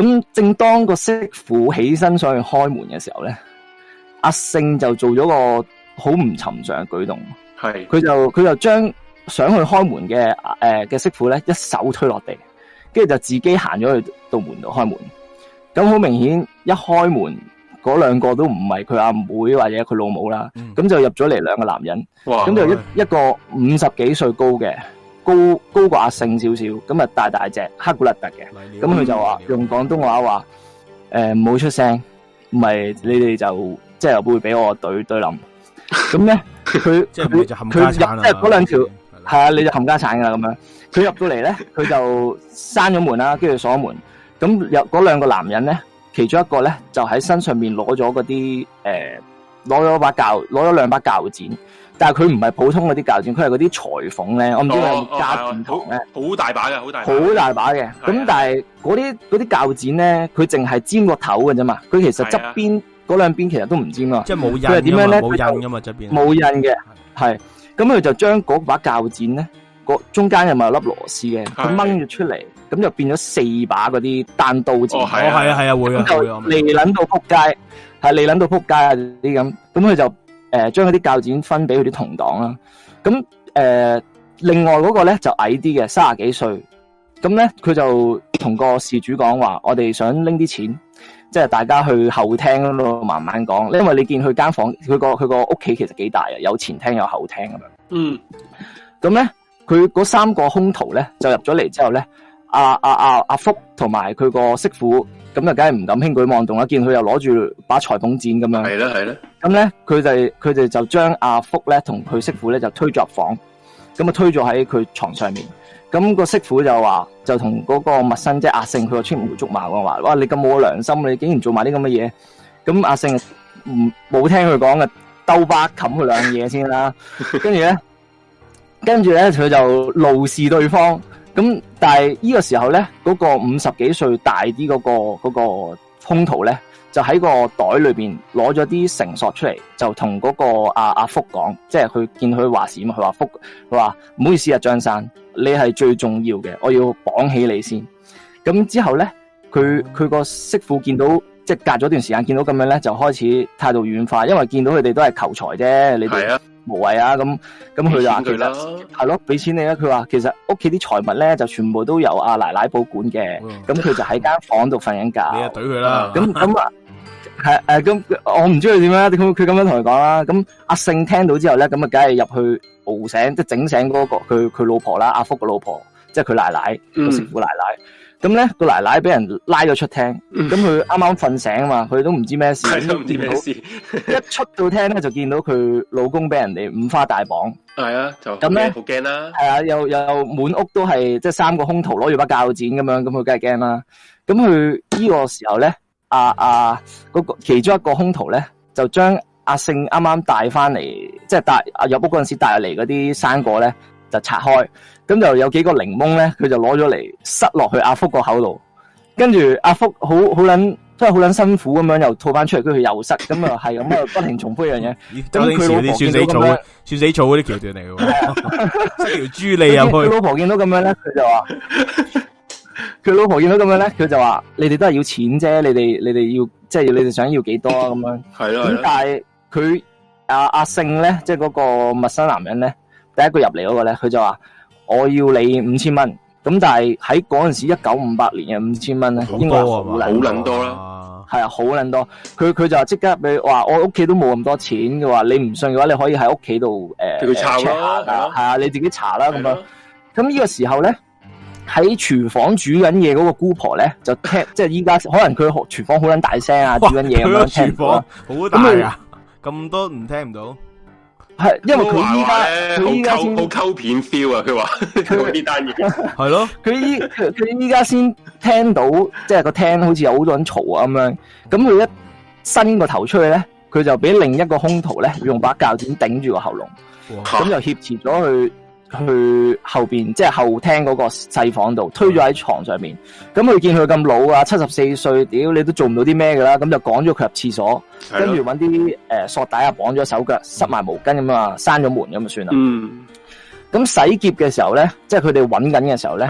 樣咁，正當個媳婦起身想去開門嘅時候咧，阿盛就做咗個好唔尋常嘅舉動，係佢就佢就將想去開門嘅誒嘅媳婦咧一手推落地，跟住就自己行咗去到門度開門。咁好明顯，一開門嗰兩個都唔係佢阿妹或者佢老母啦，咁就入咗嚟兩個男人，咁就一一個五十幾歲高嘅，高高過阿勝少少，咁啊大大隻黑骨碌特嘅，咁佢就話用廣東話話，誒唔好出聲，唔係你哋就即係會俾我隊隊冧，咁咧佢佢佢入即係嗰兩條，係啊，你就冚家產啦咁樣，佢入到嚟咧，佢就閂咗門啦，跟住鎖門。咁有嗰兩個男人咧，其中一個咧就喺身上面攞咗嗰啲誒，攞咗把鉸，攞咗兩把鉸剪，但係佢唔係普通嗰啲鉸剪，佢係嗰啲裁縫咧，我唔知係加剪頭咧、嗯，好大把嘅，好大，好大把嘅。咁呀但係嗰啲嗰啲鉸剪咧，佢淨係尖個頭嘅啫嘛，佢其實側邊嗰呀兩邊其實都唔尖啊，即係冇印啊，冇印嘅嘛側邊冇印嘅，係咁佢就將嗰把鉸剪咧。個中間有埋粒螺絲嘅，佢掹咗出嚟，咁就變咗四把嗰啲單刀剪刀。哦，係啊，係啊，會啊，咁、啊啊、就嚟捻到扑街，係嚟捻到扑街啊啲咁，咁佢就誒將啲鉸剪分俾佢啲同黨啦。咁誒、呃，另外嗰個咧就矮啲嘅，卅幾歲，咁咧佢就同個事主講話，我哋想拎啲錢，即係大家去後廳咯，慢慢講。因為你見佢間房，佢個佢個屋企其實幾大啊，有前廳有後廳咁樣。嗯，咁咧。佢嗰三個兇徒咧就入咗嚟之後咧，阿阿阿阿福同埋佢個媳婦咁就梗係唔敢輕舉妄動，見一見佢又攞住把裁縫剪咁樣，係啦係啦。咁咧佢哋佢哋就將阿、啊、福咧同佢媳婦咧就推咗入房，咁啊推咗喺佢床上面。咁個媳婦就話就同嗰個陌生即係阿勝佢個吹捉觸釘話，哇！你咁冇良心，你竟然做埋啲咁嘅嘢！咁阿勝唔冇聽佢講嘅，兜巴冚佢兩嘢先啦。跟住咧。跟住咧，佢就怒視對方。咁但係呢個時候咧，嗰個五十幾歲大啲嗰個嗰個兇徒咧，就喺個袋裏邊攞咗啲繩索出嚟，就同嗰個阿阿福講，即係佢見佢話事嘛。佢話福，佢話唔好意思啊，張生，你係最重要嘅，我要綁起你先。咁之後咧，佢佢個媳婦見到即係隔咗段時間見到咁樣咧，就開始態度軟化，因為見到佢哋都係求財啫，你哋。無謂啊，咁咁佢話其實係咯，俾錢你啦。佢話其實屋企啲財物咧就全部都由阿奶奶保管嘅，咁佢、哦、就喺間房度瞓緊覺。你啊懟佢啦。咁咁、嗯、 啊，係誒，咁我唔知佢點樣，佢佢咁樣同佢講啦。咁阿勝聽到之後咧，咁啊，梗係入去熬醒，即、就、係、是、整醒嗰個佢佢老婆啦，阿福個老婆，即係佢奶奶個師傅奶奶。嗯咁咧，呢那個奶奶俾人拉咗出廳，咁佢啱啱瞓醒啊嘛，佢都唔知咩事，都唔 知咩事。 一出到廳咧，就見到佢老公俾人哋五花大綁。係啊、 嗯，就咁咧，好驚啦。係啊，又又滿屋都係，即係三個兇徒攞住把鉸剪咁樣，咁佢梗係驚啦。咁佢呢個時候咧，啊啊，嗰個、其中一個兇徒咧，就將阿勝啱啱帶翻嚟，即、就、係、是、入屋嗰陣時帶入嚟嗰啲生果咧。就拆開，咁就有幾個檸檬咧，佢就攞咗嚟，塞落去阿福個口度，跟住阿福好好捻，都係好捻辛苦咁 樣又吐翻出嚟，跟住又塞，咁啊係咁啊不停重複一樣嘢。咁佢 老婆見到咁樣， 算死草嗰啲橋段嚟嘅。條豬脷又佢老婆見到咁樣咧，佢就話佢老婆見到咁樣咧，佢就話你哋都係要錢啫，你哋你哋要即係、就是、你哋想要幾多樣 啊？咁樣係咯。咁但係佢阿阿勝咧，即係嗰個陌生男人咧。第一個入嚟嗰個咧，佢就話我要你五千蚊，咁但係喺嗰陣時一九五八年嘅五千蚊咧，應該好捻多啦，係啊，好捻多。佢佢就即刻俾話我屋企都冇咁多錢嘅話，你唔信嘅話，你可以喺屋企度誒叫佢查下噶，係啊，你自己查啦咁樣。咁呢個時候咧，喺廚房煮緊嘢嗰個姑婆咧就聽，即係依家可能佢廚房好捻大聲啊煮緊嘢咁樣聽。廚房好大啊，咁多唔聽唔到。係，因為佢依家，佢依家先好溝片 feel 啊！佢話佢呢單嘢，係咯，佢依佢依家先聽到，即係，個廳好似有好多人嘈啊咁樣。咁佢一伸個頭出去咧，佢就俾另一個兇徒咧用把鉸剪頂住個喉嚨，咁哇就挾持咗佢。去後邊即係後廳嗰個細房度，推咗喺床上面。咁佢的見佢咁老啊，七十四歲，屌你都做唔到啲咩噶啦。咁就趕咗佢入廁所，跟住揾啲誒索帶啊綁咗手腳，塞埋毛巾咁、嗯、啊，閂咗門咁就算啦、那個。呃太太呃、嗯。咁洗劫嘅時候咧，即係佢哋揾緊嘅時候咧，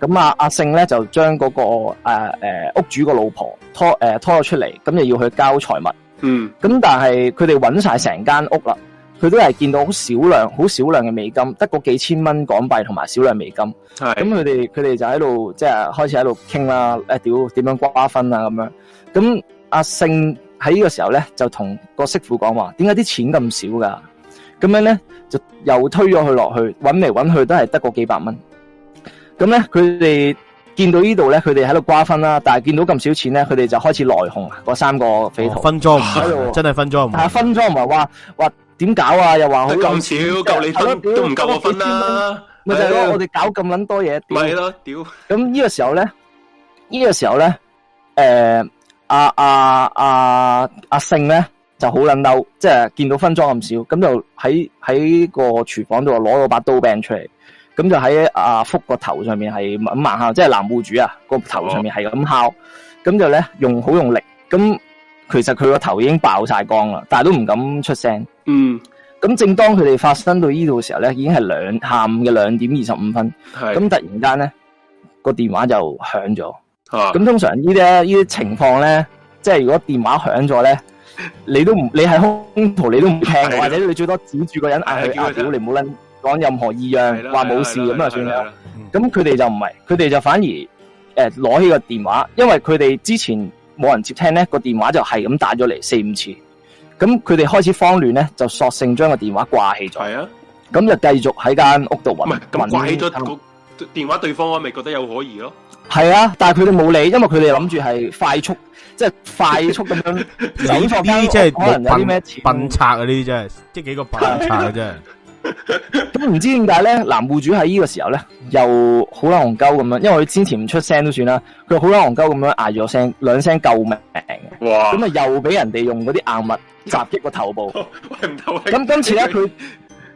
咁啊阿勝咧就將嗰個誒誒屋主個老婆拖誒拖咗出嚟，咁就要去交財物。嗯。咁但係佢哋揾晒成間屋啦。佢都係見到好少量、好少量嘅美金，得個幾千蚊港幣同埋少量美金。咁佢哋佢哋就喺度即係開始喺度傾啦，誒屌點樣瓜分啊咁樣。咁阿勝喺呢個時候咧，就同個媳婦講話：點解啲錢咁少㗎？咁樣咧就又推咗佢落去，揾嚟揾去都係得個幾百蚊。咁咧佢哋見到呢度咧，佢哋喺度瓜分啦。但係見到咁少錢咧，佢哋就開始內訌啦。嗰三個匪徒分裝喺度，真係分裝唔係，分裝唔係話哇！點搞啊？又話我咁少，夠你分都唔夠我分啦。咪就係咯，我哋搞咁捻多嘢。咪咯，屌！咁呢個時候咧，呢個時候咧，誒，阿阿阿阿勝咧就好捻嬲，即係見到分裝咁少，咁就喺喺個廚房度攞到把刀柄出嚟，咁就喺阿福個頭上面係咁猛敲，即係男戶主啊個頭上面係咁敲，咁就咧用好用力咁。其實佢個頭已經爆晒光啦，但係都唔敢出聲。嗯，咁正當佢哋發生到呢度嘅時候咧，已經係兩下午嘅兩點二十五分。咁是突然間咧，個電話就響咗。咁、啊、通常呢啲呢啲情況咧，即係如果電話響咗咧，你都唔你喺空頭你都唔聽， 或者你最多指住個人嗌佢阿表，的你唔好捻講任何異樣，話冇的事咁啊算啦。咁佢哋就唔係，佢哋就反而誒攞、呃、起個電話，因為佢哋之前。冇人接聽咧，個電話就係咁打咗嚟四五次咁佢哋開始慌亂咧，就索性將個電話掛起咗。係啊，咁就繼續喺間屋度揾。唔係掛起咗個電話，對方我咪覺得有可疑咯。係啊，但係佢哋冇理，因為佢哋諗住係快速，即係哇快速咁樣洗錯啲，即係咩笨賊啊！呢啲即係即係幾個笨賊啊！真的 咁唔知點解咧？男戶主喺呢個時候咧，又好嬲憨鳩咁樣，因為佢之前唔出聲都算啦，佢好嬲憨鳩咁樣嗌咗個聲兩聲救命嘅。哇！咁啊，又俾人哋用嗰啲硬物襲擊個頭部。喂唔得喂！咁今次咧，佢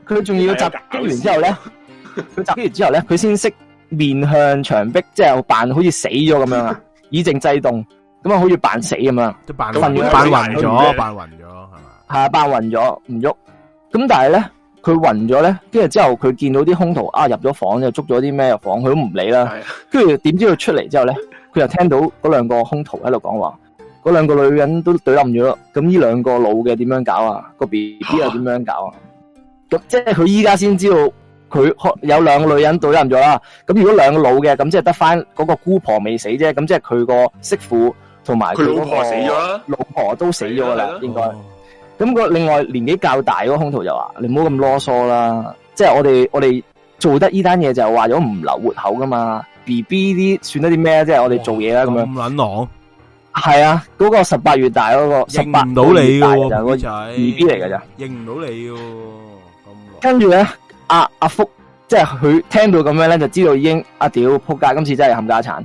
佢仲要襲擊完之後咧，佢襲擊完之後咧，佢先識面向牆壁，即係扮好似死咗咁樣啊！ 以靜制動，咁啊，好似扮死咁樣。都扮扮暈咗，扮暈咗係嘛？係啊，扮暈咗唔喐。咁但係咧？佢暈咗咧，跟住之後佢見到啲凶徒啊入咗房就捉咗啲咩入房，佢都唔理啦。跟住點知佢出嚟之後咧，佢又聽到嗰兩個凶徒喺度講話，嗰兩個女人都懟冧咗咯。咁呢兩個老嘅點樣搞啊？個 B B 又點樣搞啊？咁蛤即係佢依家先知道，佢有兩個女人懟冧咗啦。咁如果兩個老嘅，咁即係得翻嗰個姑婆未死啫。咁即係佢個媳婦同埋佢老婆死咗老，老婆都死咗啦，了應該該。咁個另外年紀較大嗰個兇徒就話：，你唔好咁囉嗦啦，即係我哋我哋做得呢單嘢就話咗唔留活口噶嘛。B B 啲算得啲咩？即係我哋做嘢啦咁、哦、樣。咁撚狼？係啊，嗰、那個十八月大嗰、那個十唔到你噶咋個 B B 嚟噶咋？認唔到你喎、啊。咁，跟住咧，阿、啊、阿、啊、福即係佢聽到咁樣咧，就知道已經阿、啊、屌，扑街，今次真係冚家鏟。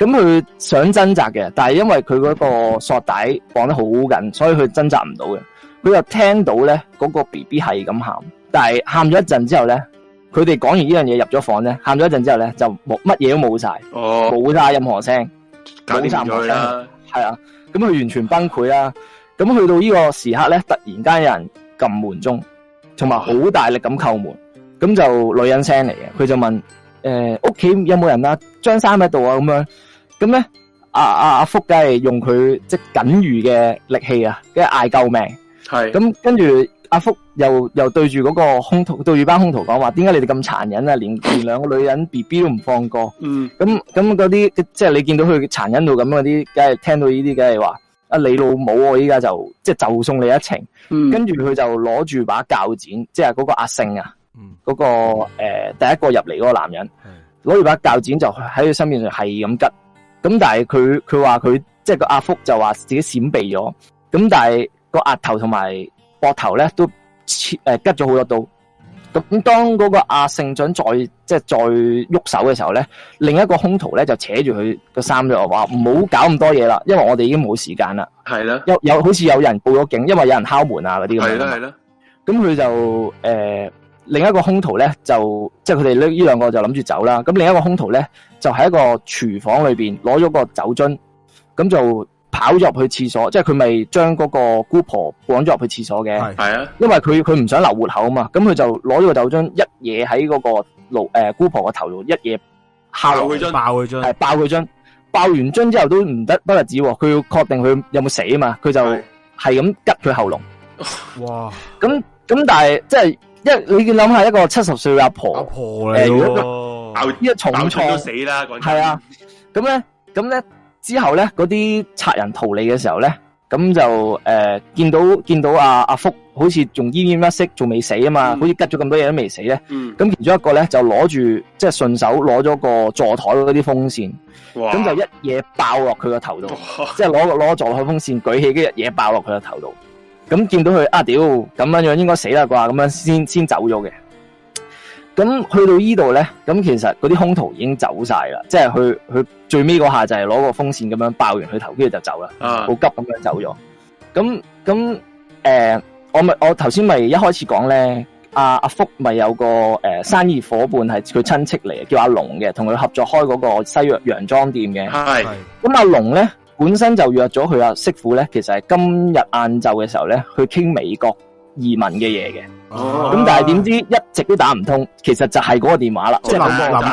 咁佢想掙扎嘅，但係因為佢嗰個索帶綁得好緊，所以佢掙扎唔到嘅。佢又聽到咧嗰、嗰個 B B 係咁喊，但係喊咗一陣之後咧，佢哋講完呢樣嘢入咗房咧，喊咗一陣之後咧就冇乜嘢都冇晒，冇晒、哦、任何聲，搞掂晒啦。係啊，咁佢完全崩潰啦。咁 去到呢個時刻咧，突然間有人撳門鐘同埋好大力咁叩門，咁就女人聲嚟嘅，佢就問誒，屋企有冇人啊？張生喺度啊？咁樣。咁咧，阿阿阿福梗係用佢即係僅餘嘅力氣啊，梗係嗌救命。係是。咁跟住阿福又又對住嗰個兇徒，對住班兇徒講話：點解你哋咁殘忍啊？連連兩個女人 B B 都唔放過，嗯。咁咁嗰啲即係你見到佢殘忍到咁嗰啲，梗係聽到呢啲，梗係話：你老母我！我依家就即係就送你一程。跟住佢就攞住把鉸剪，即係嗰個阿勝啊，嗰、嗯那個、呃、第一個入嚟嗰個男人，攞住、嗯、把鉸剪就喺佢身面上係咁吉。咁、嗯、但係佢佢話佢即係個阿福就話自己閃避咗，咁但係個額頭同埋膊頭咧都誒拮咗好多刀咁、嗯、當嗰個阿勝長再即係再喐手嘅時候咧，另一個兇徒咧就扯住佢個衫就話唔好搞咁多嘢啦，因為我哋已經冇時間啦。係啦的，有有好似有人報咗警，因為有人敲門啊嗰啲咁樣。係啦係啦，咁佢就誒。呃另一個凶徒咧就即係佢哋呢呢兩個就諗住走啦，咁另一個凶徒咧就喺一個廚房裏邊攞咗個酒樽，咁就跑咗入去廁所，即係佢咪將嗰個姑婆綁咗入去廁所嘅。係是啊，因為佢佢唔想留活口啊嘛，咁佢就攞咗個酒樽一嘢喺嗰個老誒、呃、姑婆個頭度一嘢敲佢樽，爆佢樽，係爆佢樽，爆完樽之後都唔得不特止，佢要確定佢有冇死啊嘛，佢就係咁拮佢喉嚨。哇是、啊！咁咁但係即係。因為你要諗下一個七十歲阿婆，阿婆嚟咯、哦，呃、如果一,一重創都死啦。係啊，咁咧，咁咧之後咧，嗰啲賊人逃離嘅時候咧，咁就誒、呃、見到見到阿、啊、阿福好似仲奄奄一息，仲未死啊嘛，嗯、好似吉咗咁多嘢都未死咧。咁、嗯、其中一個咧就攞住，即係順手攞咗個座台嗰啲風扇，咁哇就一嘢爆落佢個頭度，即係攞攞座台風扇舉起，一嘢爆落佢個頭度。咁見到佢啊，屌，咁樣樣應該死啦啩，咁樣先先走咗嘅。咁去到依度咧，咁其實嗰啲兇徒已經走曬啦，即係佢佢最尾嗰下就係攞個風扇咁樣爆完佢頭，跟住就走啦。啊，好急咁樣走咗。咁咁誒，我咪我頭先咪一開始講咧，阿、啊、阿、啊、福咪有個、呃、生意伙伴係佢親戚嚟，叫阿龍嘅，同佢合作開嗰個西藥洋，洋裝店嘅。係。咁阿龍咧？本身就約咗佢阿媳婦咧，其實係今日晏晝嘅時候咧，去傾美國移民嘅嘢嘅。哦。咁但係點知一直都打唔通，其實就係嗰個電話啦。即係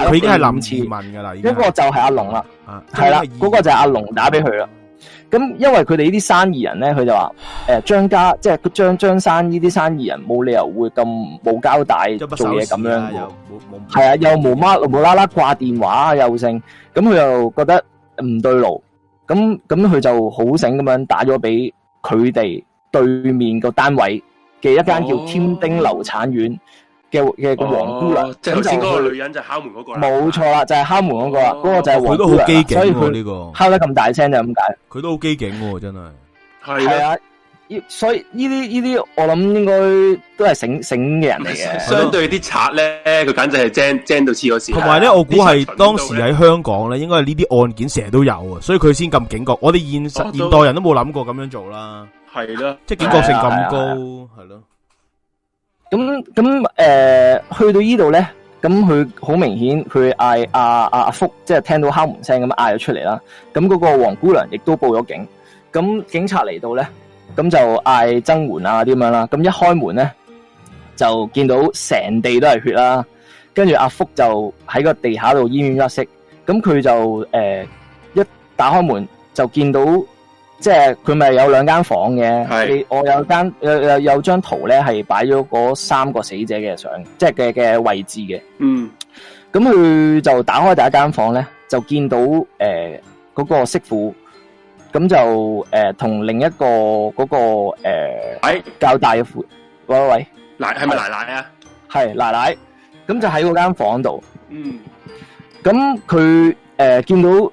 佢已經係諗住移民㗎啦。一個就係阿龍啦。係啦、啊，嗰、啊那個就係阿龍打俾佢啦。咁、啊啊啊啊、因為佢哋呢啲生意人咧，佢就話誒張家，即、就、係、是、張張生呢啲生意人，冇理由會咁冇交代做嘢咁樣係啊，又冇對無啦啦掛電話又，又剩咁佢又覺得唔對路。咁咁佢就好醒咁樣打咗俾佢哋對面個單位嘅一間叫添丁流產院嘅嘅個黃姑娘，哦、就好似嗰個女人就敲門嗰個，就是那個，冇錯啦，就係敲門嗰個啦，嗰個就係黃姑娘，都啊、所以佢呢個敲得咁大聲就咁解，佢都好機警喎、啊，真係，係的啊。所以，呢啲依啲，我諗應該都係醒醒嘅人嚟嘅。相對啲賊咧，佢簡直係精精到似黐線。同埋咧，我估係當時喺香港咧，應該係呢啲案件成日都有啊，所以佢先咁警覺。我哋現實現代人都冇諗過咁樣做啦，係咯，即係警覺性咁高，係咯。咁咁誒，去到依度咧，咁佢好明顯、啊，佢嗌阿阿阿福，即係聽到敲門聲咁嗌咗出嚟啦。咁嗰個黃姑娘亦都報咗警。咁警察嚟到咧。咁就嗌增援啊啲咁樣啦，啊，咁一開門咧就見到成地都係血啦，啊，跟住阿福就喺個地下度奄奄一息，咁佢就誒、呃、一打開門就見到，即係佢咪有兩間房嘅，是我有間有有有張圖咧係擺咗嗰三個死者嘅相，即係嘅嘅位置嘅，嗯，咁佢就打開第一間房咧就見到誒嗰、呃那個媳婦。咁就誒，同、呃、另一個嗰、那個誒、呃哎、較大嘅戶，喂喂喂，係咪奶，奶奶啊？係奶奶，咁就喺嗰間房度。嗯，咁佢誒見到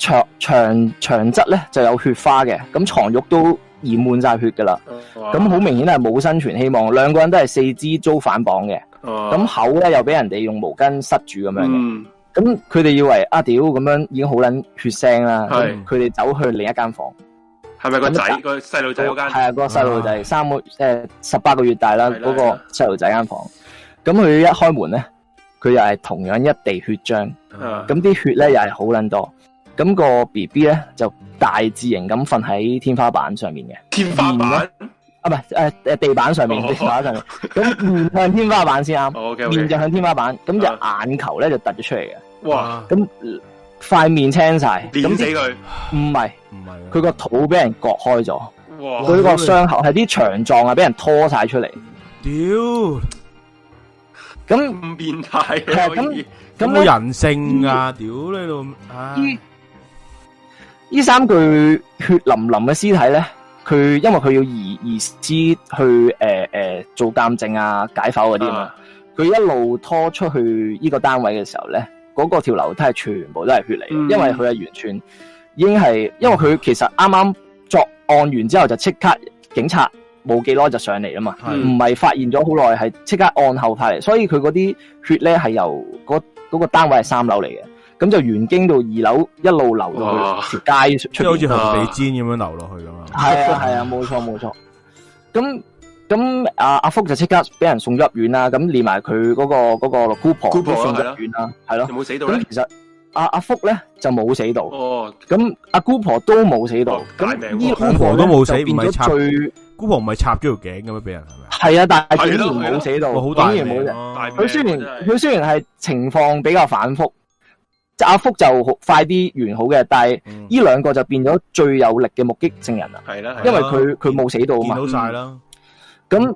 牆牆牆側咧就有血花嘅，咁床褥都染滿晒血噶啦。咁好哇明顯係冇生存希望，兩個人都係四肢遭反綁嘅。咁哇口咧又俾人哋用毛巾塞住咁樣嘅。嗯。咁佢哋以為阿屌咁樣已經好捻血腥啦，佢哋是走去另一間房，係咪個仔個細路仔嗰間？係啊，個細路仔三個誒十八個月大啦，嗰、那個細路仔間房，咁佢的一開門咧，佢又係同樣一地血漿，咁啲、啊、血咧又係好捻多，咁、那個 B B 咧就大字型咁瞓喺天花板上面嘅天花板。啊，唔，誒誒，地板上面，地板上面，咁面向天花板先啱，面向向天花板，咁隻眼球咧就凸咗出嚟嘅。哇！咁塊面青晒，變死佢，唔係，唔係，佢個肚俾人割開咗。哇！佢呢個傷口係啲腸臟啊，俾人拖晒出嚟。屌！咁咁變態啊！咁咁冇人性啊！屌你度，唉！呢三具血淋淋嘅屍體咧。佢因為佢要移、移屍去誒誒、呃呃、做鑑證啊解剖嗰啲啊嘛，佢一路拖出去呢個單位嘅時候咧，嗰、嗰個條樓梯係全部都係血嚟，嗯、因為佢係完全已經係因為佢其實啱啱作案完之後就即刻警察冇幾耐就上嚟啊嘛，唔係、嗯、發現咗好耐係即刻按後嚟。所以佢嗰啲血咧係由嗰、嗰、嗰、個嗰個單位係三樓嚟嘅。咁就沿經到二樓，一路流落去條街，出邊好似紅地氈咁樣流落去噶嘛？係啊係啊，冇錯冇錯。咁咁阿阿福就即刻俾人送咗入院啦。咁連埋佢嗰個嗰個姑婆，姑婆送入院啦，係咯。有冇死到？咁其實阿阿福咧就冇死到。哦，咁阿姑婆都冇死到。大命。姑婆都冇死，變咗最姑婆唔係插咗條頸咁樣俾人係咪？係啊，但係竟然冇死到，竟然冇人。大命。佢雖然佢雖然係情況比較反覆。阿福就好快啲完好嘅，但係呢兩個就變咗最有力嘅目擊證人啦。係啦、嗯，因為佢佢冇死到啊見嘛。見到晒啦。咁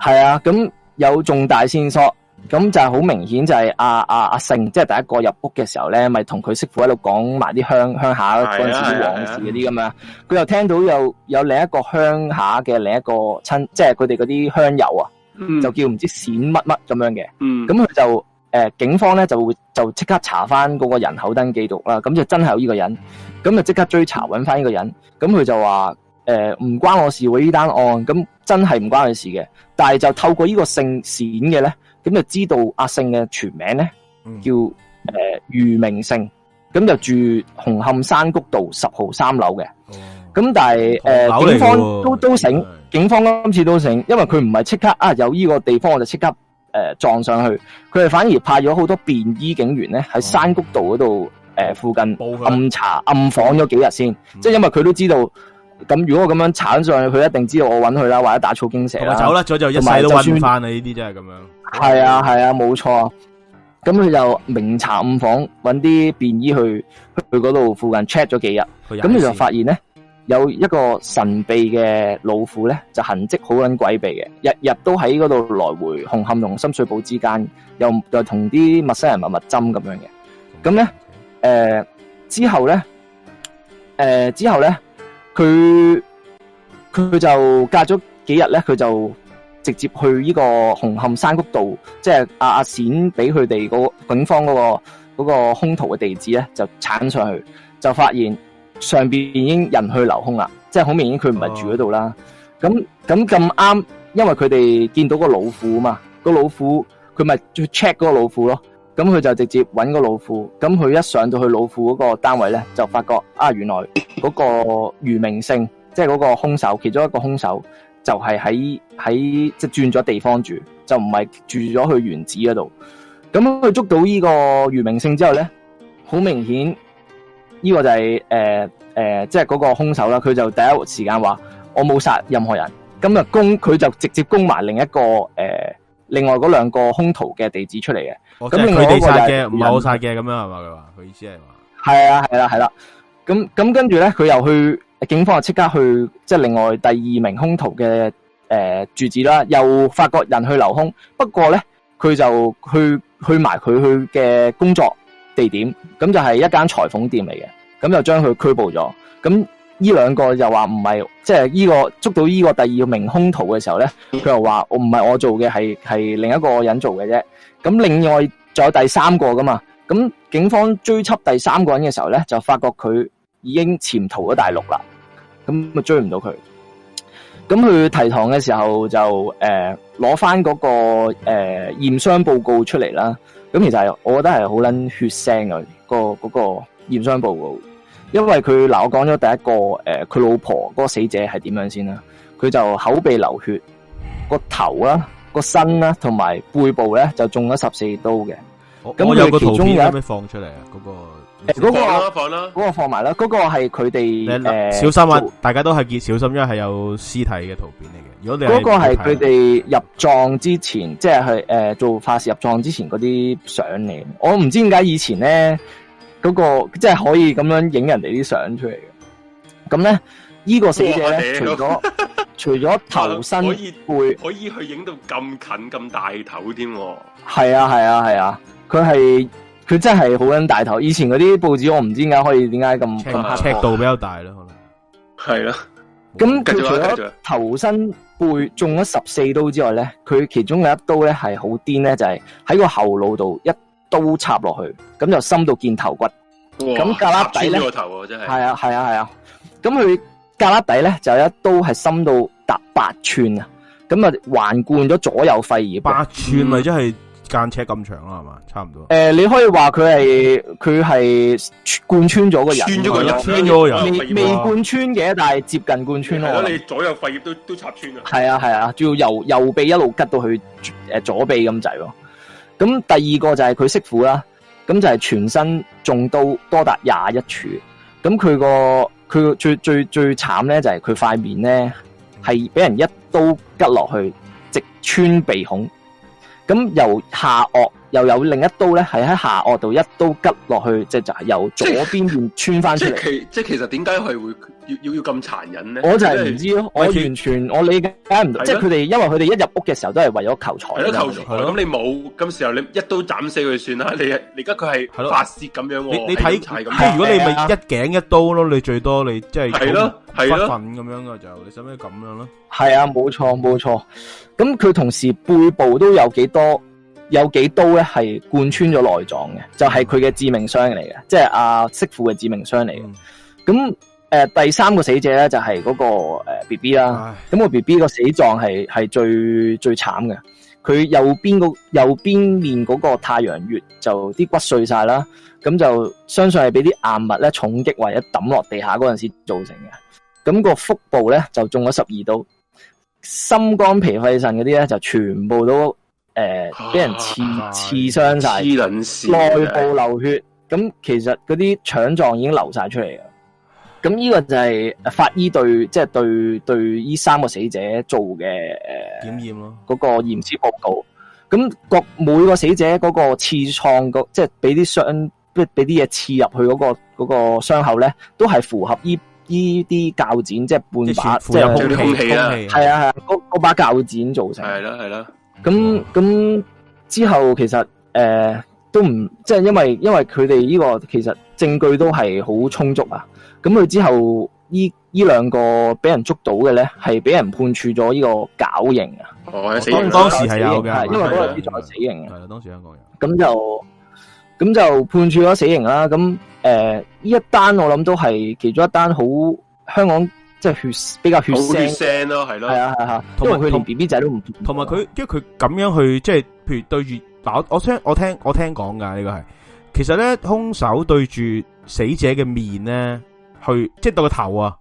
係啊，咁、嗯、有重大線索，咁就係好明顯就係阿阿阿勝，即、就、係、是、第一個入屋嘅時候咧，咪同佢媳婦喺度講埋啲鄉鄉下嗰陣的時啲往事嗰啲咁樣。佢又聽到有有另一個鄉下嘅另一個親，即係佢哋嗰啲鄉友啊，就，是嗯、就叫唔知閃乜乜咁樣嘅。咁佢、嗯、就。誒、呃，警方咧就會就即刻查翻嗰個人口登記度啦，咁就真係有呢個人，咁就即刻追查揾翻呢個人，咁佢就話誒，唔關我事喎呢單案，咁真係唔關佢事嘅，但係就透過呢個姓事件嘅咧，咁就知道阿勝嘅全名咧、嗯、叫誒、呃、余明勝，咁就住紅磡山谷道十號三樓嘅，咁、哦、但係誒警方都都醒，的警方今次都醒，因為佢唔係即刻啊有呢個地方我就即刻。誒、呃，撞上去，佢哋反而派咗好多便衣警員咧喺山谷道嗰度誒附近暗查暗訪咗幾日先，嗯、即係因為佢都知道咁。如果我咁樣鏟上去，佢一定知道我揾佢啦，或者打草驚蛇。走甩咗就一世都揾唔翻呢啲真係咁樣。係啊係啊，冇錯、啊。咁佢就明查暗訪，揾啲便衣去去嗰度附近 check 咗幾日，咁佢就發現咧。有一個神秘嘅老虎咧，就痕跡好捻詭秘嘅，日日都喺嗰度來回紅磡同深水埗之間，又又同啲陌生人密密針咁樣嘅。咁咧，誒、呃、之後咧，誒、呃、之後咧，佢佢就隔咗幾日咧，佢就直接去呢個紅磡山谷道，即、就、係、是、阿阿冼俾佢哋個警方嗰個嗰、那個兇徒嘅地址咧，就鏟上去，就發現。上邊已經人去樓空啦，即係、oh. 好明顯佢唔係住嗰度啦。咁咁咁啱，因為佢哋見到個老虎啊嘛，個老虎佢咪去 check 嗰個老虎咯。咁佢就直接搵個老虎，咁佢一上到去老虎嗰個單位咧，就發覺啊，原來嗰個余明勝，即係嗰個凶手，其中一個凶手就係喺喺即係轉咗地方住，就唔係住咗去原址嗰度。咁佢捉到呢個余明勝之後咧，好明顯。呢個就係誒誒，即係嗰個兇手啦。佢就第一時間話：我冇殺任何人。咁啊，供佢就直接供埋另一個誒、呃，另外嗰兩個兇徒嘅地址出嚟嘅。咁佢哋殺嘅，唔係我殺嘅咁樣係嘛？佢話佢意思係話係啊，係啦、啊，係啦、啊。咁咁跟住咧，佢又去警方啊，即刻去即係另外第二名兇徒嘅誒、呃、住址啦，又發覺人去樓空。不過咧，佢就去去埋佢去嘅工作。地點咁就係一間裁縫店嚟嘅，咁就將佢拘捕咗。咁呢兩個就話唔係，即係呢個捉到呢個第二名兇徒嘅時候咧，佢又話我唔係我做嘅，係係另一個人做嘅啫。咁另外仲有第三個噶嘛？咁警方追緝第三個人嘅時候咧，就發覺佢已經潛逃咗大陸啦。咁咪追唔到佢。咁佢提堂嘅時候就誒攞翻嗰個誒驗傷報告出嚟啦。咁其實我覺得係好撚血腥啊，嗰個嗰、嗰個驗傷報告，因為佢嗱。我講咗第一個，誒、呃、佢老婆嗰個死者係點樣先啦？佢就口鼻流血，個頭啦、個身啦，同埋背部咧就中咗十四刀嘅。我，中我有個圖片，有咩放出嚟、嗰個、啊？嗰個誒嗰個嗰個放埋、啊、啦，嗰個係佢哋誒小心啊！做大家都係見小心、啊，因為係有屍體嘅圖片嚟嘅。嗰個係佢哋入葬之前，吧即係去誒做法事入葬之前嗰啲相嚟。我唔知點解以前咧，嗰、那個即係可以咁樣影人哋啲相出嚟嘅。咁咧，呢、這個死者咧，除咗了 除咗頭身 可以背，可以去影到咁近咁大頭添。係啊係啊係啊，佢係佢真係好撚大頭。以前嗰啲報紙我唔知點解可以點解咁尺度比較大咯，可能係咯。咁佢、啊、除咗頭身。背中咗十四刀之外咧，佢其中有一刀咧係好癲咧，就係喺個後腦度一刀插落去，咁就深到見頭骨。咁格肋底咧，係啊係啊係啊。咁佢格肋底咧就有一刀係深到達八寸啊！咁啊橫貫咗左右肺葉八寸咪真係。嗯間車咁長啦，係嘛？差唔多。誒、呃，你可以話佢係佢係貫穿咗個人，穿咗個人，穿咗個人，未未貫穿嘅，但係接近貫穿咯。係咯，你左右肺葉都都插穿咗。係啊係啊，仲要右右臂一路拮到去誒、呃、左臂咁滯咯。咁第二個就係佢媳婦啦，咁就係全身中刀多達廿一處。咁佢個佢最最最慘咧，就係佢塊面咧係俾人一刀拮落去，直穿鼻孔。咁由下顎又有另一刀咧，係喺下顎度一刀拮落去，即係就係、是、由左邊邊穿翻出嚟。即係其、其實點解佢會？要要要咁殘忍咧？我就係唔知咯，我完全我理解唔到，即係佢哋因為佢哋一入屋嘅時候都係為咗求財嘅，咁你冇咁時候你一刀斬死佢算啦，你你而家佢係發泄咁樣，睇，係如果你咪一頸一刀咯，你最多你即係係咯係咯，咁樣嘅就你使咩咁樣咯？係啊，冇錯冇錯，咁佢同時背部都有幾多有幾刀咧，係貫穿咗內臟嘅，就係佢嘅致命傷嚟嘅，即係阿媳婦嘅致命傷嚟嘅，咁。誒、呃，第三個死者咧就係、是、嗰、那個誒 B B 啦，咁唉個 B B，那個死狀係係最最慘嘅，佢右邊個右邊面嗰個太陽穴就啲骨碎晒啦，咁就相信係俾啲硬物咧重擊或者抌落地下嗰陣時造成嘅，咁、那個腹部咧就中咗十二刀，心肝脾肺腎嗰啲咧就全部都誒俾、呃、人刺唉刺傷晒，內部流血，咁其實嗰啲腸臟已經流晒出嚟嘅。咁呢個就係法醫對，即、就、係、是、對對呢三個死者做嘅檢驗咯、啊。嗰個驗屍報告，咁、那個每個死者嗰個刺創、那個、即係俾啲傷，俾俾啲嘢刺入去嗰、那個嗰、那個傷口咧，都係符合呢呢啲鉸剪，即係半把，算即係空氣啦，係啊係啊，嗰、啊、把鉸、啊啊、剪造成係咯係咯。咁咁、啊啊啊、之後其實誒、呃、都唔即係，因為因為佢哋呢個其實證據都係好充足啊。咁佢之後依依兩個俾人捉到嘅咧，係俾人判處咗呢個絞刑啊！哦，死，當時係有嘅，係因為嗰時仲有死刑嘅，係啊，當時香港人。咁就咁就判處咗死刑啦。咁誒，依一單我諗都係其中一單好香港即係血比較血腥咯，係咯，係啊，係啊。同埋佢連 B B 仔都唔同，埋佢因為佢咁樣去即係，譬如對住我，我聽我聽我聽講噶呢個係。其實咧，兇手對住死者嘅面咧。去即係到個頭啊，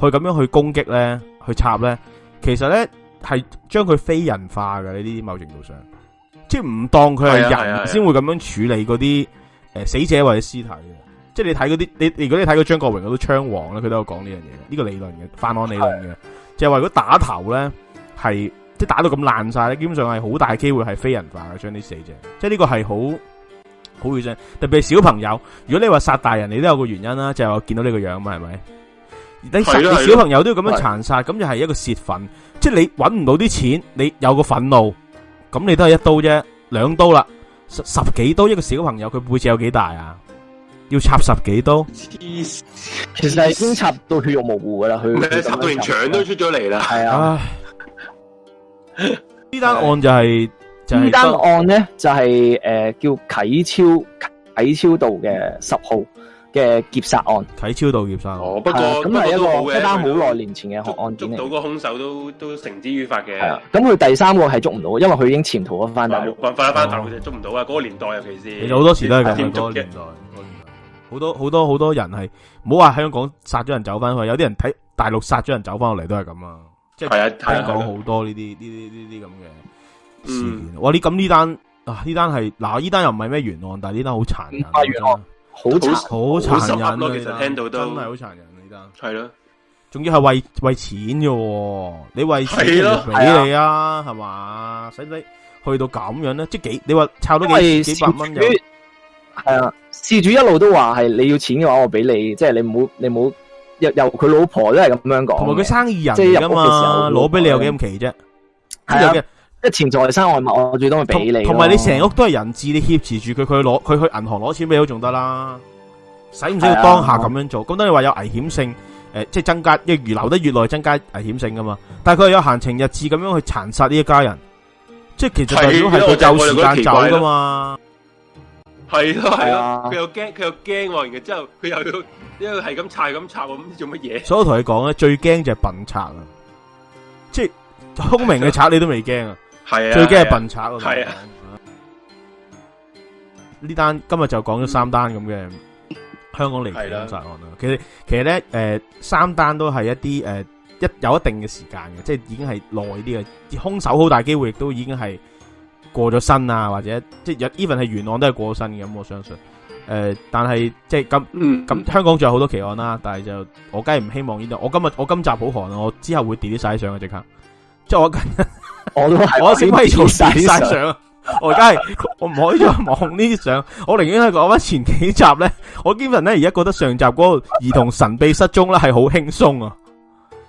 去咁樣去攻擊咧，去插咧，其實咧係將佢非人化嘅呢啲某程度上，即係唔當佢係人，先會咁樣處理嗰啲誒死者或者屍體嘅。即係你睇嗰啲，你如果你睇過張國榮嗰啲槍王咧，佢都有講呢樣嘢，呢個理論嘅犯案理論嘅，是的 就係話如果打頭咧係即係打到咁爛晒咧，基本上係好大機會係非人化嘅將啲死者，即係呢個係好。好血腥，特別係小朋友。如果你話殺大人，你都有個原因啦，就係我見到呢個樣嘛，係咪？你殺你小朋友都要咁樣殘殺，咁就係一個洩憤。即係你搵唔到啲錢，你有個憤怒，咁你都係一刀啫，兩刀啦，十十幾刀一個小朋友，佢背脊有幾大啊？要插十幾刀？黐線，其實已經插到血肉模糊噶啦，佢插到連腸都出咗嚟啦。係啊，呢單案就係。呢單案咧就係誒，叫啟超、啟超道嘅十號嘅劫殺案。啟超道劫殺案，哦，不過咁係一個一單好耐年前嘅案件嚟。捉到個凶手都都繩之於法嘅。係啊，咁佢第三個係捉唔到，因為佢已經潛逃咗翻大陸。冇辦法啦，翻大陸就捉唔到啊！嗰個年代尤其是。有好多時都係咁啊，嗰個年代。好多好多好多人係唔好話香港殺咗人走翻去，有啲人睇大陸殺咗人走翻落嚟都係咁啊！即係啊，香港好多呢啲呢啲呢啲咁嘅。嗯，哇！你咁呢單啊？呢單係，嗱，呢單又唔係咩冤案，但係呢單好殘忍，好殘好殘忍咯。其實聽到都真係好殘忍呢單，係咯，仲要係為為錢嘅，你為錢俾你啊，係嘛？使唔使去到咁樣咧？即係幾？你話抄多幾百蚊？係啊，事主一路都話係你要錢嘅話，我俾你，即係你唔好，你唔好由佢老婆都係咁樣講，同埋佢生意人嚟嘅嘛，入屋嘅時候，攞俾你有幾咁奇啫，一前在身外物，我最多咪俾你同。同埋你成屋都係人質，你挾持住佢，佢攞佢去銀行攞錢俾都仲得啦。使唔使要當下咁樣做？咁等、啊、你話有危險性，誒、呃，即係增加亦如留得越耐增加危險性噶嘛。但係佢又有閒情逸致咁樣去殘殺呢一家人，的即係其實係都係佢有時間走噶嘛。係咯係咯，佢又驚佢又驚，然之後佢又要因為係咁拆咁拆，我唔知做乜嘢。的所以我同你講咧，最驚就係笨賊啊！即係聰明嘅賊，你都未驚啊！的係，最驚係笨賊啊！係啊，呢單、啊啊、今日就講咗三單咁嘅香港離奇兇殺案啦、啊。其實其實咧，誒、呃，三單都係一啲誒、呃，一有一定嘅時間嘅，即係已經係耐啲嘅。兇手好大機會亦都已經係過咗身啊，或者即係 even 係元朗都係過咗身嘅。咁我相信，誒、呃，但係即係咁，咁香港仲有好多奇案啦。但係就我梗係唔希望呢度。我今日我今集好寒啊，我之後上會 delete 晒相嘅即刻。即係 我是， 我我先可以做晒晒相，我而家係我唔可以再望呢啲相，我寧願係講翻前幾集咧，我基本上咧而家覺得上集嗰個兒童神秘失蹤啦係好輕鬆啊，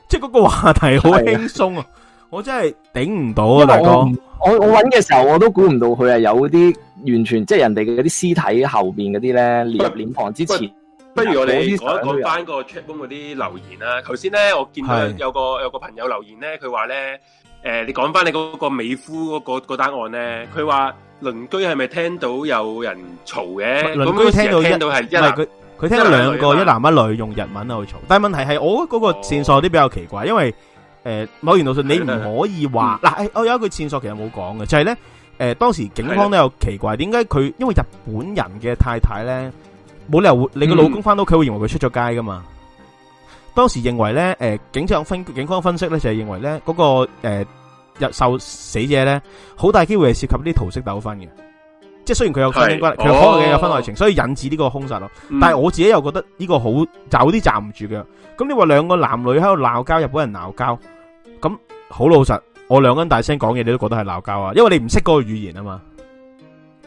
即係嗰個話題好輕鬆啊，我真係頂唔到啊大哥家，我我揾嘅時候我都估唔到佢係有啲完全即係、就是、人哋嘅嗰啲屍體後邊嗰啲咧， 列入殮房之前。 不如我哋講一講翻個 chatroom 嗰啲留言啦。頭先咧，我見到有個有個朋友留言咧，佢話咧，誒，你講翻你嗰個美孚嗰個個單案咧，佢話鄰居係咪聽到有人嘈嘅？鄰居聽到聽到係因為佢佢聽到兩個一男一女用日文去嘈。但係問題係我嗰個線索有啲比較奇怪，因為誒某元老信，你唔可以話嗱，我有一句線索其實冇講嘅，就係咧，誒當時警方都有奇怪，點解佢因為日本人嘅太太咧？冇理由，你個老公翻到屋企佢會認為佢出咗街噶嘛？當時認為咧，誒，警察分警方分析咧，就係認為咧，嗰個誒日受死者咧，好大機會係涉及啲桃色糾紛嘅。即係雖然佢有婚姻，佢可能有婚外情，所以引致呢個凶殺咯。但係我自己又覺得呢個好，有啲站唔住嘅。咁你話兩個男女喺度鬧交，日本人鬧交，咁好老實，我兩個人大聲講嘢，你都覺得係鬧交啊？因為你唔識嗰個語言啊嘛。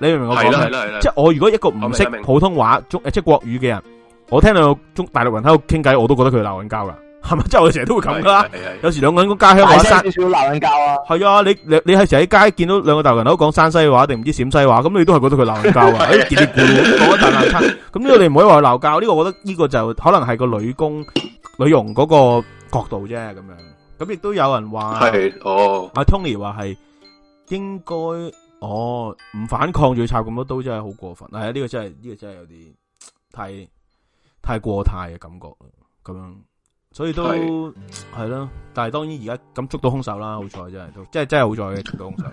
你明唔明我講咧？即係我如果一個唔識普通話，中即係國語嘅人，我聽到中大陸人喺度傾偈，我都覺得佢鬧緊交噶，係嘛？即係我成日都會咁噶啦。有時兩個人講家鄉話，生少少鬧緊交啊。係啊，你你你成日喺街見到兩個大陸人喺度講山西話，定唔知陝西話，咁你都係覺得佢鬧緊交啊？跌跌咕咕，講一大爛叉。咁呢個你唔可以話佢鬧交。呢個我覺得呢個就可能係個女工女傭嗰個角度啫，咁樣。咁亦都有人話係哦，阿 Tony 話係應該。哦，唔反抗仲要插咁多刀，真係好過分！係啊，呢個真係呢、這個真係有啲太太過態嘅感覺，咁樣，所以都係咯是、嗯。但係當然而家咁捉到凶手啦，好彩真係，都係真係好彩嘅捉到凶手，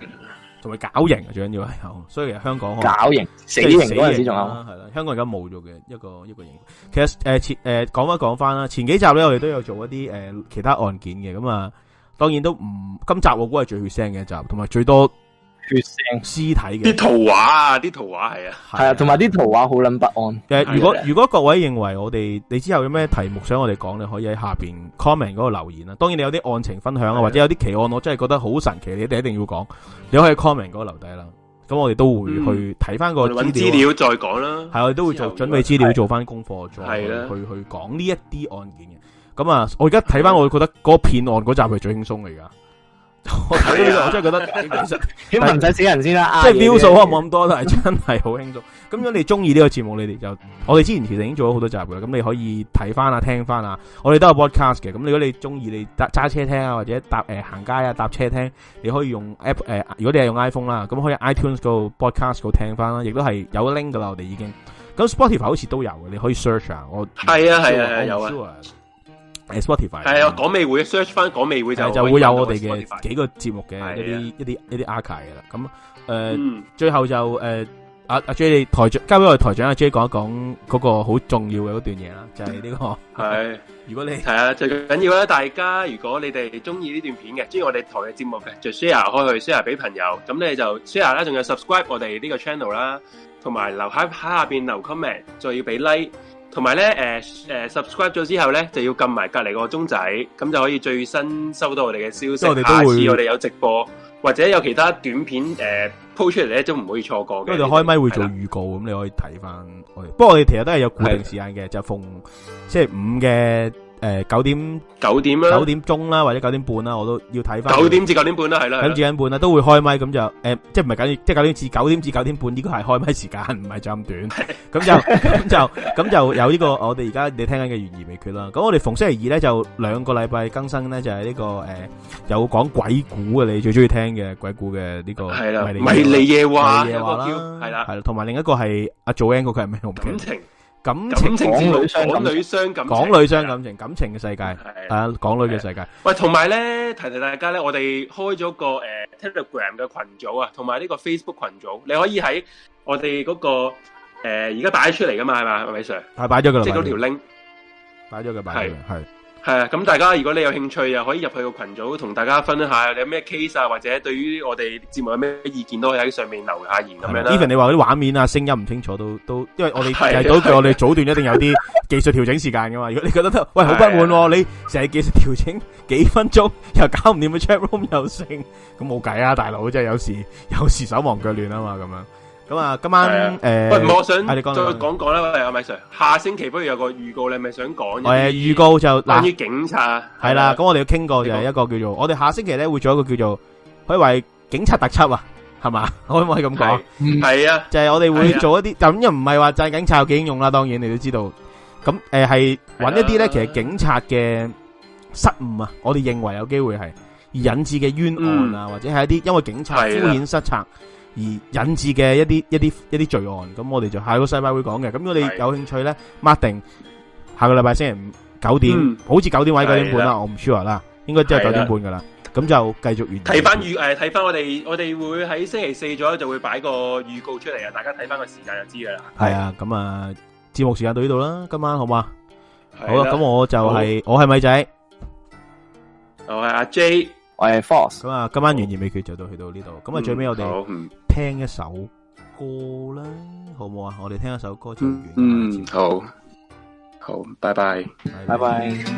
同埋絞刑，最緊要係。所以其實香港絞刑，死刑都開仲有，係啦。香港而家冇咗嘅一個一個刑。其實誒、呃、前誒講翻講翻啦，前幾集咧我哋都有做一啲誒、呃、其他案件嘅，咁、嗯、啊，當然都唔今集我估係最血腥嘅一集，同埋最多。血腥屍體嘅啲圖畫啊，啲圖畫係啊，係啊，同埋啲圖畫好捻不安。誒，如果如果各位認為我哋，你之後有咩題目想我哋講，你可以喺下邊 comment 嗰個留言啊。當然你有啲案情分享啊，或者有啲奇案，我真係覺得好神奇，你哋一定要講。你可以 comment 嗰個留底啦。咁我哋都會去睇翻個資料，資料再講啦。係我哋都會做準備資料，做翻功課，再去去講呢一啲案件嘅。咁啊，我而家睇翻，我會覺得嗰個騙案嗰集係最輕鬆嚟㗎。我睇呢、呢個，我真係覺得啲觀眾起碼唔使死人先啦。即係標數可能冇咁多，但係真係好輕鬆。咁 如果你中意呢個節目，你哋就我哋之前其實已經做咗好多集噶啦。咁你可以睇翻啊，聽翻啊。我哋都有 podcast 嘅。咁如果你中意，你揸車聽啊，或者搭誒、呃、行街啊，搭車聽，你可以用 app 誒、呃。如果你係用 iPhone 啦，咁可以 iTunes go podcast go 聽翻啦。亦都係有 link 噶啦，我哋已經。咁 Spotify 好似都有嘅，你可以 search 啊。啊我係啊係啊有啊。我係 Spotify, 啊，港美會 search 翻講美會就就會有我哋嘅 Spotify 幾個節目嘅一啲、啊、一啲一啲 archive 嘅啦。咁誒，呃嗯、最後就誒阿、呃、阿 J，台長交俾我哋台長阿 J 講一講嗰個好重要嘅嗰段嘢啦，就係、是、呢、這個係、啊啊。如果你係啊，最緊要咧，大家如果你哋中意呢段片嘅，中意我哋台嘅節目嘅，就 share 開去，share 俾朋友。咁你就 share 啦，仲有 subscribe 我哋呢個 channel 啦，同埋留下喺下邊留 comment，再要俾 like。同埋咧，誒誒 subscribe 咗之後咧，就要撳埋隔離個鐘仔，咁就可以最新收到我哋嘅消息。我哋都會下次我哋有直播或者有其他短片誒、呃、po 出嚟咧，都唔可以錯過。跟住為我開麥會做預告，咁的你可以睇翻。不過我哋其實都係有固定時間嘅是的，就逢星期五嘅。誒、呃，九點九點啦、啊，九點鐘啦，或者九點半啦，我都要睇翻。九點至九點半啦、啊，係啦，九點至九點半啦，都會開咪咁就，誒，即係唔係九點，即係九點至九點至九點半呢個係開咪、呃、時間，唔係就咁短。咁的就咁 就咁就，就有呢個，我哋而家你聽緊嘅懸疑未決啦。咁我哋逢星期二咧就兩個禮拜更新咧，就係、是、呢、這個誒、呃、有講鬼故嘅。你最中意聽嘅鬼故嘅呢、這個係的啦，米利夜話係啦，係啦，同埋另一個係阿祖恩嗰個係咩？感情。感情、情感、港女傷感、港女傷感情、感情嘅世界，係啊，港女嘅世界。喂，同埋咧，提提大家咧，我哋開咗個誒 Telegram 嘅群組啊，同埋呢個 Facebook 群組，你可以喺我哋嗰個誒而家擺咗出嚟噶嘛，係嘛，阿偉 Sir，係擺咗噶啦，即係條 link，擺咗佢，擺咗佢，係。係啊，咁大家如果你有興趣又可以入去個群組同大家分享下，你有咩 case 啊，或者對於我哋節目有咩意見都可以喺上面留下言咁的樣啦。even 你話啲畫面啊、聲音唔清楚都都，因為我哋係的都我哋早段的一定有啲技術調整時間噶嘛。 如果你覺得喂好不滿、啊，的你成日技術調整幾分鐘又搞唔掂嘅 chat room 又剩，咁冇計啊，大佬即係有時有時手忙腳亂啊嘛，咁樣。咁啊，今晚誒，唔係我想，再講講啦，喂，阿咪 Sir，下星期不如有個預告咧，你咪想講嘢？誒預告就關於警察，係啦，咁我哋要傾過就係一個叫做，我哋下星期咧會做一個叫做可以話係警察特輯啊，係嘛？可唔可以咁講？係啊，就係我哋會做一啲咁又唔係話製警察有幾英勇啦，當然你都知道。咁誒係揾一啲咧，其實警察嘅失誤啊，我哋認為有機會係引致嘅冤案啊，或者係一啲因為警察敷衍失策，而引致嘅一啲一啲一啲罪案，咁我哋就下個禮拜會講嘅。咁如果你有興趣咧，mark 定下個禮拜星期五九點，好似九點或者九點半啦，我唔 sure 啦，應該都係九點半噶啦。咁就繼續完。睇翻預，誒，睇翻我哋我哋會喺星期四左右就會擺個預告出嚟啊！大家睇翻個時間就知噶啦。係啊，咁啊，節目時間到呢度啦，今晚好嘛？好啦，咁我就係我係米仔，我係阿 J。我係 false，咁啊，今晚完疑未決就到去到呢度，咁啊好，最尾我哋聽一首歌啦，嗯，好唔、嗯、好啊？我哋聽一首歌就完，嗯，好，好，拜拜，拜拜 bye。Bye bye